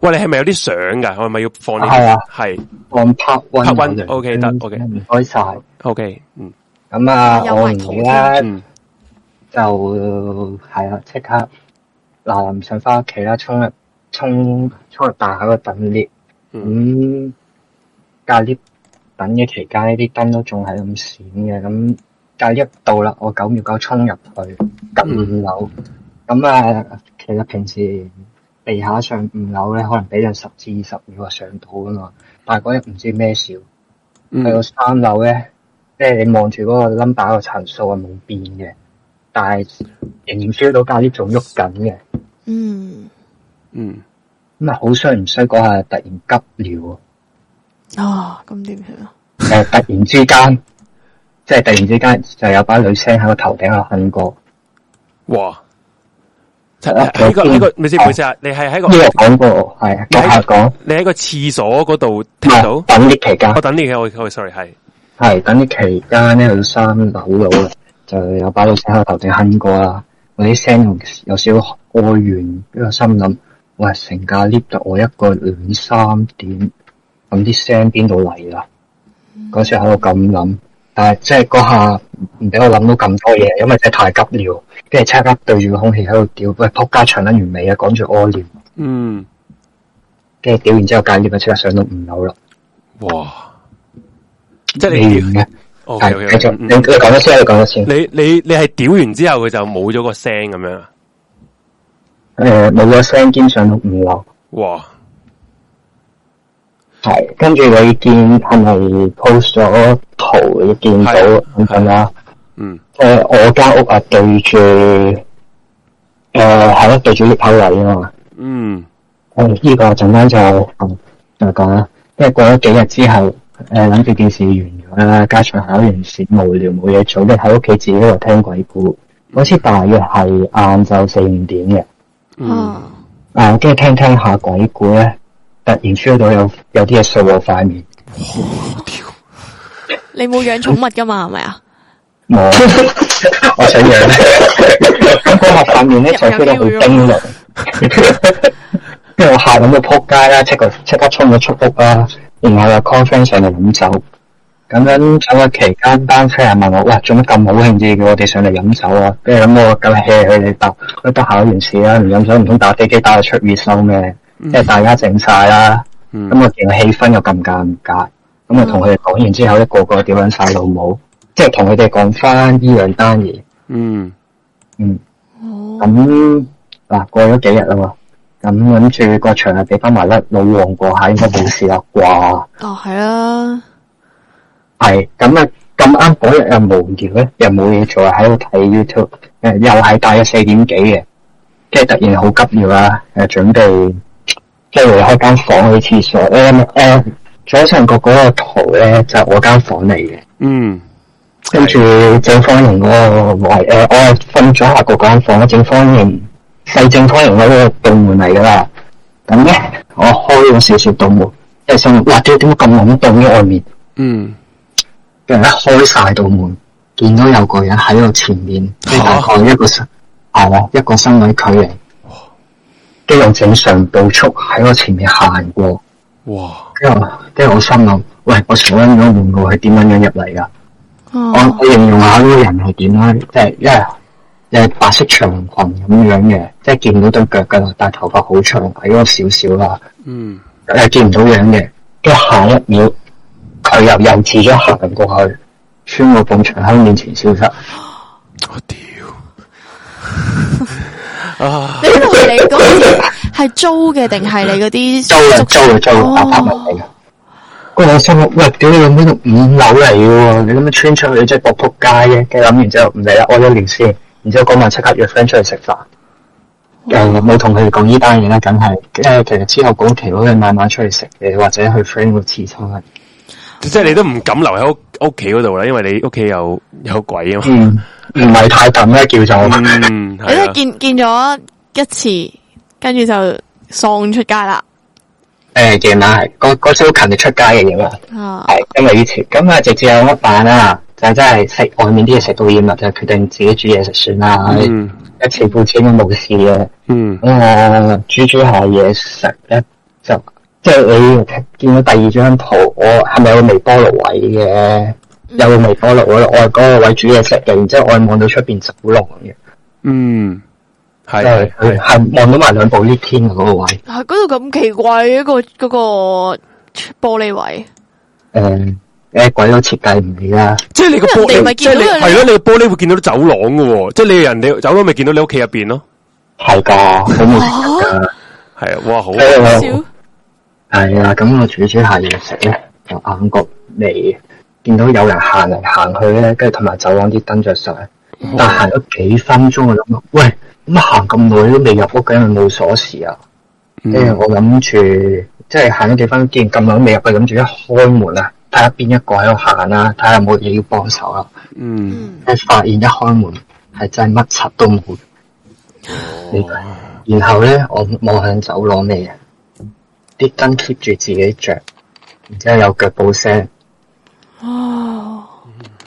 喂，你係咪有啲相㗎？我係咪要放啲？係啊，係。part one, part one，ok 得，ok 唔該晒，ok 嗯。Okay, 嗯 okay, okay, 咁啊，我唔好啦，嗯、就係啊，即刻嗱，唔想翻屋企啦，衝入衝衝入大廈嘅等列，咁隔啲等嘅期間，啲燈都仲係咁閃嘅，咁隔一到啦，我九秒九衝入去㩒五樓，咁、嗯、啊，其實平時地下上五樓咧，可能俾人十至二十秒啊上到噶嘛，但係嗰日唔知咩事，去到三樓咧。那個即係你望住嗰個 number 個層數係冇變嘅，但係仍然 feel 到個 lift 仲喐緊嘅。嗯嗯，咁啊好衰唔衰？嗰下突然急尿啊！咁點算啊？誒，突然之間， 即係突然之間就有把女聲喺個頭頂度響過。哇！呢、嗯呢個呢、呢個未試你係喺個講過係，你喺個、呢個、你喺個廁所嗰度聽到等 lift 期間，我等 lift 我 sorry 係。係，等啲期間咧去三樓啦，就有把老扯喺頭頂哼過啦。嗰啲聲有少少哀怨，跟住心諗：喂，成架 lift 到我一個兩三點，咁啲聲邊度嚟啊？嗰、嗯、時喺度咁諗，但係即係嗰下唔俾我諗到咁多嘢，因為真係太急了。跟住即刻對對住個空氣喺度屌，喂，扑街長得完美啊，趕住屙尿。嗯。跟住屌完之後，隔一兩分鐘上到五樓啦。哇！即係你嘅 OK 你你講多次，你講多次。你你先你係屌完之後，佢就冇咗個聲咁樣。誒、呃，冇咗聲，兼上都唔落。哇！係，跟住你見係咪 post 咗圖？你見到等等啦。嗯。誒、呃，我間屋啊，對住誒係咯，對住呢鋪位啊嘛。嗯。誒，呢個陣間就就講啦，因為過咗幾日之後。誒、呃，諗住件事完咗啦，加上考完試無聊冇嘢做，咧喺屋企自己喺度聽鬼故。嗰次大約係晏晝四五點嘅，嗯，啊，跟住聽聽下鬼故咧，突然出到有有啲嘢掃我塊面。哇！屌，你冇養寵物噶嘛？係咪啊？冇，我想養。咁嗰下塊面咧，會 就飛到去冰涼。跟住我吓到都撲街啦，即刻即刻衝咗出屋啦。然後有 c a l l f r i e n d 上嚟飲酒，咁樣喺個期間，班車人問我：喂，做乜咁好興致叫我哋上嚟飲酒啊？跟住諗我咁 hea 佢哋，畢畢考完試啦，唔飲酒唔通打飛機打到出熱羞咩、嗯？即為大家整晒啦，咁、嗯、我見到氣氛又咁尷尬，咁、嗯、我同佢哋講完之後一個個點樣晒老母，即係同佢哋講翻呢樣單嘢。嗯嗯，咁、嗯、嗱、嗯，過咗幾日啦嘛。咁諗住個場啊，俾翻埋甩，老旺過下，應該冇事啦啩。哦，係啊，係咁啊，咁啱嗰日又無聊咧、呃，又冇嘢做喺度睇 YouTube，誒，又係大約四點幾嘅，即係突然好急尿啊，誒，準備即係離開間房去廁所咧。誒，左、呃呃、上角嗰個圖咧，就係、我間房嚟嘅。嗯，跟住正方形嗰、嗰個圍，誒，我係瞓咗下個間房，正方形。細正方形個道門嚟噶啦，咁咧我開咗少少道門，即係想話咗點解咁冷凍嘅外面？嗯，跟住開晒道門，見到有個人喺我前面，即、哦、大概一個、啊哦、一個身位距離，跟、哦、住正常步速喺我前面行過，哇！跟住跟住我心諗，喂，我從嗰個門路係點樣樣入嚟噶？我我形容下呢個人係點樣，即係因為。Yeah, 係白色長裙咁樣嘅，即係見唔到對腳噶啦，但係頭髮好長，矮咗少少啦。嗯，誒，見唔到樣嘅。跟住下一秒，佢又又似咗行過去，穿過埲牆喺面前消失。我屌！啊， 你呢度係你嗰啲係租嘅定係你嗰啲租租啊租啊，八百米嚟嘅。嗰間倉喂屌你老母，五樓嚟嘅喎，你咁樣穿出去真係搏仆街嘅。計諗完之後，唔理啦，我一年先。然之後晚埋即刻約 friend 出去食飯，誒冇同佢哋講呢單嘢啦，梗係，因為其實之後嗰期我都慢慢出去食嘢，或者去 friend 嗰度食菜，即係你都唔敢留喺屋屋企嗰度啦，因為你屋企有有鬼啊，唔係太近咧叫做，你、嗯、都、啊就是、見見咗一次，跟住就喪出街啦，誒夜晚係，嗰嗰好勤力出街嘅嘢嘛，係、嗯 啊，因為以前咁啊直接有乜辦啊？就是、真係食外面啲嘢食到厭啦，就是、決定自己煮嘢食算啦、嗯。一次付錢都冇事嘅，咁、嗯、我、呃、煮煮下嘢食咧，就即係、就是、你看見到第二張圖，我係咪有個微波爐位嘅？有個微波爐喎，我係嗰個位煮嘢食嘅，然之後我係望到出邊走廊嘅。嗯，係係望到埋、嗯、兩部 lift 天啊，嗰、那個位。係嗰度咁奇怪一、那個嗰、那個玻璃位。誒、嗯。誒，鬼都設計唔嚟啦！即係、就是、你個玻璃，即係你係咯，你個玻璃會見到啲走廊嘅喎。即係你個人，你走廊咪見到你屋企入邊咯。係噶，好冇錯噶。係、哦、啊，哇，好少。係、嗯、啊、咁、嗯嗯嗯、我取取下嘢食咧，就眼角嚟見到有人行嚟行去咧，跟住同埋走廊啲燈着晒。但行咗幾分鐘，我諗，喂，咁行咁耐都未入屋，梗係冇鎖匙啊？跟、嗯、住我諗住，即係行咗幾分鐘，咁耐都未入去，諗住一開門啊！睇下邊一個喺度行啦，睇下有冇嘢要幫手啦。嗯，一發現一開門係真係乜柒都冇。哦，嗯、然後咧，我望向走廊嚟嘅，啲燈 keep 住自己着，然之後有腳步聲。哦，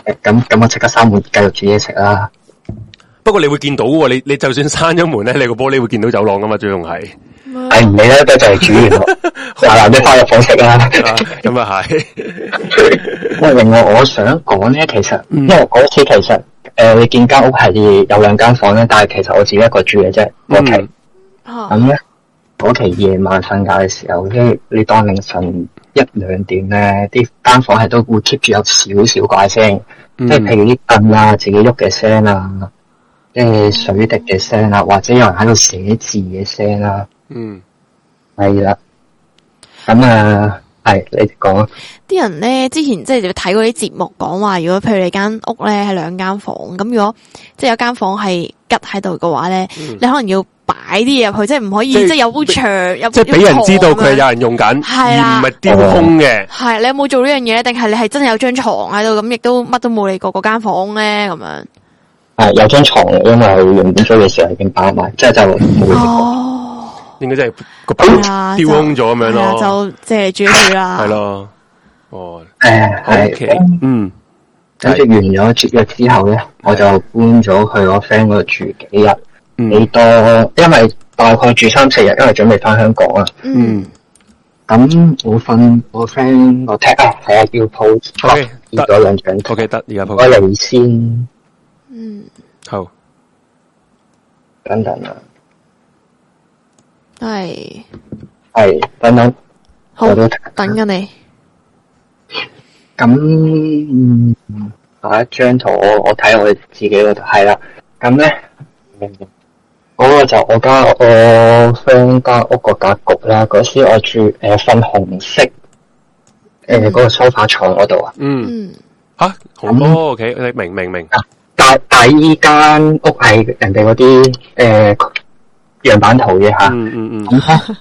咁、嗯、咁我即刻閂門，繼續煮嘢食啦。不過你會見到喎，你你就算閂咗門咧，你個玻璃會見到走廊噶嘛，最用係。係唔理啦，都就係、是、煮完啦。嗱 嗱、啊 啊，你翻入房食啦，咁啊係。不過我我想講咧，其實，因為嗰次其實誒、呃，你見間屋係有兩間房咧，但係其實我自己一個住嘅啫。屋、那、企、個，咁、嗯、咧，嗰期夜晚瞓覺嘅時候，即係你當凌晨一兩點咧，啲間房係都會 keep 住有少少怪聲，即係譬如啲凳啊，自己喐嘅聲啊，即、呃、係水滴嘅聲啦，或者有人喺度寫字嘅聲啦。嗯，係啦，咁啊，係你講啊。啲人咧，之前即係睇過啲節目，講話如果譬如你間屋咧係兩間房，咁如果即係、就是、有間房係吉喺度嘅話咧、嗯，你可能要擺啲嘢入去，即係唔可以即係有幅牆，有俾人知道佢係有人用緊，而唔係丟空嘅。係、啊嗯、你有冇做呢，是是呢樣嘢？定係你係真係有張床喺度咁，亦都乜都冇理過嗰間房咧？咁樣係有張床，因為我用咗嘅時候已經擺埋，即係就是、 哦。應該真係個包丟空咗咁樣咯，啊，就借住佢啦。係咯，哦，誒、啊，好、okay. 嗯，嗯，即係完咗簽約之後咧，我就搬咗去我 friend 嗰度住幾日，幾、嗯、多？因為大概住三四日，因為準備返香港啊。嗯，咁我瞓我 friend 我踢啊，係啊、okay，叫鋪。O K，得兩場。O K，得而家鋪。我嚟先。嗯。好。等等啊！係、hey. 係等等，好，我等緊你。咁下一張圖我我睇下我哋自己嗰度係啦。咁咧，嗰個就我家我 friend 間屋個格局啦。嗰時我住，誒粉、呃、紅色誒嗰、呃那個梳化床嗰度啊。嗯吓、嗯，好、哦、O、okay, K，你明明明。啊、但但依間屋係人哋嗰啲誒。呃樣板圖嘅吓，咁、嗯、咧，嗯嗯、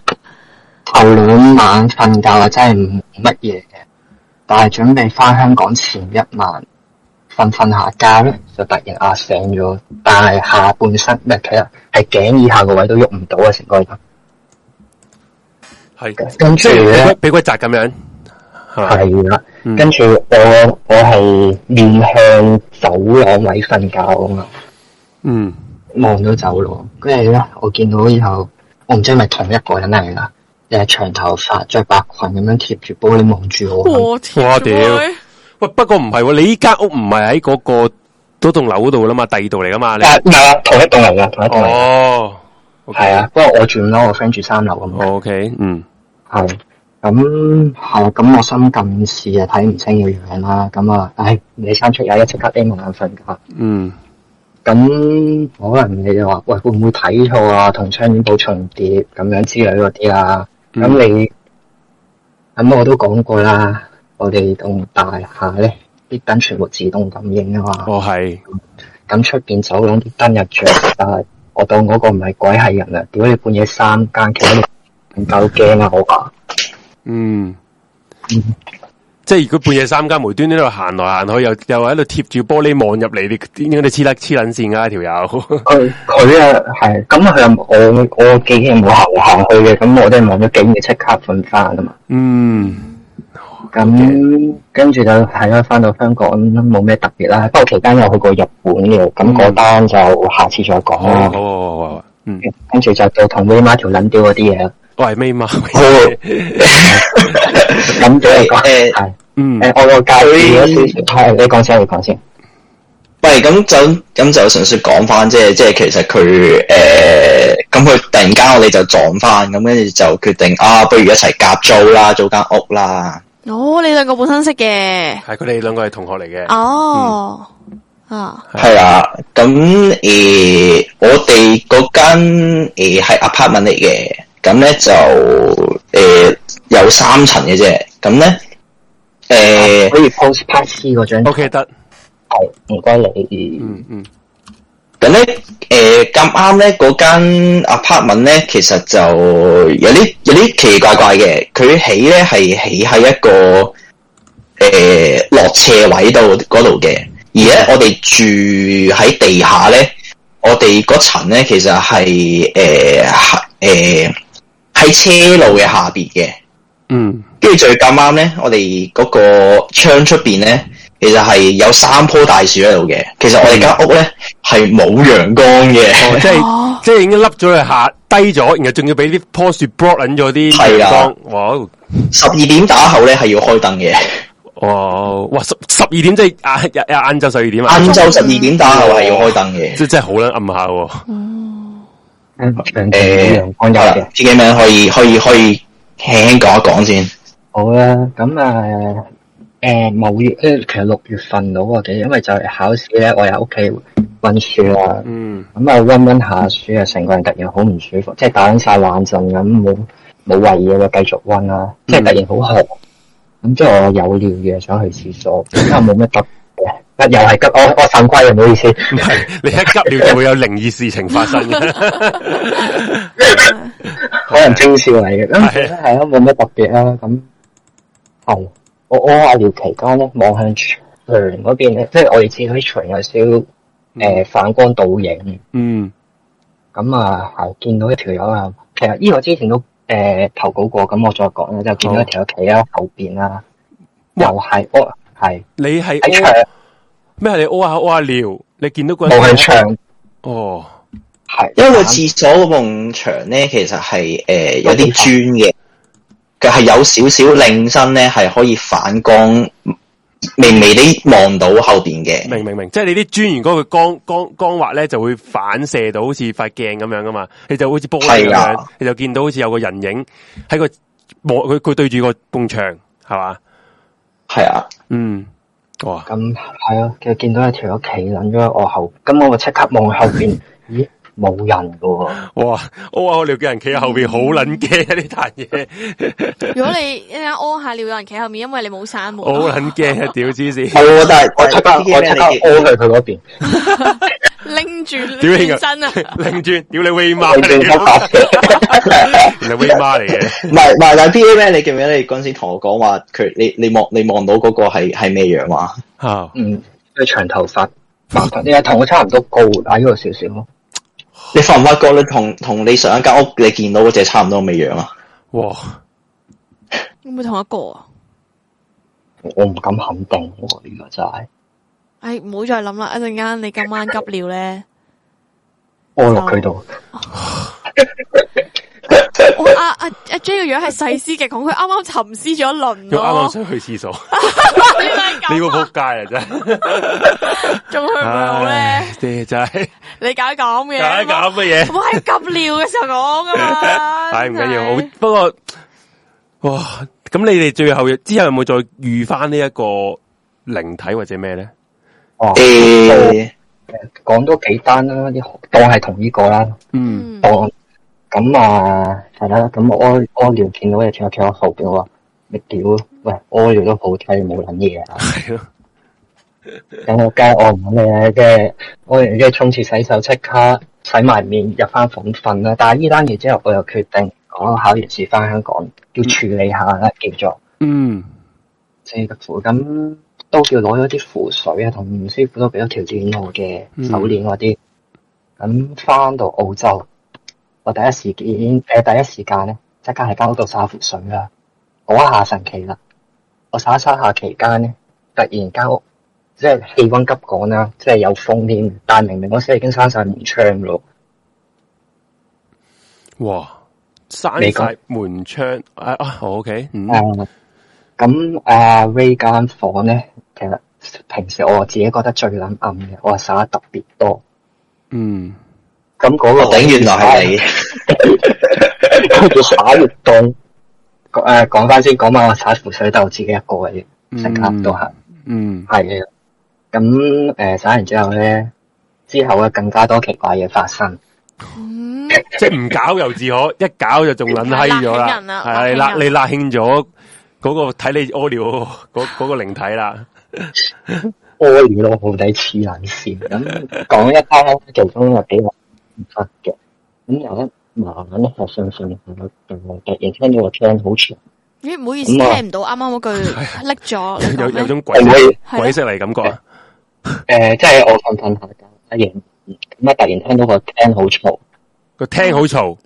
頭兩晚瞓覺啊，真係冇乜嘢嘅，但係準備翻香港前一晚瞓瞓下覺咧，就突然壓醒咗，但係下半身咩睇啊？係頸以下個位都喐唔到嘅，成個人係，跟住咧俾鬼砸咁樣，係啦、嗯。跟住我我係面向走廊位瞓覺噶嘛，嗯。望到走咯，跟住咧，我見到以後，我唔知係咪同一個人嚟噶，又係長頭髮，着白裙咁樣貼住玻璃望住我。我屌，喂，不過唔係，你依間屋唔係喺嗰個嗰棟樓度啦嘛，第二度嚟噶嘛。你唔係啊，同一棟嚟噶，同一棟嚟。哦，係啊，不過我住咁，我 friend 住三樓咁。OK，嗯，係，咁係，咁我心近視啊，睇唔清個樣啦。咁啊，唉，你三出有一即刻眯埋眼瞓覺。嗯。咁可能你就話喂，會唔會睇錯啊？同窗簾部重疊咁樣之類嗰啲啊？咁、嗯、你咁我都講過啦，我哋棟大廈咧啲燈全部自動感應啊嘛。哦係。咁出邊走廊啲燈入着，但係我當嗰個唔係鬼係人啊！屌你半夜三更企喺度，唔夠驚啊我話。嗯。嗯即係如果半夜三更無端端喺度行來行去，又又喺度貼住玻璃望入嚟，你點解你黐得黐撚線噶條友？佢佢啊係，咁佢我我幾器冇行行去嘅，咁我都係望咗幾嘅，即刻瞓翻噶嘛。嗯，咁、嗯嗯、跟住就係咯，翻到香港冇咩特別啦。不過期間我去過日本嘅，咁嗰單就下次再講哦，嗯，好好好好，跟住就到同 V 媽條捻屌嗰啲嘢。喂，咩嘛？好咁，俾 你講誒、欸欸欸，嗯，誒、欸，我個介紹係你講先，欸、你講先。喂、欸，咁、欸欸、就咁就純粹講翻，即係即係其實佢誒，咁、欸、佢突然間我哋就撞翻，咁跟住就決定啊，不如一齊夾租啦，租間屋啦。哦，你兩個本身識嘅係佢哋兩個係同學嚟嘅。哦，嗯、啊，係啊，咁誒、呃，我哋嗰間誒係 apartment 嚟嘅。呃咁咧就，誒、呃、有三層嘅啫，咁咧誒可以 postparty 嗰張 OK 得，好唔該你嗯嗯。咁咧誒咁啱咧嗰間 apartment 咧，其實就有啲有啲奇怪怪嘅，佢起咧係起喺一個誒、呃、落斜位度嗰度嘅，而咧我哋住喺地下咧，我哋嗰層咧其實係誒、呃呃呃喺車路嘅下邊嘅，嗯，跟住最咁啱咧，我哋嗰個窗出邊咧，其實係有三棵大樹喺度嘅。其實我哋間屋咧係冇陽光嘅、哦，即係、哦、即係已經凹咗去下低咗，然後仲要俾啲棵樹 block 緊咗啲陽光啊，哇、哦，十二點打後咧係要開燈嘅。哦，哇，十十二點即係啊啊晏晝十二點啊，晏晝十,十二點打後係、哦、要開燈嘅，即係真係好撚暗下、哦。嗯誒、嗯嗯嗯嗯，好啦，朱警員可以可以可以聽講一講先。好啦，咁啊，誒、嗯，五、嗯、月其實六月份到啊，其實因為就係考試咧，我喺屋企温書啦。嗯，咁啊温温下書啊，成個人突然好唔舒服，即係打晒冷陣咁，冇冇為嘢嘅繼續温啦、嗯，即係突然好寒。咁即係我有尿嘅，想去廁所，其他冇咩特。又係急，我我神龜，唔好意思，唔係你一急了就會有靈異事情發生。 可能徵兆嚟嘅，咁係啊，冇乜特別啊。咁，哦，我屙阿、啊、廖期間咧望向牆嗰邊咧，即係我以前啲牆有少誒、嗯呃、反光倒影。嗯。咁、嗯、啊，係見到一條友啊，其實呢個之前都誒、呃、投稿過，咁我再講咧，就見到一條友企喺後邊啦，又係屙。你係咩？係你屙下屙下尿，你見、啊啊啊、到個個牆哦，係、oh, 因為廁所個埲牆咧，其實係誒、呃啊、有啲磚嘅，佢、啊、係有少少令身咧，係可以反光，微微地望到後邊嘅。明明明，即係你啲磚，如果佢光光光，光滑咧，就會反射到好似塊鏡咁樣噶嘛，你就好似玻璃咁樣是、啊，你就見到好似有個人影喺個望佢佢對住個埲牆，係嘛？係啊，嗯，哇，咁係咯，佢、啊、見到一條友企捻咗喺我後面，咁我咪即刻望後邊，咦，冇人噶喎，哇，屙下尿嘅人企喺後邊，好捻驚呢壇嘢。 如果你，你一陣間屙下尿，有人企後面，因為你冇傘，好捻驚啊，屌之士，係、 啊、我但係 我即刻我即刻屙去佢嗰邊。拎住吊起身啊拎！拎住屌你威媽你威媽嚟嘅。唔係唔係，B A 咩？你, 你, 你, BAman, 你記唔記得你嗰時同我講話，佢你你望你望到嗰個係係咩樣啊？嗯，係長頭髮、 這個， 你啊，同我差唔多高矮咗少少咯。你發唔發覺你同同你上一間屋你見到嗰隻差唔多咩樣啊？哇，會唔會同一個啊？我唔敢肯定喎，呢、呢個真係。哎，唔好再諗啦！一陣間你今晚急尿咧，安落佢度。我阿阿阿 J 個樣係細思極恐，佢啱啱沉思咗一輪，啊。啱啱想去廁所。呢個仆街啊，真仲 去唔到咧？啲係你講咁嘅，講咁嘅嘢，我喺急尿嘅時候講噶嘛？唉，唔緊要，好不過。哇！咁你哋最後之後有冇再遇翻呢一個靈體或者咩咧？哦，講、嗯、多、欸、幾單啦，當當係同呢個啦，嗯，當咁啊，係啦，咁我屙尿見到又聽下聽下後邊話，你屌喂，屙尿都好睇，冇捻嘢。係咯，咁、嗯、我加屙唔即嘅，屙完嘅，沖廁洗手即刻洗埋面入翻房瞓啦。但係呢單嘢之後，我又決定我考完試翻香港，要處理下啦，叫做嗯，四福咁。都叫攞咗啲符水啊，同吳師傅都俾咗條短路嘅手鏈嗰啲。咁、嗯、翻到澳洲，我第一時間，誒、呃、第一時間咧，即刻喺間屋度灑符水啦、啊。我一下神奇啦，我灑三下期間咧，突然間屋即係氣溫急降啦，即係、啊、有風添。但係明明我先已經閂晒門窗咯。哇！閂晒門窗啊？OK。啊、咁、okay，啊、嗯，嗯呃、房呢間房咧？其實平時我自己覺得最撚暗嘅，我又耍得特別多。嗯，咁嗰個頂、哦、原來係你，越 耍活凍。誒、呃，講翻先，嗰晚我耍扶水豆自己一個嘅，承擔都吓。嗯，係嘅。咁、嗯、誒、呃，耍完之後咧，之後咧更加多奇怪嘢發生。嗯、 即係唔搞又自可，一搞就仲撚閪咗啦。係啦，你拉興咗嗰個睇你屙尿嗰嗰個靈體啦。 我而家好底似冷線，咁講一 part，其中又幾難唔得嘅。咁又一慢慢踏上相信，信。突然聽到個聽好嘈，咦？唔好意思，聽唔到啱啱嗰句，甩 咗有有，有種鬼、哎、鬼聲嚟感覺啊。誒、哎呃，即係我瞓瞓下噶阿咁啊突然聽到個，個聽好嘈，個聽好嘈，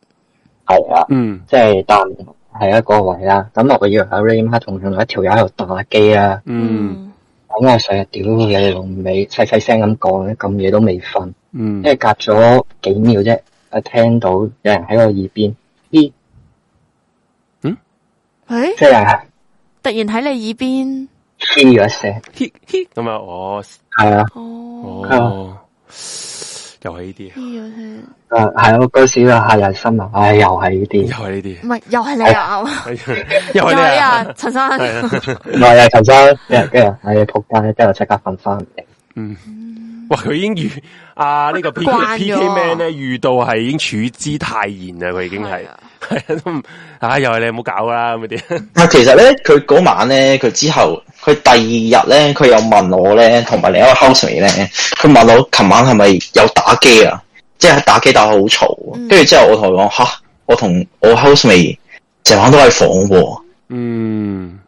係啊，嗯，即係但係一個位啦。咁我以為阿 Raymond，同另外一條友喺度打機啦，嗯。咁我成日屌你老尾細細聲咁講，咁夜都未瞓，嗯，因、嗯、係隔咗幾秒啫，啊聽到有人喺我耳邊，嗯，喂，即係突然喺你耳邊，吹咗一聲，咁 啊，我係啊，哦。又係呢啲，誒係咯，嗰時就嚇人心啊！唉、啊啊啊，又係呢啲，又係呢啲，唔係又係你啊！是 又係你啊，陳、 啊、生，係啊，陳 生，跟住跟住喺度仆街，跟住即刻瞓翻，嗯。哇！佢已經遇啊，這個 PK, PKman，呢個 P K P K Man 咧，遇到係已經處之泰然啦，佢已經係係 啊，又係你冇搞啦咁啲。但其實咧，佢嗰晚咧，佢之後佢第二日咧，佢又問我咧，同埋另一個 Housemate 咧，佢問我琴晚係咪有打機啊？即係打機打到好嘈。跟、嗯、住之後我同佢講吓，我同我 Housemate 成晚都喺房喎，哦。嗯，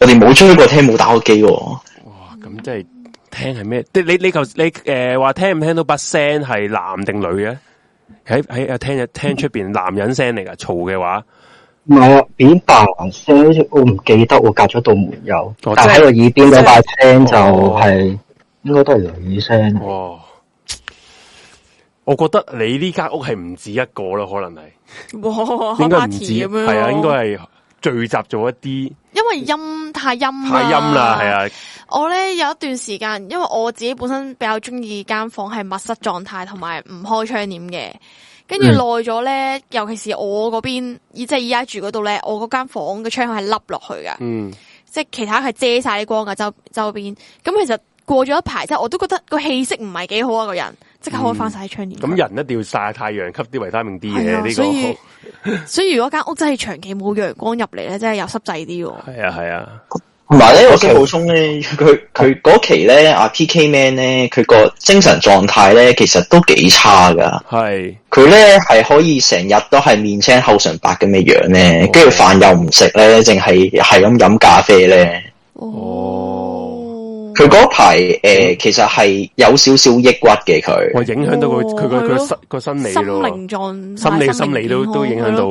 我哋冇出過廳，冇打過機，哦。哇！咁即係。聽係咩？你你你頭你誒話、呃、聽唔聽到把聲係男定女嘅？喺喺聽日聽出邊男人聲嚟噶，嘈嘅話唔係啊，變白男聲，好似我唔記得我，我隔咗道門有，但喺個耳邊嗰把聲就係、是哦、應該都係女聲。哇、哦！我覺得你呢間屋係唔止一個喇，可能係應該唔止，係啊，應該係。聚集咗一啲，因為陰太陰太陰啦，係啊！我咧有一段時間，因為我自己本身比較中意間房係密室狀態，同埋唔開窗簾嘅。跟住耐咗咧，嗯、尤其是我嗰邊，即係依家住嗰度咧，我嗰間房嘅窗係凹落去噶，嗯，即係其他係遮晒啲光噶周邊，周邊。咁其實過咗一排，即係我都覺得個氣息唔係幾好啊，個人即刻開翻晒窗簾、嗯。咁人一定要晒太陽，吸啲維他命 D 啲嘢呢個。 所以如果間屋真係長期冇陽光入嚟咧真係又濕滯啲。係啊係啊，同埋咧，我想補充咧，佢佢嗰期咧，阿 PK Man 咧，佢、啊、個精神狀態咧，其實都幾差噶。係佢咧係可以成日都係面青口唇白咁嘅樣咧，跟住飯又唔食咧，淨係係咁飲咖啡咧。哦。佢嗰排誒，其實係有少少抑鬱嘅佢，影響到佢佢、嗰個心理咯，心靈狀心理心理都都影響到。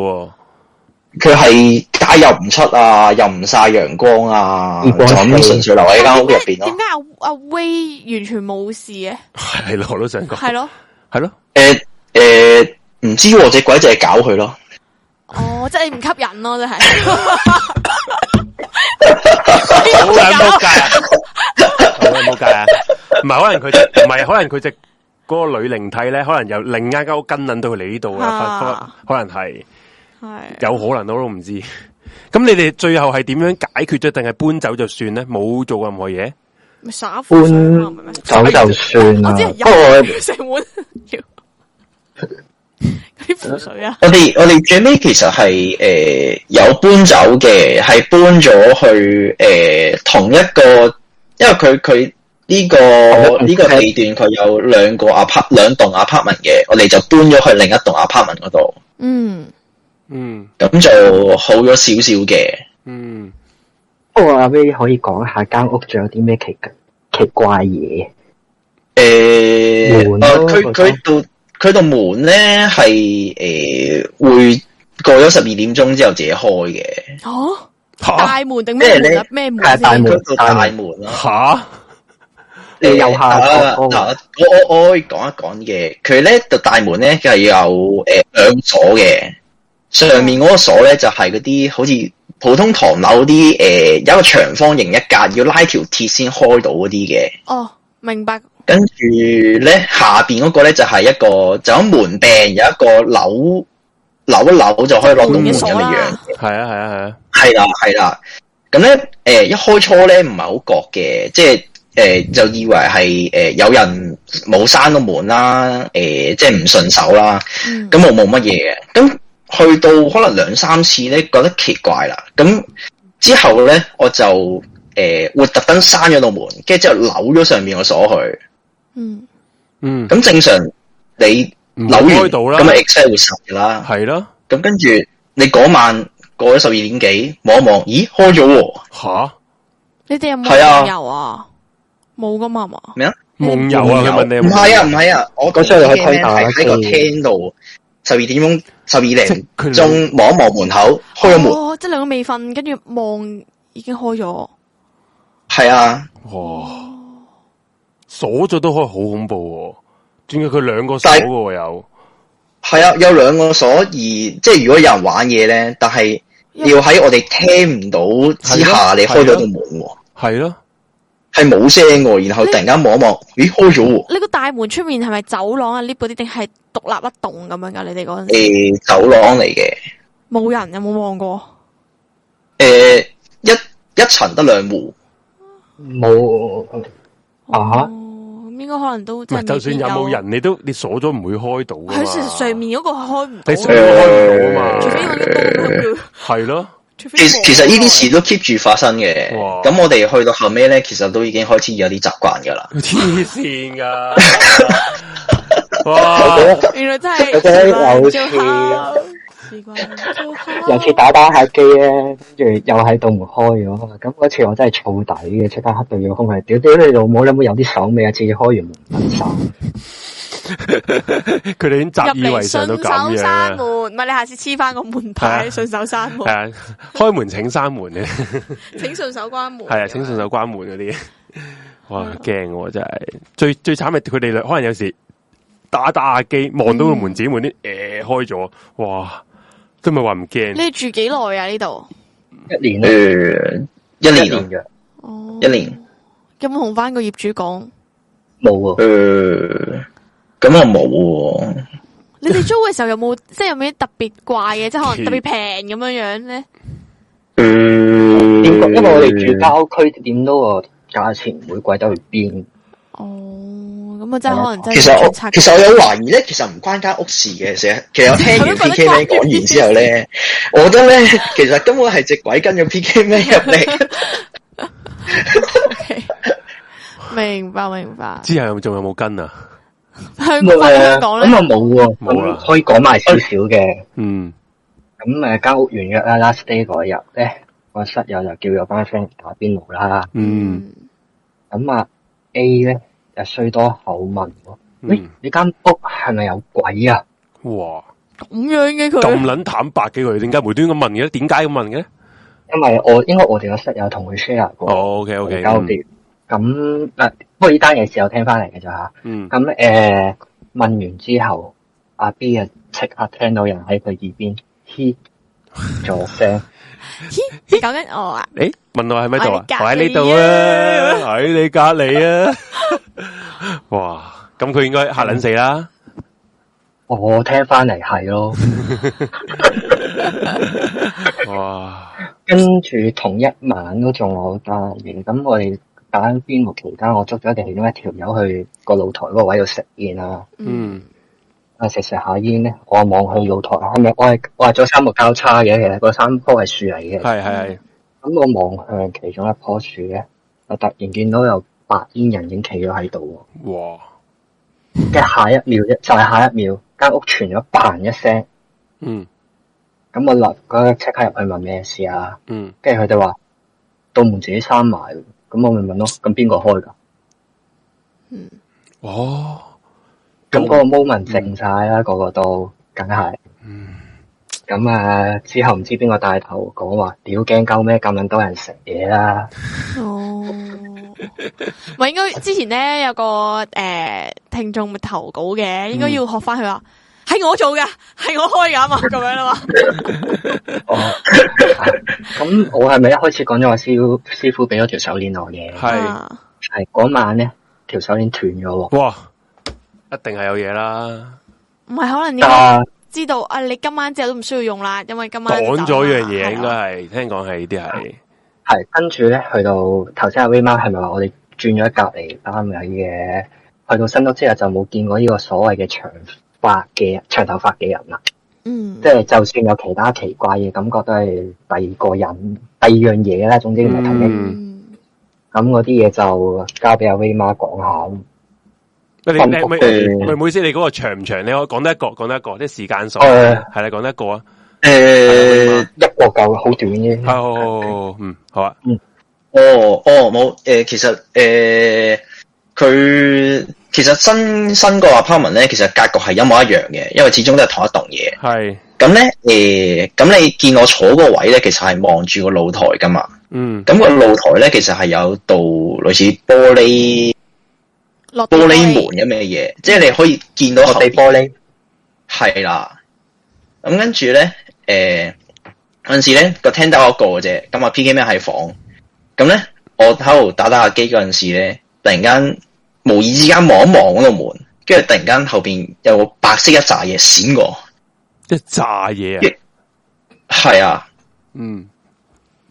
佢係解又唔出啊，又唔曬陽光啊，就咁純粹留喺間屋入邊咯。點、啊、解阿阿威完全冇事啊，係咯，我都想講。係咯，係咯。誒、欸、誒，唔、欸、知鬼隻鬼就係搞佢咯。哦，即係唔吸引咯，真係。好兩扑街。 回冇 計啊！唔係可能佢隻，唔係可能佢隻嗰個女靈體咧，可能由另一間屋跟捻到佢嚟呢度啊！可能係係有可能我都唔知。咁 你哋最後係點樣解決咗，定係搬走就算咧？冇做任何嘢，咪灑符水走就算啦。不、哎、成碗啲符 水啊！我哋我哋最尾其實係誒、呃、有搬走嘅，係搬咗去誒、呃、同一個。因為佢佢呢個呢、oh, okay. 個地段佢有兩個 apart 兩棟 apartment 嘅，我哋就搬咗去另一棟 apartment 嗰度。嗯嗯，咁就好咗少少嘅。嗯、mm -hmm. 哦，不過阿威可以講下間屋仲有啲咩奇奇怪嘢？誒、欸、誒、啊，佢佢度佢度門咧係誒會過咗十二點鐘之後自己開嘅。哦、oh? 大門定咩門啊？咩門？大門，係大門咯，啊。吓，你樓下啊？嗱、啊，我我我講一講嘅，佢咧就大門咧，佢係有誒兩鎖嘅，上面嗰個鎖咧就係嗰啲好似普通唐樓啲誒有一個長方形一格，要拉條鐵先開到嗰啲嘅。哦，明白。跟住咧下邊嗰個咧就係、是、一個就喺門柄有一個樓扭一扭就可以落到門入面嘅，係啊係啊係啊，係啦係啦。咁咧、啊，誒、啊啊啊呃，一開初咧唔係好覺嘅，即係誒，就以為係誒、呃、有人冇閂到門啦，誒、呃，即係唔順手啦。咁我冇乜嘢嘅，咁去到可能兩三次咧，覺得奇怪啦。咁之後咧，我就誒會、呃、特登閂咗道門，跟住之後扭咗上面個鎖去。嗯嗯。咁正常你。扭開到啦，咁啊 Excel 會沉啦，係咯。咁跟住你嗰晚過咗十二點幾，望一望，咦開咗喎？吓，你哋有冇夢遊啊？冇噶、啊、嘛，係嘛？咩啊？夢遊啊？唔、okay, 係啊，唔係啊，okay, okay, 我嗰時我喺廳度，十二、okay. 點鐘十二點，仲望一望門口，開咗門。哦、即係兩個未瞓，跟住望已經開咗。係啊，哇，鎖咗都可以，好恐怖、啊。點解佢兩個鎖嘅有？係啊，有兩個鎖而即係如果有人玩嘢咧，但係要喺我哋聽唔到之下，你開咗個門，係咯、啊，係冇聲嘅，然後突然間望一望，咦，開咗？呢個大門出面係咪走廊啊？lift 啲定係獨立一棟咁樣噶？你哋嗰陣誒走廊嚟嘅，冇人有冇望過？誒、呃，一一層得兩戶，冇啊。啊應該可能都唔係，就算有冇人，有有人你都你鎖咗唔會開到。佢上面嗰個開，唔到，咗開唔到啊嘛。係咯，其實其實呢啲事都 keep 住發生嘅。咁我哋去到後尾咧，其實都已經開始有啲習慣噶啦。黐線噶， 哇！原來真係有趣。有 次打打下機咧，跟住又喺度門開咗，咁嗰次我真係燥底嘅，出間黑店要開，屌屌你老母，你冇有啲手尾啊？直接開完門，佢哋已經習以為常都咁樣。唔係你下次黐翻個門牌順、啊、手閂門，係啊，開門請閂門嘅， 請順手關門，係啊，請順手關門嗰啲，哇驚喎，真係，最最慘係佢哋可能有時打打下機，望到個門子、嗯、門啲誒、呃、開咗，哇！都咪話唔驚。你住幾耐啊？呢度一年，一年一年嘅。哦，一年。有冇咁同翻個業主講？冇、嗯、啊。誒，咁啊冇。你哋租嘅時候有冇 即係有咩特別怪嘅？即係可能特別平咁樣樣咧、嗯？嗯，因為因為我哋住郊區，點都價錢唔會貴得去邊。哦、嗯。咁啊，即係可能，即係其實我其實我有懷疑咧，其實唔關間屋事嘅，其實其實我聽完 PK 咧講完之後咧， 我覺得咧，其實根本係隻鬼跟咗 PK 咩入嚟。Okay, 明白，明白。之後仲有冇跟啊？冇啊咁啊冇喎，冇喇可以講埋少少嘅。嗯。咁誒，間屋完約啦，last day 嗰日咧，我室友就叫咗班 friend 打邊爐啦。嗯。咁啊，A 咧。又衰多口問，喂，嗯、你間屋係咪有鬼啊？哇，咁樣嘅佢咁捻坦白嘅佢，點解無端咁問嘅？點解咁問嘅？因為我，因為我哋個室友同佢 share 過、哦、，OK OK，搞掂。咁、嗯、不過這件事我呢單嘢只有聽翻嚟嘅咋吓。咁、嗯、誒、呃，問完之後，阿 B 啊，即刻聽到人喺佢耳邊嘘咗聲。 咦？你講緊我啊？誒，問我喺咩度啊？我喺呢度啦，喺你隔籬啊！ 哇，咁佢應該嚇撚死啦、嗯！我聽翻嚟係咯， 哇！跟住同一晚都仲我答應，咁我哋打邊爐期間，我捉咗一定其中一條友去個露台嗰個位度食煙啦。嗯。我食食下煙咧，我望向露台，係咪我係我係咗三個交叉嘅，其實嗰三棵係樹嚟嘅。係係。咁我望向其中一棵樹咧，我突然見到有白煙人影企咗喺度。哇！嘅下一秒，就係、是、下一秒，間屋傳咗嘭一聲。嗯。咁我立即刻入去問咩事啊？嗯。跟住佢哋話，道門自己閂埋，咁我咪問咯，咁邊個開噶？嗯。哦。咁、嗯、嗰、嗰個 moment 靜晒啦，個個都，梗係。咁、嗯、啊，之後唔知邊個帶頭講話，屌驚鳩咩咁樣多人食嘢啦。哦，喂 應應該之前咧有個誒、呃、聽眾咪投稿嘅，應該要學翻佢話，係、嗯、我做嘅，係我開噶嘛，咁 樣啊嘛。 哦，咁、啊、我係咪一開始講咗話，師傅師傅俾咗條手鏈我嘅？係係嗰晚咧，條手鏈斷咗。哇！一定係有嘢啦，唔係可能你知道啊，啊？你今晚之後都唔需要用啦，因為今晚講咗樣嘢，應該係聽講係啲係，係跟住咧去到頭先阿 V 媽係咪話我哋轉咗隔離單位嘅？去到新屋之後就冇見過呢個所謂嘅長髮嘅長頭髮嘅人啦。嗯，即係就算有其他奇怪嘅感覺，都係第二個人第二樣嘢啦。總之唔係同咁嗰啲嘢就交俾阿 V 媽講下。唔係唔好意思，你嗰個長唔長？你可以講得一個，講得一個，即係時間數。誒、呃，係啦，講得一個啊。誒、呃，一個夠、啊，好短啫。哦，嗯，好啊。嗯、哦，哦，哦，冇。誒，其實，誒、呃，佢其、呃、其實新新個 apartment 咧，其實格局係一模一樣嘅，因為始終都係同一棟嘢。係。咁咧，誒、呃，咁你見我坐嗰個位咧，其實係望住個露台噶嘛。嗯。咁個露台咧，其實係有道類似玻璃。玻璃門有咩嘢，即係你可以見到我哋玻璃係啦。咁跟住咧，誒嗰陣時咧個聽到一個嘅啫。咁啊 P K 咩係房？咁咧我喺度打打下機嗰陣時咧，突然間無意之間望一望嗰個門，跟住突然間後邊有個白色一紮嘢閃過，一扎嘢啊！係啊，嗯，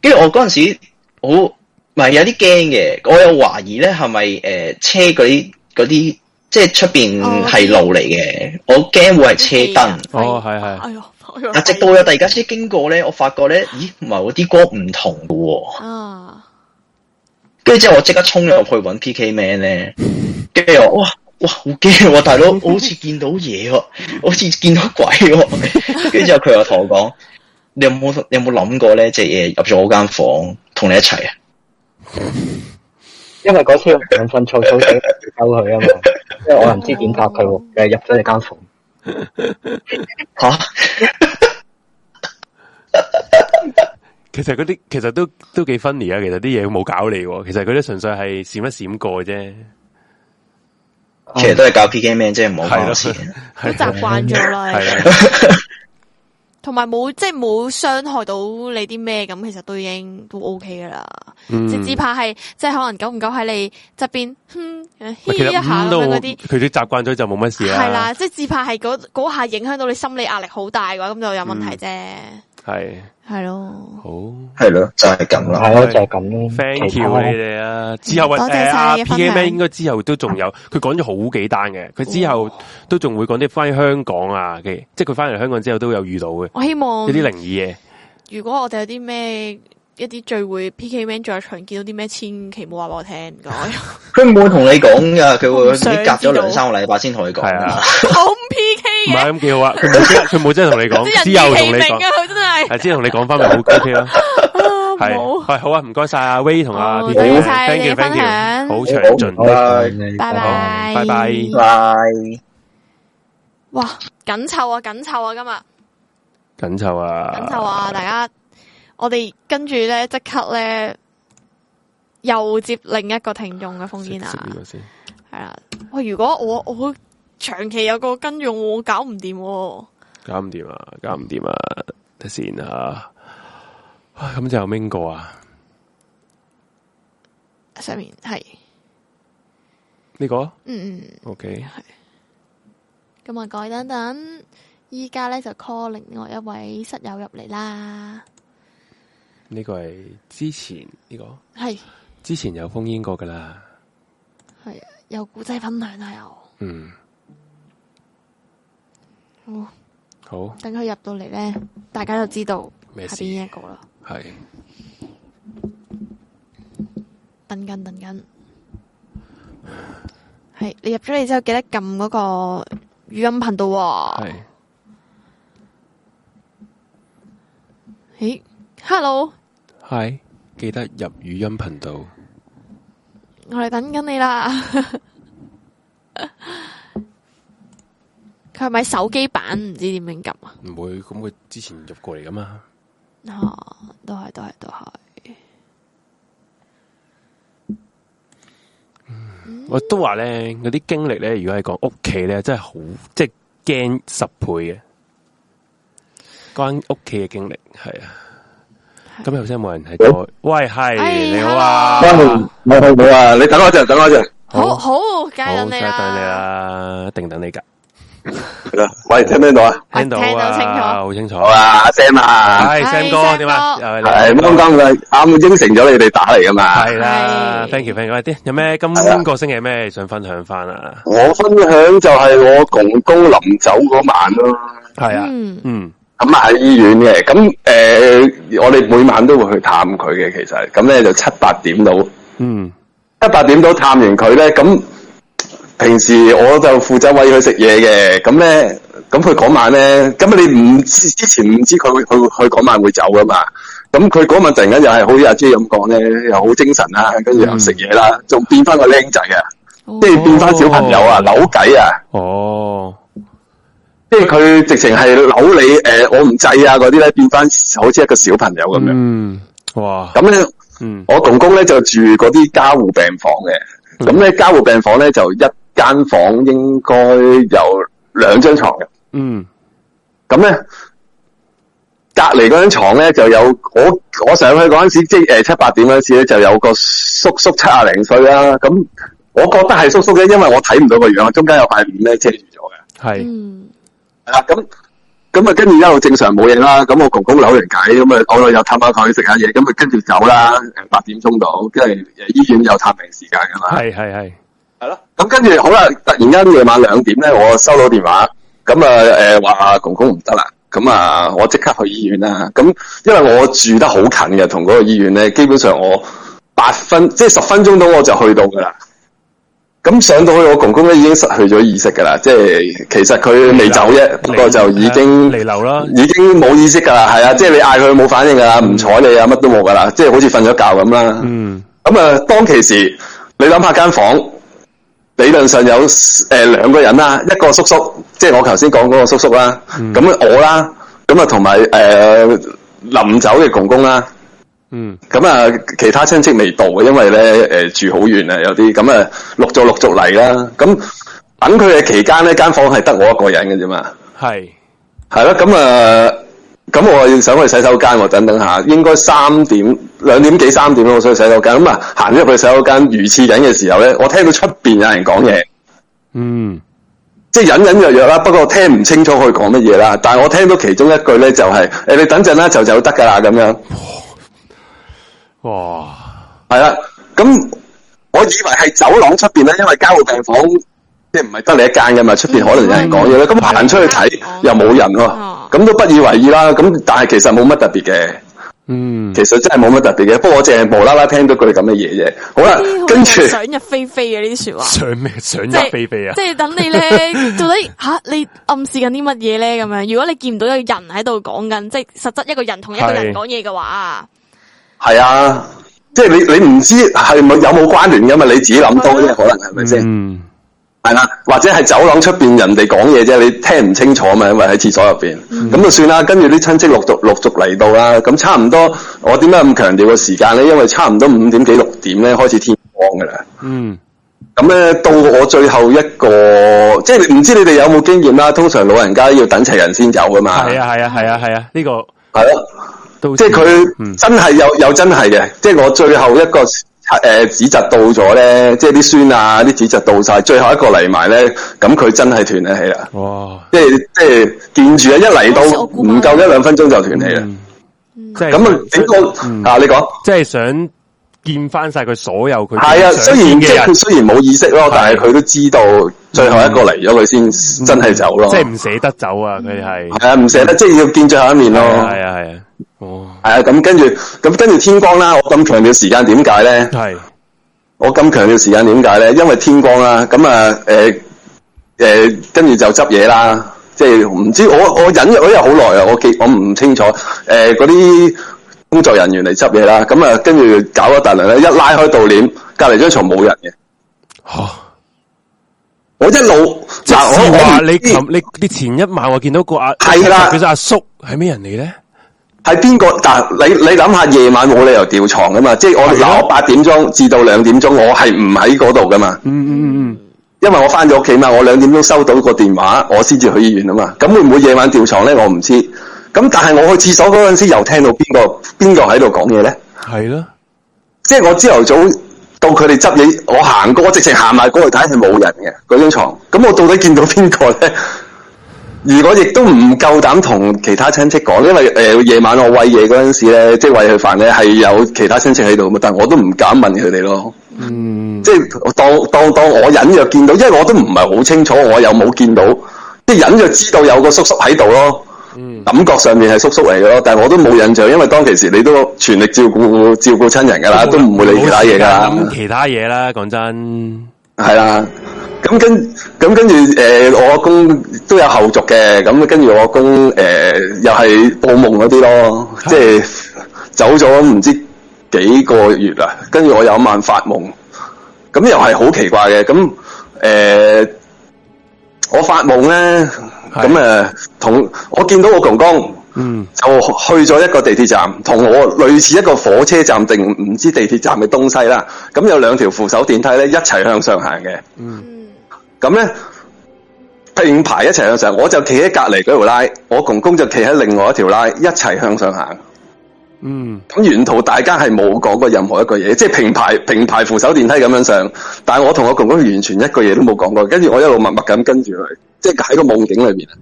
跟住、呃、我嗰陣時好。唔係有啲驚嘅，我有懷疑咧，係咪誒車嗰啲嗰啲，即係出邊係路嚟嘅，oh, yeah. 我驚會係車燈。哦，係係。哎呀，直到我有第二架車經過咧，我發覺咧，咦，唔係我啲歌唔同嘅喎。跟住之後我即刻衝入去揾 PK Man 咧？跟住我，哇哇好驚喎，大佬，我好似見到嘢喎、哦， 好似見到鬼喎、哦。 就跟住之後佢又同我講：，你有冇有冇諗過咧？隻嘢入咗我間房，同你一齊啊！因為嗰次兩份嘈嘈水溝佢啊嘛，因為我又唔知點答佢，入咗你間房間，啊 其。其實嗰啲其實都都幾 funny 啊，其實啲嘢冇搞你，其實嗰啲純粹係閃一閃過啫。其實都係搞 P K 咩啫，冇、就、事、是。都習慣咗啦。 同埋冇即係冇傷害到你啲咩咁，其實都已經都 OK 噶啦。即至怕係即係可能久唔久喺你側邊，哼嘻 e、嗯、一下咁樣嗰啲，佢都習慣咗就冇乜事啦。係啦，即係至怕係嗰下影響到你心理壓力好大嘅話，咁就有問題啫。嗯係係咯，好係咯，就係咁咯，係咯，就係咁咯。Thank you 你哋啊，之後誒，P K M a n 應該之後都仲有，佢講咗好幾單嘅，佢之後都仲會講啲翻香港啊嘅，即係佢翻嚟香港之後都有遇到嘅。我希望一啲靈異嘢。如果我哋有啲咩一啲聚會，P K M a n 在場見到啲咩，千祈唔好話俾我聽。唔該。佢 唔會同你講噶，佢會自己隔咗兩三個禮拜先同你講。 啊。唔係咁叫啊！佢冇真你，佢冇真同你講，之後同你講，係 之同你講翻咪好 ok 咯。係係、哦、好 bye bye bye bye 啊！唔該晒阿威同阿 Ben，非常非常好，長進拜拜拜拜拜。哇！緊湊啊，緊湊啊，今日緊湊啊，緊湊啊！大家，我哋跟住咧，即刻咧又接另一個聽眾嘅 phone in 啊！係啦，喂，如果我我。長期有個跟用，我搞唔掂，搞唔掂啊！搞唔掂啊！得先啊！咁、啊、就有 Mingo 啊？上面係呢、這個，嗯嗯，OK，係咁啊！我改等等，依家咧就 call 另外一位室友入嚟啦。呢、這個係之前呢、這個，係之前有封煙過噶啦，係啊，有古仔分享啊，有嗯。好，等佢入到嚟咧大家就知道係邊一個啦。係，等緊，等緊，係你入咗嚟之後，記得撳嗰個語音頻道喎。係。咦，Hello 係，Hi, 記得入語音頻道。我哋等緊你啦。 係咪手機版唔知點樣撳啊？唔會，咁佢之前入過嚟噶嘛？哦，都係，都係，都係、嗯。我都話咧，嗰啲經歷咧，如果係講屋企咧，真係好，即係驚十倍嘅。關屋企嘅經歷係啊。咁日有冇人喺度？喂，係、hey, 你好啊，你好啊，你等我一陣，等我一陣。好好，好，恩你啦、啊，你啦、啊，一定等你噶、啊。 喂，聽唔、啊、聽到啊？聽到，清楚清楚聽到啊，好清楚啊，Sam 啊，哎，Sam 哥，點啊？係剛剛佢啱應承咗你哋打嚟噶嘛？係啦，thank you，thank you，快啲，有咩今個星期咩想分享翻啊？我分享就係我公公臨走嗰晚咯、啊，係啊，嗯，咁啊，喺醫院嘅，咁誒、呃，我哋每晚都會去探佢嘅，其實，咁咧就七八點到，嗯，七八點到探完佢咧，咁。平時我就負責喂佢食嘢嘅，咁咧，咁佢嗰晚咧，咁你唔之之前唔知佢佢佢嗰晚會走噶嘛？咁佢嗰晚突然間又係好似阿 J 咁講咧，又好精神啦，跟住又食嘢啦，仲變翻個僆仔啊，嗯啊嗯、即係變翻小朋友啊，哦、扭計啊，哦，即係佢直情係扭你誒、呃，我唔制啊嗰啲咧，變翻好似一個小朋友咁樣，嗯，哇，咁咧、嗯，我公公咧就住嗰啲加護病房嘅，咁咧、嗯、加護病房咧就一。間房間應該有兩張床嘅。嗯，咁咧隔籬嗰張床咧就有我我上去嗰陣時，即係誒七八點嗰陣時咧就有個叔叔，叔，叔七廿零歲啦。咁我覺得係叔叔嘅，因為我睇唔到個樣，中間有塊面咧遮住咗嘅。係。係、嗯、啦，咁咁啊，跟住一路正常冇影啦。咁我公公扭完偈，咁啊我又探下佢食下嘢，咁啊跟住走啦。八點鐘到，因為醫院有探病時間噶嘛。係係係。係咁跟住好啦。突然間夜晚兩點咧，我收到電話咁啊，誒話，阿公公唔得啦，咁啊，我即刻去醫院啦。咁因為我住得好近嘅，同嗰個醫院咧，基本上我八分即係十分鐘到，我就去到噶啦。咁上到去，我公公咧已經失去咗意識噶啦。即係其實佢未走啫，不過就已經彌留啦，已經冇意識噶啦。係啊，即係你嗌佢冇反應啦，唔睬你啊，乜都冇噶啦，即係好似瞓咗覺咁啦。嗯，咁啊，當其時你諗下間房間。理論上有誒兩個人啦，一個叔叔，即係我頭先講嗰個叔叔啦，咁我啦，咁啊同埋誒臨走嘅公公啦，嗯，咁啊其他親戚未到嘅，因為咧誒住好遠啊，有啲咁啊陸續陸續嚟啦，咁等佢嘅期間呢間房係得我一個人嘅啫嘛，係係咯，咁啊。咁我要想去洗手間，我等等下，應該三點兩點幾三點咯。我想去洗手間。咁啊，行咗入去洗手間，如廁緊嘅時候咧，我聽到出邊有人講嘢，嗯，即係隱隱約約啦，不過我聽唔清楚佢講乜嘢啦。但係我聽到其中一句咧，就係、是、誒，你等陣啦，就走得噶啦，咁樣。哇，係啦，咁我以為係走廊出邊咧，因為加護病房。即係唔係得你一間㗎嘛？出邊可能有人講嘢啦，咁行出去睇、嗯、又冇人咯、啊，咁、嗯、都不以為意啦。咁但係其實冇乜特別嘅，嗯，其實真係冇乜特別嘅。不過我淨係無啦啦聽到佢哋咁嘅嘢嘢。好啦，跟住想入非非嘅呢啲說話，想咩？想入非非啊！即係等你咧，到底吓、啊、你暗示緊啲乜嘢咧？咁樣，如果你見唔到有人喺度講緊，即係實質一個人同一個人講嘢嘅話，係、嗯、啊，即係你你唔知係有冇關聯噶嘛？你自己諗多啲、嗯，可能係咪先？是係啦，或者係走廊出邊人哋講嘢啫，你聽唔清楚嘛，因為喺廁所入邊，咁、嗯、就算啦。跟住啲親戚陸續陸續嚟到啦，咁差唔多。我點解咁強調個時間咧？因為差唔多五點幾六點咧，開始天光噶啦。嗯，咁咧到我最後一個，即係唔知你哋有冇經驗啦。通常老人家要等齊人先走噶嘛。係啊，係啊，係啊，係啊，呢、啊這個係咯、啊嗯，即係佢真係有有真係嘅。即係我最後一個。誒，子姪到咗咧，即係啲孫啊，啲子姪到晒，最後一個嚟埋咧，咁佢真係斷得起啦。哇！即係即係見住啊，一嚟到唔夠、嗯、一兩分鐘就斷氣啦。即係咁啊，整到、嗯、啊？你講，即係想見翻晒佢所有佢係啊。雖然即係佢雖然冇意識咯，啊、但係佢都知道最後一個嚟咗佢先真係走咯。嗯、即係唔捨得走啊！佢係係啊，唔捨得，即、就、係、是、要見最後一面咯。係啊，係啊。哦，係啊，咁跟住，咁跟住天光啦。我咁強調時間，點解咧？係我咁強調時間，點解咧？因為天光啦。咁、嗯、啊，誒、呃，誒、呃，跟住就執嘢啦。即係唔知我我忍咗又好耐啊。我記我唔清楚誒，嗰、呃、啲工作人員嚟執嘢啦。咁、嗯、啊，跟住搞咗大量咧，一拉開道簾，隔籬張床冇人嘅。吓、哦，我一路我係話你，你你前一晚我見到個阿係啦，其實阿、啊啊、叔係咩人嚟咧？係邊個？但你你諗下，夜晚冇理由吊床噶嘛？即係我由八點鐘至到兩點鐘，我係唔喺嗰度噶嘛？嗯嗯嗯嗯，因為我翻咗屋企嘛，我兩點鐘收到個電話，我先至去醫院啊嘛。咁會唔會夜晚吊床咧？我唔知。咁但係我去廁所嗰陣時，又聽到邊個邊個喺度講嘢咧？係咯。即係、就是、我朝頭早到佢哋執嘢，我行過，我直情行埋過去睇，係冇人嘅嗰張床。咁我到底見到邊個咧？如果亦都唔夠膽同其他親戚講，因為誒夜、呃、晚我喂嘢嗰陣時咧，即係喂佢飯咧，係有其他親戚喺度，但我都唔敢問佢哋咯。嗯，即係當當當我隱約見到，因為我都唔係好清楚，我有冇見到，即係隱約知道有個叔叔喺度咯、嗯。感覺上面係叔叔嚟嘅咯，但係我都冇印象，因為當其時你都全力照顧照顧親人噶啦、嗯，都唔會理會其他嘢噶啦。咁其他嘢啦，講真係啦。咁跟咁跟住，誒、呃、我阿公都有後續嘅。咁跟住我阿公誒、呃、又係報夢嗰啲咯，即係、就是、走咗唔知幾個月啦。跟住我有一晚發夢，咁又係好奇怪嘅。咁誒、呃、我發夢咧，咁、呃、同我見到我公公，嗯，就去咗一個地鐵站，同我類似一個火車站定唔知地鐵站嘅東西啦。咁有兩條扶手電梯咧，一齊向上行嘅，嗯。咁咧，平排一齊向上，我就企喺隔籬嗰條拉，我公公就企喺另外一條拉，一齊向上行。嗯，咁沿途大家係冇講過任何一個嘢，即係平排平排扶手電梯咁樣上，但係我同我公公完全一個嘢都冇講過，跟住我一路默默咁跟住佢，即係喺個夢境裏面啊。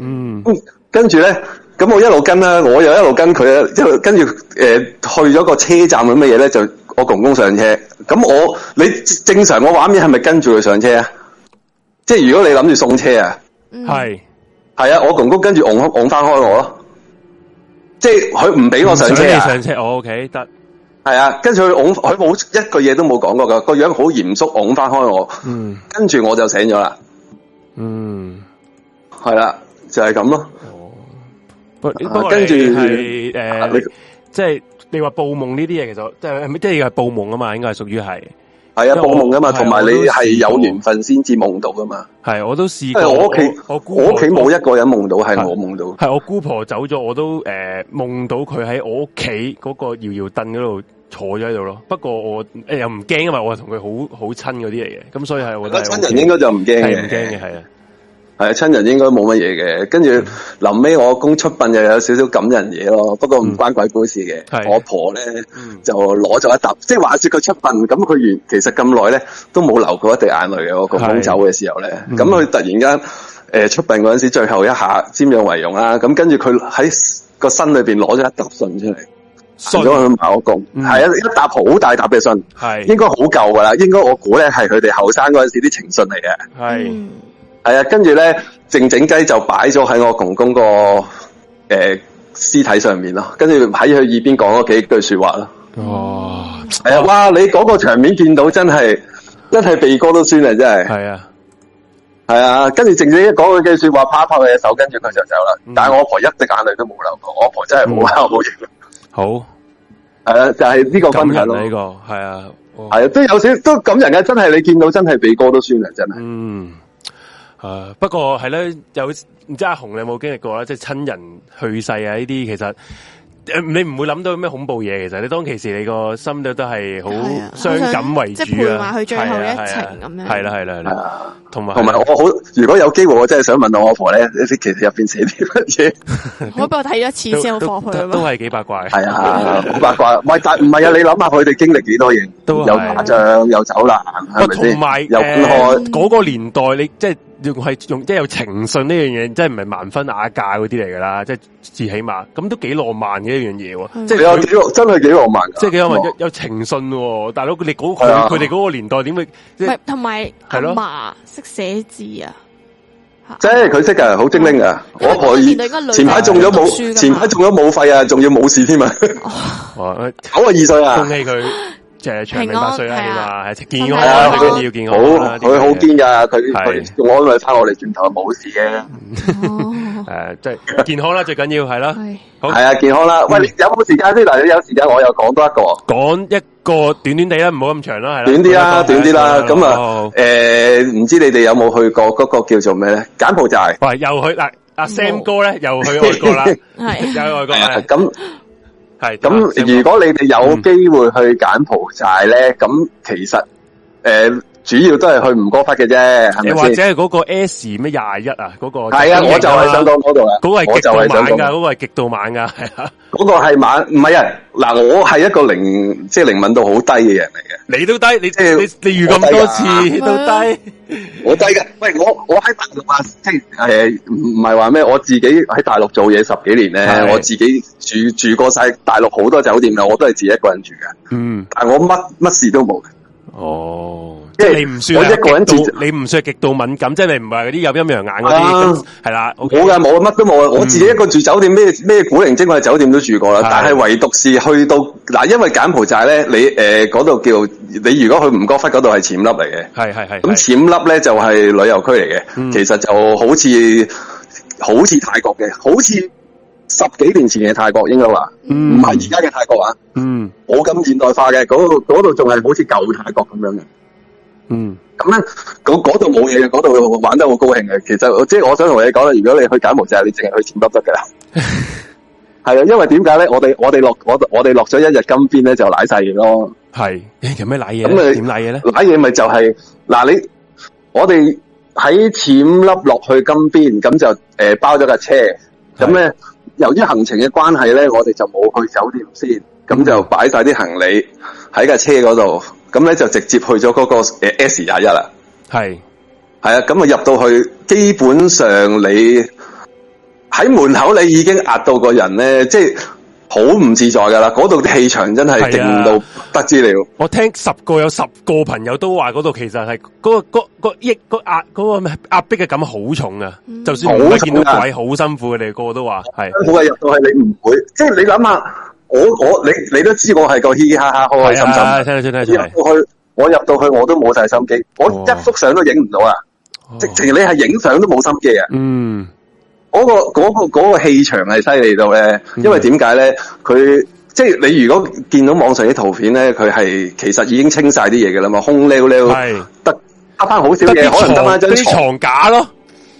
嗯，跟住咧，咁我一路跟啦，我又一路跟佢啊，一路跟住誒去咗個車站咁咩嘢咧，就我公公上車，咁我你正常個畫面係咪跟住佢上車啊？即係如果你諗住送車啊，係、嗯、係啊，我公公跟住拱拱翻開我咯，即係佢唔俾我上車啊，你上車，啊、我 O K 得，係啊，跟住佢拱，佢冇一句嘢都冇講過噶，個樣好嚴肅，拱翻開我，嗯，跟住我就醒咗啦，嗯，係啦、啊，就係咁咯，不過跟住係誒，即、啊、係你話、啊呃就係、報夢呢啲嘢，其實即係即係係報夢啊嘛，應該係屬於係。係啊，做夢噶嘛，同埋你係有緣分先至夢到噶嘛。係，我都試過。我屋企，我姑，我屋企冇一個人夢到，係我夢到。係我姑婆走咗，我都誒夢、呃、到佢喺我屋企嗰個搖搖凳嗰度坐咗喺度咯。不過我、欸、又唔驚啊嘛，我同佢好好親嗰啲嚟嘅，咁所以係我覺得親人應該就唔驚係，唔驚嘅係啊。係啊，親人應該冇乜嘢嘅。跟住臨尾我阿公出殯又有少少感人嘢咯，不過唔關鬼故事嘅、嗯。我婆咧、嗯、就攞咗一沓，即係話說佢出殯，咁佢原其實咁耐咧都冇流過一滴眼淚嘅。我、那個、公走嘅時候咧，咁佢、嗯、突然間誒、呃、出殯嗰陣時，最後一下瞻仰遺容啦，咁跟住佢喺個身裏邊攞咗一沓信出嚟，送咗佢去埋我公，係、嗯、一沓好大沓嘅信，係應該好舊噶啦，應該我估咧係佢哋後生嗰陣時啲情信嚟嘅。係。嗯係啊，跟住咧，靜靜雞就擺咗喺我公公個誒屍體上面咯，跟住喺佢耳邊講咗幾句說話咯。哇、哦！係啊，哇！哇你嗰個場面見到真係，真係鼻哥都酸啊，真係。係啊，係啊，跟住靜靜一講佢嘅句說話，啪拍佢嘅手，跟住佢就走啦、嗯。但係我婆一隻眼淚都冇流過，我婆真係冇黑好型。好、嗯、係啊就係、是、呢個分感人咯。呢個係啊，係、這個啊，哦、啊，都有少都感人家真係你見到真係鼻哥都酸啊，真係。嗯。誒、啊，不過係咧，有唔知阿紅你有冇經歷過啦，即係親人去世啊，呢啲其實誒，你唔會諗到咩恐怖嘢。其實你當其時，你個心都係好傷感為主啊。即係、就是、陪埋佢最後一程咁樣。係啦、啊，係啦、啊，係啦、啊。同埋，同埋我好。如果有機會，我真係想問到我阿婆咧，其實入邊寫啲乜嘢，我俾我睇咗一次先好放去，都係幾八卦，係啊，好八卦。唔係但唔係啊，你諗下佢哋經歷幾多嘢，有打仗、嗯，有走難，同埋，誒，嗰、呃嗯嗰個年代你即係係用即係有情信呢樣嘢，真係唔係盲婚啞嫁嗰啲嚟噶啦，即係至起碼咁都幾浪漫嘅一樣嘢喎。即係有幾真係幾浪漫，即係幾浪漫有情信。大佬，你佢哋嗰個年代點會？同埋係咯。識寫字啊！即係佢識噶，好精靈啊。我婆以前排中咗武，前排中咗武肺啊，仲要冇事添啊！九啊二歲啊，恭喜佢。長命百歲係啊，健康啊，最緊要健康。好，佢好堅㗎，佢佢安慰翻我哋轉頭係冇事嘅。哦，誒，即係健康啦，最緊要係啦。係，係啊，健康啦。喂，有冇時間先？嗱，你有時間我又講多一個。講一個短短地啦，唔好咁長啦，係啦，短啲啦，短啲啦。咁啊，誒，唔知你哋有冇去過嗰個叫做咩咧？柬埔寨。喂，又去啦，阿 Sam 哥咧又去外國啦，又去外國啦。咁。係咁，如果你哋有機會去柬埔寨咧，咁、嗯、其實，誒、嗯。主要都係去吳哥窟嘅啫，或者係嗰個 S 咩廿一啊，嗰、那個係啊，我就係想講嗰、那個、度啦，嗰、那個係極度猛噶，嗰 個係極度猛噶，嗰個係猛唔係啊？嗱、就是就是，我係一個靈即係靈敏度好低嘅人嚟嘅，你都低，你即係你你遇咁多次都低，我低噶。喂，我我喺大陸啊，即係誒唔係話咩？我自己喺大陸做嘢十幾年咧，我自己住住過晒大陸好多酒店啊，我都係自己一個人住嘅，嗯，但係我乜乜事都冇。哦，即係你唔算極度，我一個人住，你唔需係極度敏感，啊、即係你唔係嗰啲有陰陽眼嗰啲，係啦，我嘅冇，乜都冇，嗯、我自己一個住酒店，咩咩古靈精怪酒店都住過啦，嗯、但係唯獨是去到嗱，因為柬埔寨咧，你誒嗰度叫你如果去吳哥窟嗰度係暹粒嚟嘅，係係係，咁暹粒咧就係、是、旅遊區嚟嘅，嗯、其實就好似好似泰國嘅，好似。十幾年前嘅泰國應該話，唔係而家嘅泰國話。嗯，冇咁現、嗯、現代化嘅嗰度，嗰度仲係好似舊泰國咁樣嘅。嗯，咁咧，嗰度冇嘢嘅，嗰度玩得好高興嘅。其實，即係我想同你講咧，如果你去柬埔寨，你淨係去暹粒得㗎喇。係 啊，因為點解咧？我哋我哋落我哋落咗一日金邊咧，就瀨晒嘢咯。係有咩瀨嘢？咁點瀨嘢咧？瀨嘢咪就係、是、嗱，你我哋喺暹粒落去金邊，咁就誒、呃、包咗架車，咁咧。咁呢由於行程嘅關係咧，我哋就冇去酒店先，咁就擺晒啲行李喺架車嗰度，咁咧就直接去咗嗰個 S 廿一啦。係，係啊，咁啊入到去，基本上你喺門口你已經壓到個人咧，即係。好唔自在噶啦！嗰度啲氣場真係勁到不知了、啊。我聽十個有十個朋友都話嗰度其實係嗰、嗰個嗰、嗰個億嗰壓個壓迫嘅、嗰個、感好重啊！嗯、就算唔係見到鬼，好辛苦嘅，你哋個個都話係。好嘅入到去你唔會，即係你諗下我我你你都知我係個嘻嘻哈哈開開心心。入到、啊、去我入到去我都冇晒心機、哦，我一幅相都影唔到啊！直情你係影相都冇心機啊！嗯。嗰個嗰個嗰個氣場係犀利到咧，因為點解咧？佢即係你如果見到網上啲圖片咧，佢係其實已經清晒啲嘢噶啦嘛，空溜溜，係得得翻好少嘢，可能得翻張床架咯，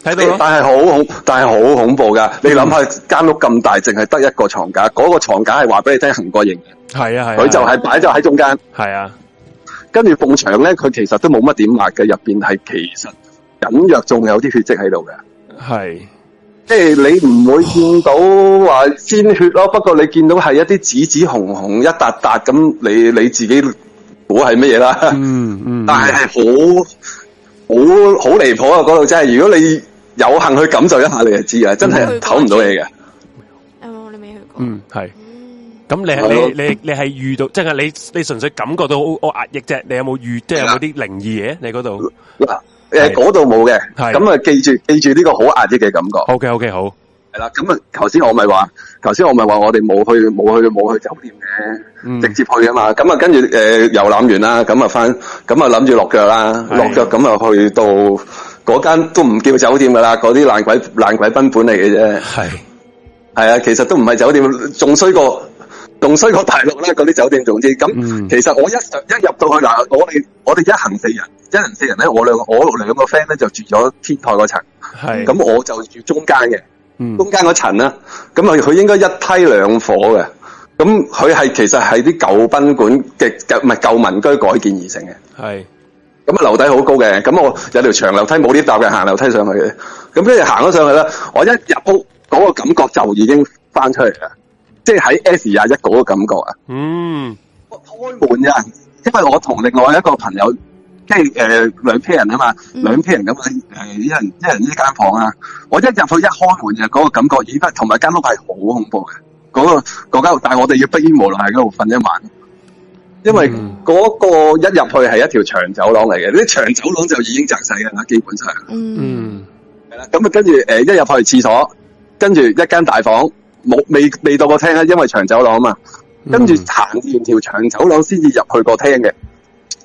睇到。但係好恐，但係好、嗯、恐怖噶。嗯、你諗下間屋咁大，淨係得一個床架，嗰個床架係話俾你聽行過型，係啊係，佢就係擺咗喺中間，係啊。跟住埲牆咧，佢其實都冇乜點抹嘅，入邊係其實隱約仲有啲血跡喺度嘅，係。即、hey, 係你唔會見到話鮮血咯，不過你見到係一啲紫紫紅紅一笪笪咁，你你自己估係乜嘢啦？嗯嗯，但係係好好好離譜啊！嗰度真係，如果你有幸去感受一下，你就知啦，嗯，真係唞唔到氣嘅。有我你未去過？嗯，係。咁你你你你係遇到，即係你你純粹感覺到好壓壓抑啫。你有冇有遇即係有冇啲靈異嘢？你嗰度？嗯嗯誒，嗰度冇嘅，係咁啊！記住記住呢個好壓抑嘅感覺。OK OK，好係啦。咁啊，頭先我咪話，頭先我咪話，我哋冇去冇去冇去酒店嘅、嗯，直接去啊嘛。咁啊，跟住誒遊覽完啦，咁啊翻，咁啊諗住落腳啦，落腳咁啊去到嗰間都唔叫酒店噶啦，嗰啲爛鬼爛鬼賓館嚟嘅啫。係係啊，其實都唔係酒店，仲衰過。仲衰過大陸咧，嗰啲酒店總之咁，嗯。其實我一一入到去嗱，我哋我哋一行四人，一行四人咧，我兩我兩個 friend 咧就住咗天台嗰層，係咁我就住中間嘅，中間嗰層啦。咁啊，佢應該一梯兩伙嘅，咁佢係其實係啲舊賓館嘅，唔係舊民居改建而成嘅，係咁啊樓底好高嘅，咁我有條長樓梯冇 lift 搭嘅，行樓梯上去嘅。咁跟住行咗上去咧，我一入屋嗰個感覺就已經翻出嚟啦。即係喺 S 廿一嗰個感覺啊！嗯，開門呀，因為我同另外一個朋友即係誒兩 pair 人啊嘛，兩 pair 人咁樣誒一人一人一間房啊。我一入去一開門就嗰個感覺，以及同埋間屋係好恐怖嘅，那個，嗰，那個嗰間屋，但係我哋要逼於無奈喺嗰度瞓一晚，因為嗰個一入去係一條長走廊嚟嘅，呢啲長走廊就已經窄細㗎啦，基本上。 啊、嗯，係啦，咁、呃、啊，跟住誒一入去廁所，跟住一間大房。冇，未未到個廳啊，因為長走廊啊嘛，跟住行完條長走廊先至入去個廳嘅。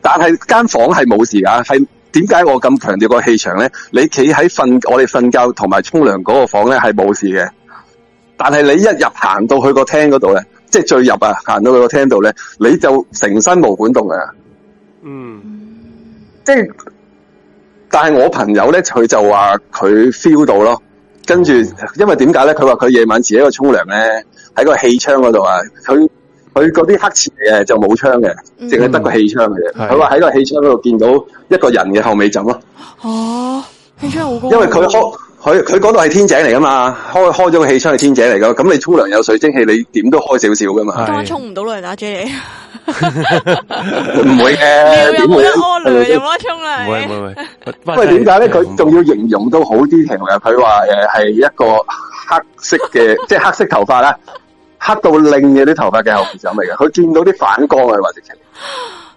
但係間房係冇事噶，係點解我咁強調個氣場咧？你企喺瞓我哋瞓覺同埋沖涼嗰個房咧係冇事嘅，但係你一入行到去個廳嗰度咧，即係最入啊，行到去個廳度咧，你就成身毛管戙啊。嗯，即係，但係我朋友咧，佢就話佢 feel 到咯。跟住，因為點解咧？佢話佢夜晚時喺度沖涼咧，喺個氣窗嗰度啊！佢佢嗰啲黑廁嘅，就冇窗嘅，淨係得個氣窗嘅嘢。佢話喺個氣窗嗰度見到一個人嘅後尾枕咯。哦、嗯，氣窗好高。因為佢可。佢佢嗰度係天井嚟噶嘛？開開咗個氣窗係天井嚟噶，咁你沖涼有水蒸氣，你點都開少少噶嘛沖？我沖唔到落嚟打遮，唔 會嘅，點會？用乜沖嚟？唔會唔會唔會。不過點解咧？佢仲要形容到好啲程度，佢話，誒係一個黑色嘅， 即係黑色頭髮啦，黑到令嘅啲頭髮嘅後頭長嚟嘅，佢見到啲反光啊！佢話直情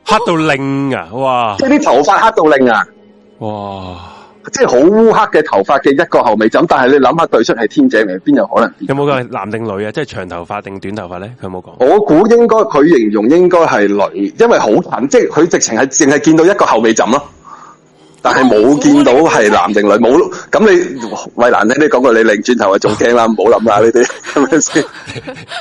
黑到令啊！哇！即係啲頭髮黑到令啊！哇！即係好烏黑嘅頭髮嘅一個後尾枕，但係你諗下對出係天井嚟，邊有可能？有冇個係男定女啊？即係長頭髮定短頭髮咧？佢冇講。我估應該佢形容應該係女，因為好近，即係佢直情係淨係見到一個後尾枕咯，但係冇見到係男定女，冇。咁你衛蘭咧，你講過你擰轉頭係仲驚啦，唔好諗啦呢啲，係咪先？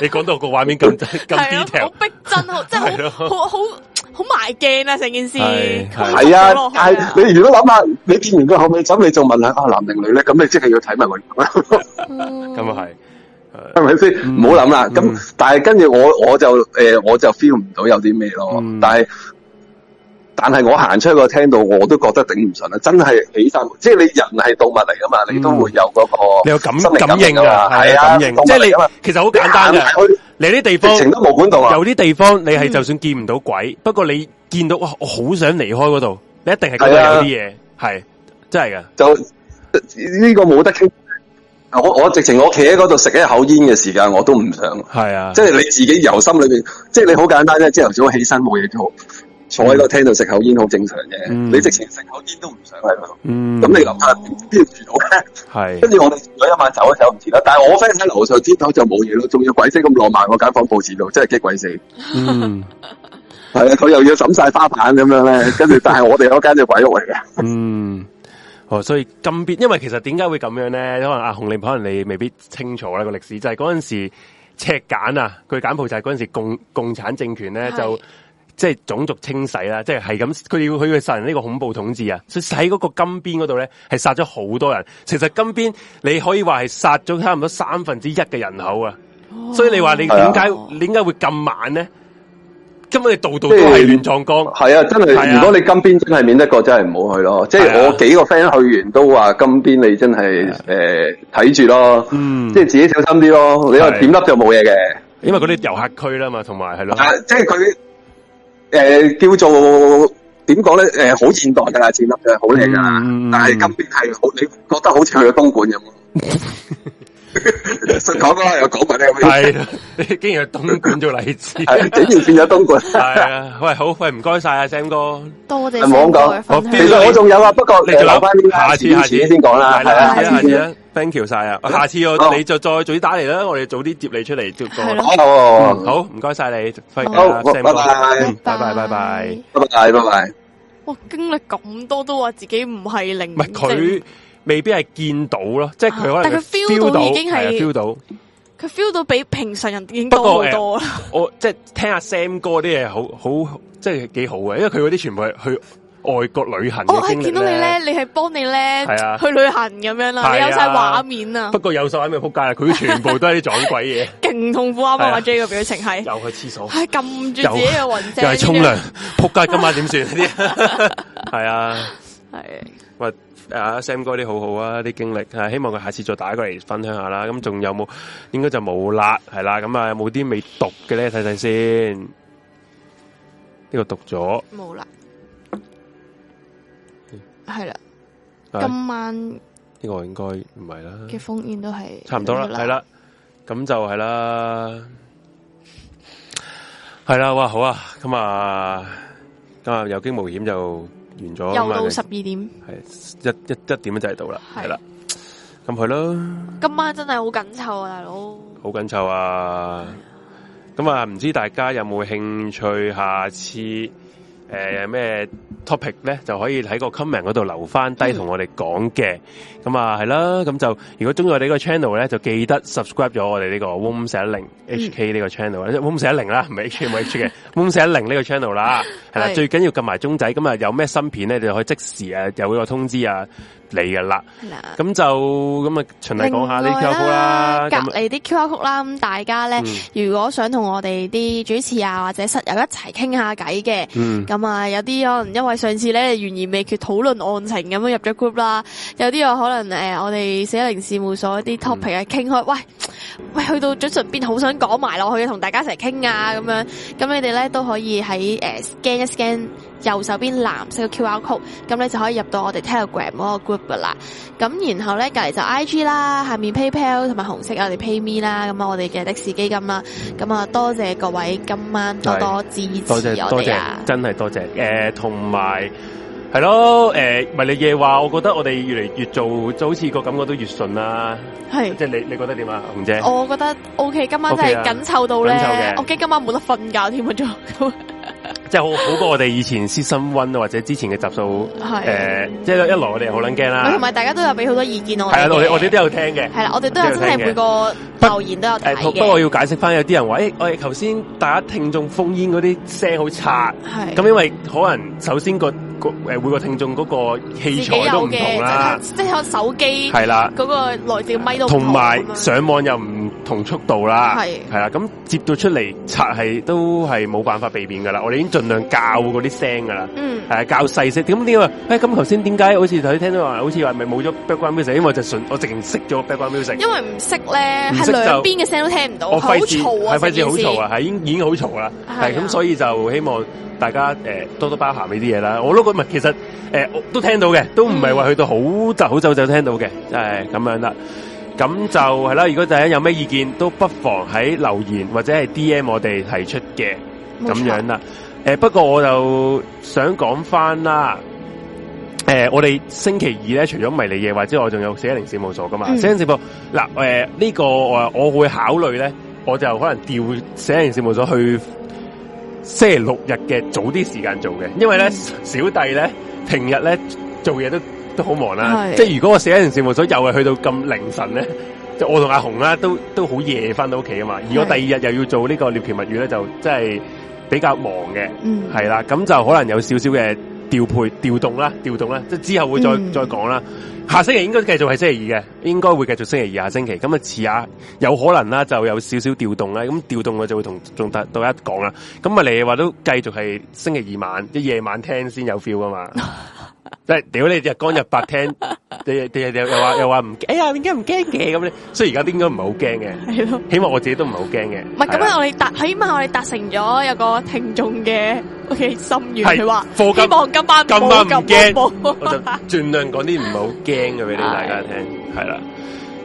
你講到個畫面咁咁好逼真， 對啊 啊、 即係是好很 好。 好好 好埋鏡啊！成件事係啊，但係你如果諗下，你見完佢後尾走，你就問下啊，男定女咧？咁你即係要睇埋佢咁啊係，係咪先？唔好諗啦。咁、嗯、但係跟住我我就誒、呃、我就 feel 唔到有啲咩咯，但係。但係我行出去個廳度，我都覺得頂唔順啦！真係起身，即係你人係動物嚟噶嘛、嗯，你都會有嗰個你有感感應啊，係啊，感應。嘛即係你其實好簡單噶，你啲地方有啲地方，地方你係就算見唔到鬼、嗯，不過你見到我好想離開嗰度，你一定係覺得有啲嘢，係真係噶。就呢、這個冇得傾。我我直情我企喺嗰度食一口煙嘅時間，我都唔想。係啊，即係你自己由心裏邊，即係你好簡單啫。朝頭早起身冇嘢做。坐喺個廳度食口煙好正常嘅、嗯，你直情食口煙都唔想喺度。咁、嗯、你諗下點住到咧？跟住我哋住一晚，走一走唔住啦。但係我 friend 喺樓上，之頭就冇嘢咯。仲要鬼死咁浪漫，我間房佈置到，真係激鬼死。係、嗯、啊，佢又要抌晒花瓣咁樣咧。跟住，但係我哋嗰間就鬼屋嚟嘅。嗯， 哦，所以今邊，因為其實點解會咁樣咧？可能阿紅令，啊、可能你未必清楚啦、個歷史。就係嗰陣時赤，赤柬啊，佢柬埔寨嗰陣時共共產政權咧就。即係種族清洗啦，即係係咁，佢要佢要殺人呢個恐怖統治啊！所以喺嗰個金邊嗰度咧，係殺咗好多人。其實金邊你可以話係殺咗差唔多三分之一嘅人口啊。所以你話你點解點解會咁猛咧？根本你度度都係亂葬崗。係啊，啊！真係，如果你金邊真係免得過，真係唔好去咯。即係、啊、我幾個 friend 去完都話金邊你真係誒睇住咯，嗯、即係自己小心啲咯。你話點粒就冇嘢嘅，因為嗰啲遊客區啦嘛，同埋係咯，即係佢。誒、呃，叫做點講咧？誒，好、呃、現代噶啦，前粒嘅好靚噶啦，但係今邊係好，你覺得好似去咗東莞咁。實講啦，又講埋你係咪？啦， 竟然咁東莞做例子，竟然變咗東莞。係 啊，喂，好，喂，唔該晒阿 Sam 哥，多謝。唔好講，其實我仲有啊，不過你留翻啲下次下次先講啦，係啊，睇下先 thank you 曬啊！下次我、oh. 你就再早啲打嚟啦，我哋早啲接你出嚟接過。好唔該曬你，輝、oh. 哥、uh, Sam 哥，拜拜拜拜拜拜拜拜拜拜。哇！經歷咁多都話自己唔係靈，唔係佢未必係見到咯，即係佢可能 feel、啊、到已經係 feel 到，佢 feel 到比平常人已經多好多啦。、uh, 我即係聽下 Sam 哥啲嘢，好好即係幾好嘅，因為佢嗰啲全部係去外國旅行嘅經歷，我係見到你咧，你係幫你咧，去旅行咁樣啦，你有晒畫面啊！不過右手喺度撲街啦，佢都全部都係啲撞鬼嘢，勁痛苦啊！阿 J 個表情係又去廁所，係撳住自己嘅云，又係沖涼，撲街今晚點算？係啊，係喂，阿 Sam 哥啲好好啊，啲經歷，係希望佢下次再打過嚟分享下啦。咁仲有冇？應該就冇啦，係啦。咁啊，有冇啲未讀嘅咧？睇睇先，呢個讀咗，冇啦。係啦，今晚呢個應該唔係啦，嘅烽煙都係差唔多啦，係啦，咁就係啦，係啦，哇好啊，咁啊，今日有驚無險就完咗，又到十二點，係一一一點就嚟到啦，係啦，咁去咯，今晚真係好緊湊啊，大佬，好緊湊啊，咁啊，唔知大家有冇興趣下次？誒、呃、咩 topic 咧，就可以喺個 comment 嗰度留翻低同我哋講嘅，咁啊係啦，咁就如果中意我哋呢個 channel 咧，就記得 subscribe 咗我哋呢個 Room 四一零 HK 呢個 channel，Room 四一零啦，唔係 H M H 嘅 Room 四一零呢個 channel 啦，係 啦，最緊要撳埋鐘仔，咁啊有咩新片咧，你就可以即時啊，有呢個通知啊。嚟嘅啦，咁就咁啊！循例講下呢 Q R code 啦，隔籬啲 Q R code 啦。咁大家咧，嗯、如果想同我哋啲主持啊或者室友一齊傾下偈嘅，咁、嗯、啊有啲可能因為上次咧懸而未決討論案情咁樣入咗 group 啦，有啲又可能誒、呃，我哋寫零事務所啲 topic 啊傾開，喂喂，去到嘴唇邊好想講埋落去，同大家一齊傾啊咁樣，咁你哋咧都可以喺誒 scan 一 scan。右手邊藍色嘅 QR code，咁你就可以入到我哋 Telegram 嗰個 group 噶啦。咁然後咧隔籬就 IG 啦，下面 PayPal 同埋紅色我哋 PayMe 啦。咁啊，我哋嘅的、的士基金啦。咁啊，多謝各位今晚多多支持我哋啊！多謝，真係多謝。誒、啊，同埋。係咯，誒、呃，迷離夜話，我覺得我哋越嚟越做，就好似個感覺都越順啦。係，即係你你覺得點啊，紅姐？我覺得 O、OK, K，今晚真係緊湊到咧。緊湊我驚今晚冇得瞓覺添啊，仲、就是。即係好好過我哋以前 Season 1或者之前嘅集數，誒，即、呃、係一來我哋好撚驚啦。同埋大家都有俾好多意見、啊、我們。係我哋我哋都有聽嘅。係啦，我哋都有真係、啊、每個留言都有睇嘅。不過、呃、我要解釋翻，有啲人話，我哋頭先，大家聽眾 phone in 嗰啲聲好差。咁因為可能首先個。誒，每個聽眾嗰個器材都唔同啦，即係手機，係啦，嗰個內置咪都唔同，同埋上網又唔。同速度啦，係係啦，咁接咗出嚟拆係都係冇辦法避免噶啦，我哋已經盡量較嗰啲聲噶啦，嗯，係較細聲。點解呢？誒，咁頭先點解好似頭先聽到話，好似話咪冇咗 background music，因為就順我直情識咗 background music，因為唔識咧，唔識兩邊嘅聲都聽唔到，好嘈啊，係費事好嘈啊，係已經已經好嘈啦，係咁，所以就希望大家誒多多包涵呢啲嘢啦。我都覺唔係，其實誒都聽到嘅，都唔係話去到好就好就就聽到嘅，係咁樣啦。咁就係啦，如果大家有咩意見，都不妨喺留言或者係 DM 我哋提出嘅，咁樣啦。誒、呃，不過我就想講翻啦。誒、呃，我哋星期二咧，除咗迷離夜話之外，我仲有寫靈事務所噶嘛？寫、嗯、靈事務，嗱、呃，誒、這、呢個誒我，我會考慮咧，我就可能調寫靈事務所去星期六日嘅早啲時間做嘅，因為咧、嗯、小弟咧平日咧做嘢都。都好忙啦、啊，即係如果我寫完事務所又係去到咁凌晨咧，就我同阿紅啦都都好夜翻到屋企啊嘛。而我第二日又要做個鳥皮呢個獵奇物語咧，就真係比較忙嘅，係、嗯、啦。咁就可能有少少嘅調配調動啦，調動啦，即係之後會再再講啦、嗯下。下星期應該繼續係星期二嘅，應該會繼續星期二下星期。咁啊遲下有可能啦，就有少少調動啦。咁調動我就會同仲達大家講啦。咁啊你話都繼續係星期二晚，即夜晚聽先有 feel 啊嘛。 即係屌你日光日白聽，又話又話唔驚，哎呀點解唔驚嘅咁咧？所以而家都應該唔係好驚嘅，係咯。起碼我自己都唔係好驚嘅。唔係咁樣我達，我哋達起碼我哋達成咗有個聽眾嘅嘅心願，佢話希望今晚冇咁驚，盡量講啲唔係好驚嘅俾大家聽。係啦，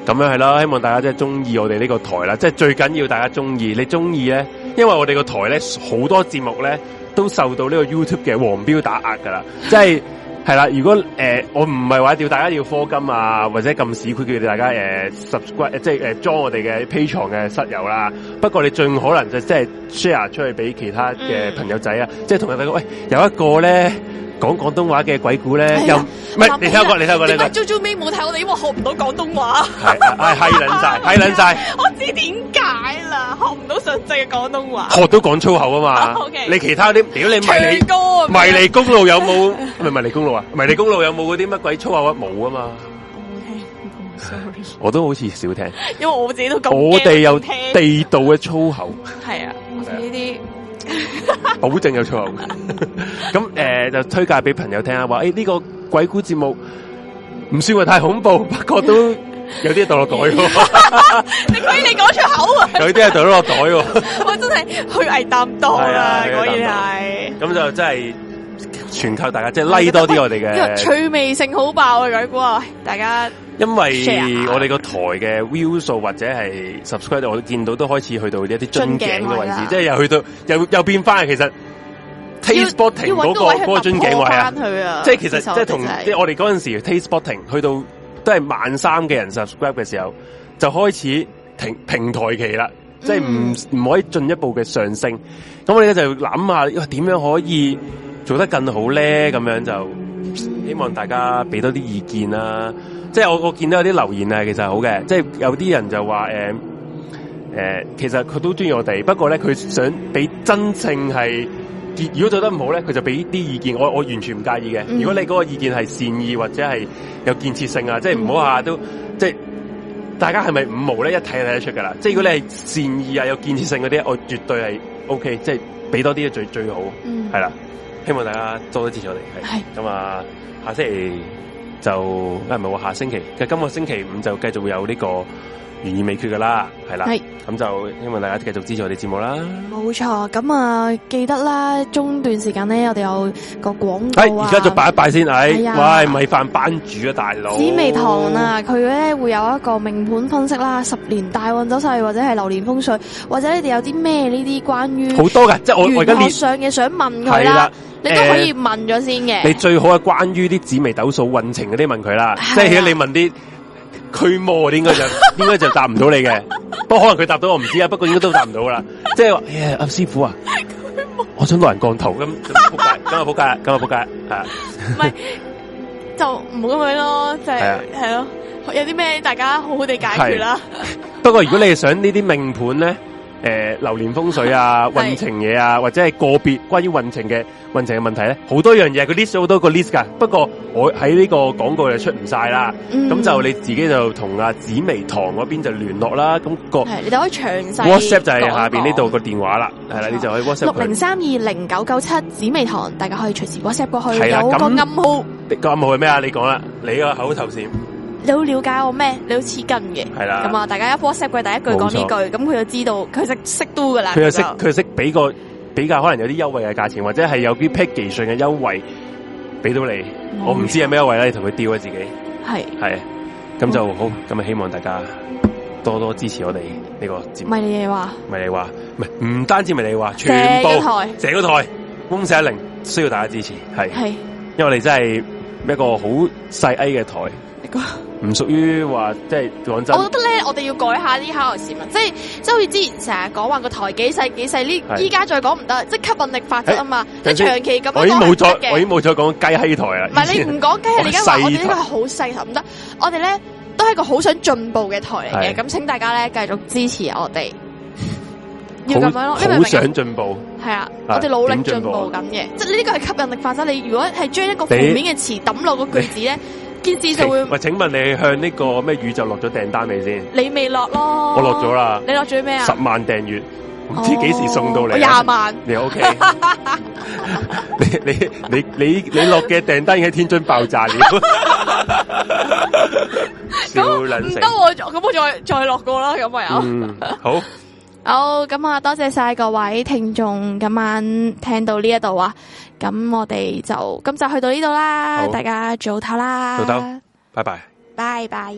咁樣係啦，希望大家真係中意我哋呢個台啦，即係最緊要大家中意。你中意咧，因為我哋個台咧好多節目咧都受到呢個 YouTube 嘅黃標打壓噶啦，即係。係啦，如果誒、呃、我唔係話叫大家要課金啊，或者撳市佢叫大家誒 subscribe，即係裝我哋嘅 pay 床嘅室友啦。不過你盡可能就即係 share 出去俾其他嘅朋友仔啊，即係同佢哋講，喂有一個咧。講廣東話嘅鬼故咧，又唔係你睇過你睇過你個最最尾冇睇我哋，因為學唔到廣東話係係捻晒，係捻晒。我知點解啦，學唔到純粹嘅廣東話學到講粗口嘛，啊嘛、okay, 你其他啲屌你，你、啊、迷離迷離公路有冇、啊、唔係迷離公路啊迷離公路有冇嗰啲乜鬼粗口乜冇啊嘛 okay,、oh、sorry, 我都好似少聽，因為我自己都我哋又地道嘅粗口係啊似呢啲。 保證有錯，咁誒就推介俾朋友聽，話話誒呢個鬼故節目唔算話太恐怖，不過都有啲掉落袋 你可以你講出口 啊，有啲係掉落袋嘅。我真係虛偽擔多啊，果然係。咁就真係。全靠大家即係拉、like、多啲我哋嘅、這個、趣味性好爆啊！鬼故啊，大家因為我哋個台嘅 view 數或者係 subscribe，我都見到都開始去到一啲樽頸嘅位置，即係又去到又又變翻。其實 tasting 嗰、那個樽頸位，去個頸位回回去啊，即係其實即係同即係我哋嗰陣時 tasting 去到都係萬三嘅人 subscribe 嘅時候，就開始停平台期啦，嗯，即係唔唔可以進一步嘅上升。咁我哋咧就諗下點樣可以。做得更好咧，咁樣就希望大家俾多啲意見啦、啊。即係我我見到有啲留言啊，其實好嘅。即係有啲人就話、呃呃、其實佢都中意我哋，不過咧佢想俾真正係如果做得唔好咧，佢就俾啲意見。我我完全唔介意嘅、嗯。如果你嗰個意見係善意或者係有建設性啊，即係唔好話都即係大家係咪五毛咧？一睇睇得出㗎啦。即係如果你係善意啊，有建設性嗰啲，我絕對係 OK 即。即係俾多啲啊，最最好。係、嗯、啦。希望大家多多支持我哋，係咁啊！下星期就，唔係我下星期，其實今個星期五就繼續會有呢個。原意未決噶啦，係啦，咁就希望大家繼續支持我哋節目啦。冇錯，咁啊記得啦，中段時間咧，我哋有個廣告而家就拜一拜先，係、哎、喂，米飯班主啊，大佬。紫微堂啊，佢咧會有一個命盤分析啦，十年大運走勢，或者係流年風水，或者你哋有啲咩呢啲關於好多嘅，即係我而家上嘅想問佢啦，你都可以問咗先嘅、呃。你最好啊，關於啲紫微斗數運程嗰啲問佢啦、哎，即係你問啲。佢冇，應該就應該就答唔到你嘅，不過可能佢答到我唔知啊。不過應該都答唔到啦，即係話阿師傅啊， 我想落人降頭咁，今日仆街，今日仆街，今日仆街 啊！唔係就唔好咁樣咯，就係係咯，有啲咩大家好好地解決啦，啊啊。不過如果你係想盤呢啲命盤咧，誒、呃，流年風水啊，運程嘢啊，或者係個別關於運程嘅運程嘅問題咧，好多樣嘢，佢 list 好多個 list 噶。不過我喺呢個廣告就出唔晒啦，咁、嗯、就你自己就同阿紫微堂嗰邊就聯絡啦。咁、那個係，你就可以詳細 WhatsApp 就係下邊呢度個電話啦，係啦，你就可以 WhatsApp 六零三二零九九七紫微堂，大家可以隨時 WhatsApp 過去。係啦，咁個暗號、那個暗號係咩啊？你講啦，你個口頭禪。你好了解我咩？你好黐根嘅，係啦，咁啊，大家一 WhatsApp 佢第一句講呢句，咁佢就知道佢識識做噶啦。佢就識佢又識俾個比較可能有啲優惠嘅價錢，或者係有啲 package 上嘅優惠俾到你。我唔知係咩優惠咧，你同佢調下自己。係係咁就好，咁啊希望大家多多支持我哋呢個節目。迷離夜話，迷離夜話，唔唔單止迷離夜話，全部成個台，成個台 Room410 需要大家支持，係係，因為我哋真係一個好細 A 嘅台。唔屬於話，即係講真，我覺得咧， 我哋要改下呢啲海外事物，即係即係好似之前成日講話個台幾細幾細，呢依家再講唔得，即係吸引力法則啊嘛。你長期咁、欸、我已經冇再，我已經冇再講鷄閪台啦。唔係你唔講鷄，係你而家話我哋呢個好細台唔得。我哋咧都係一個好想進步嘅台嚟嘅，咁請大家咧繼續支持我哋， 要咁樣咯。因為你想進步，係啊，我哋努力進、啊、步咁、啊、嘅，即係呢個係吸引力法則。你如果係將一個負面嘅詞抌落個句子咧。件事就會，喂，請問你向呢個咩宇宙落咗訂單未先？你未落咯，我落咗啦。你落咗咩啊？十萬訂閱，唔知幾時送到嚟。廿萬，你 OK？ 你你你你你落嘅訂單喺天津爆炸了。咁唔得，我咁我再再落過啦，咁咪好。好，咁啊，多謝晒各位聽眾，今晚聽到呢一度啊。咁我哋就今集去到呢度啦，大家早唞啦，早唞，拜拜，拜拜。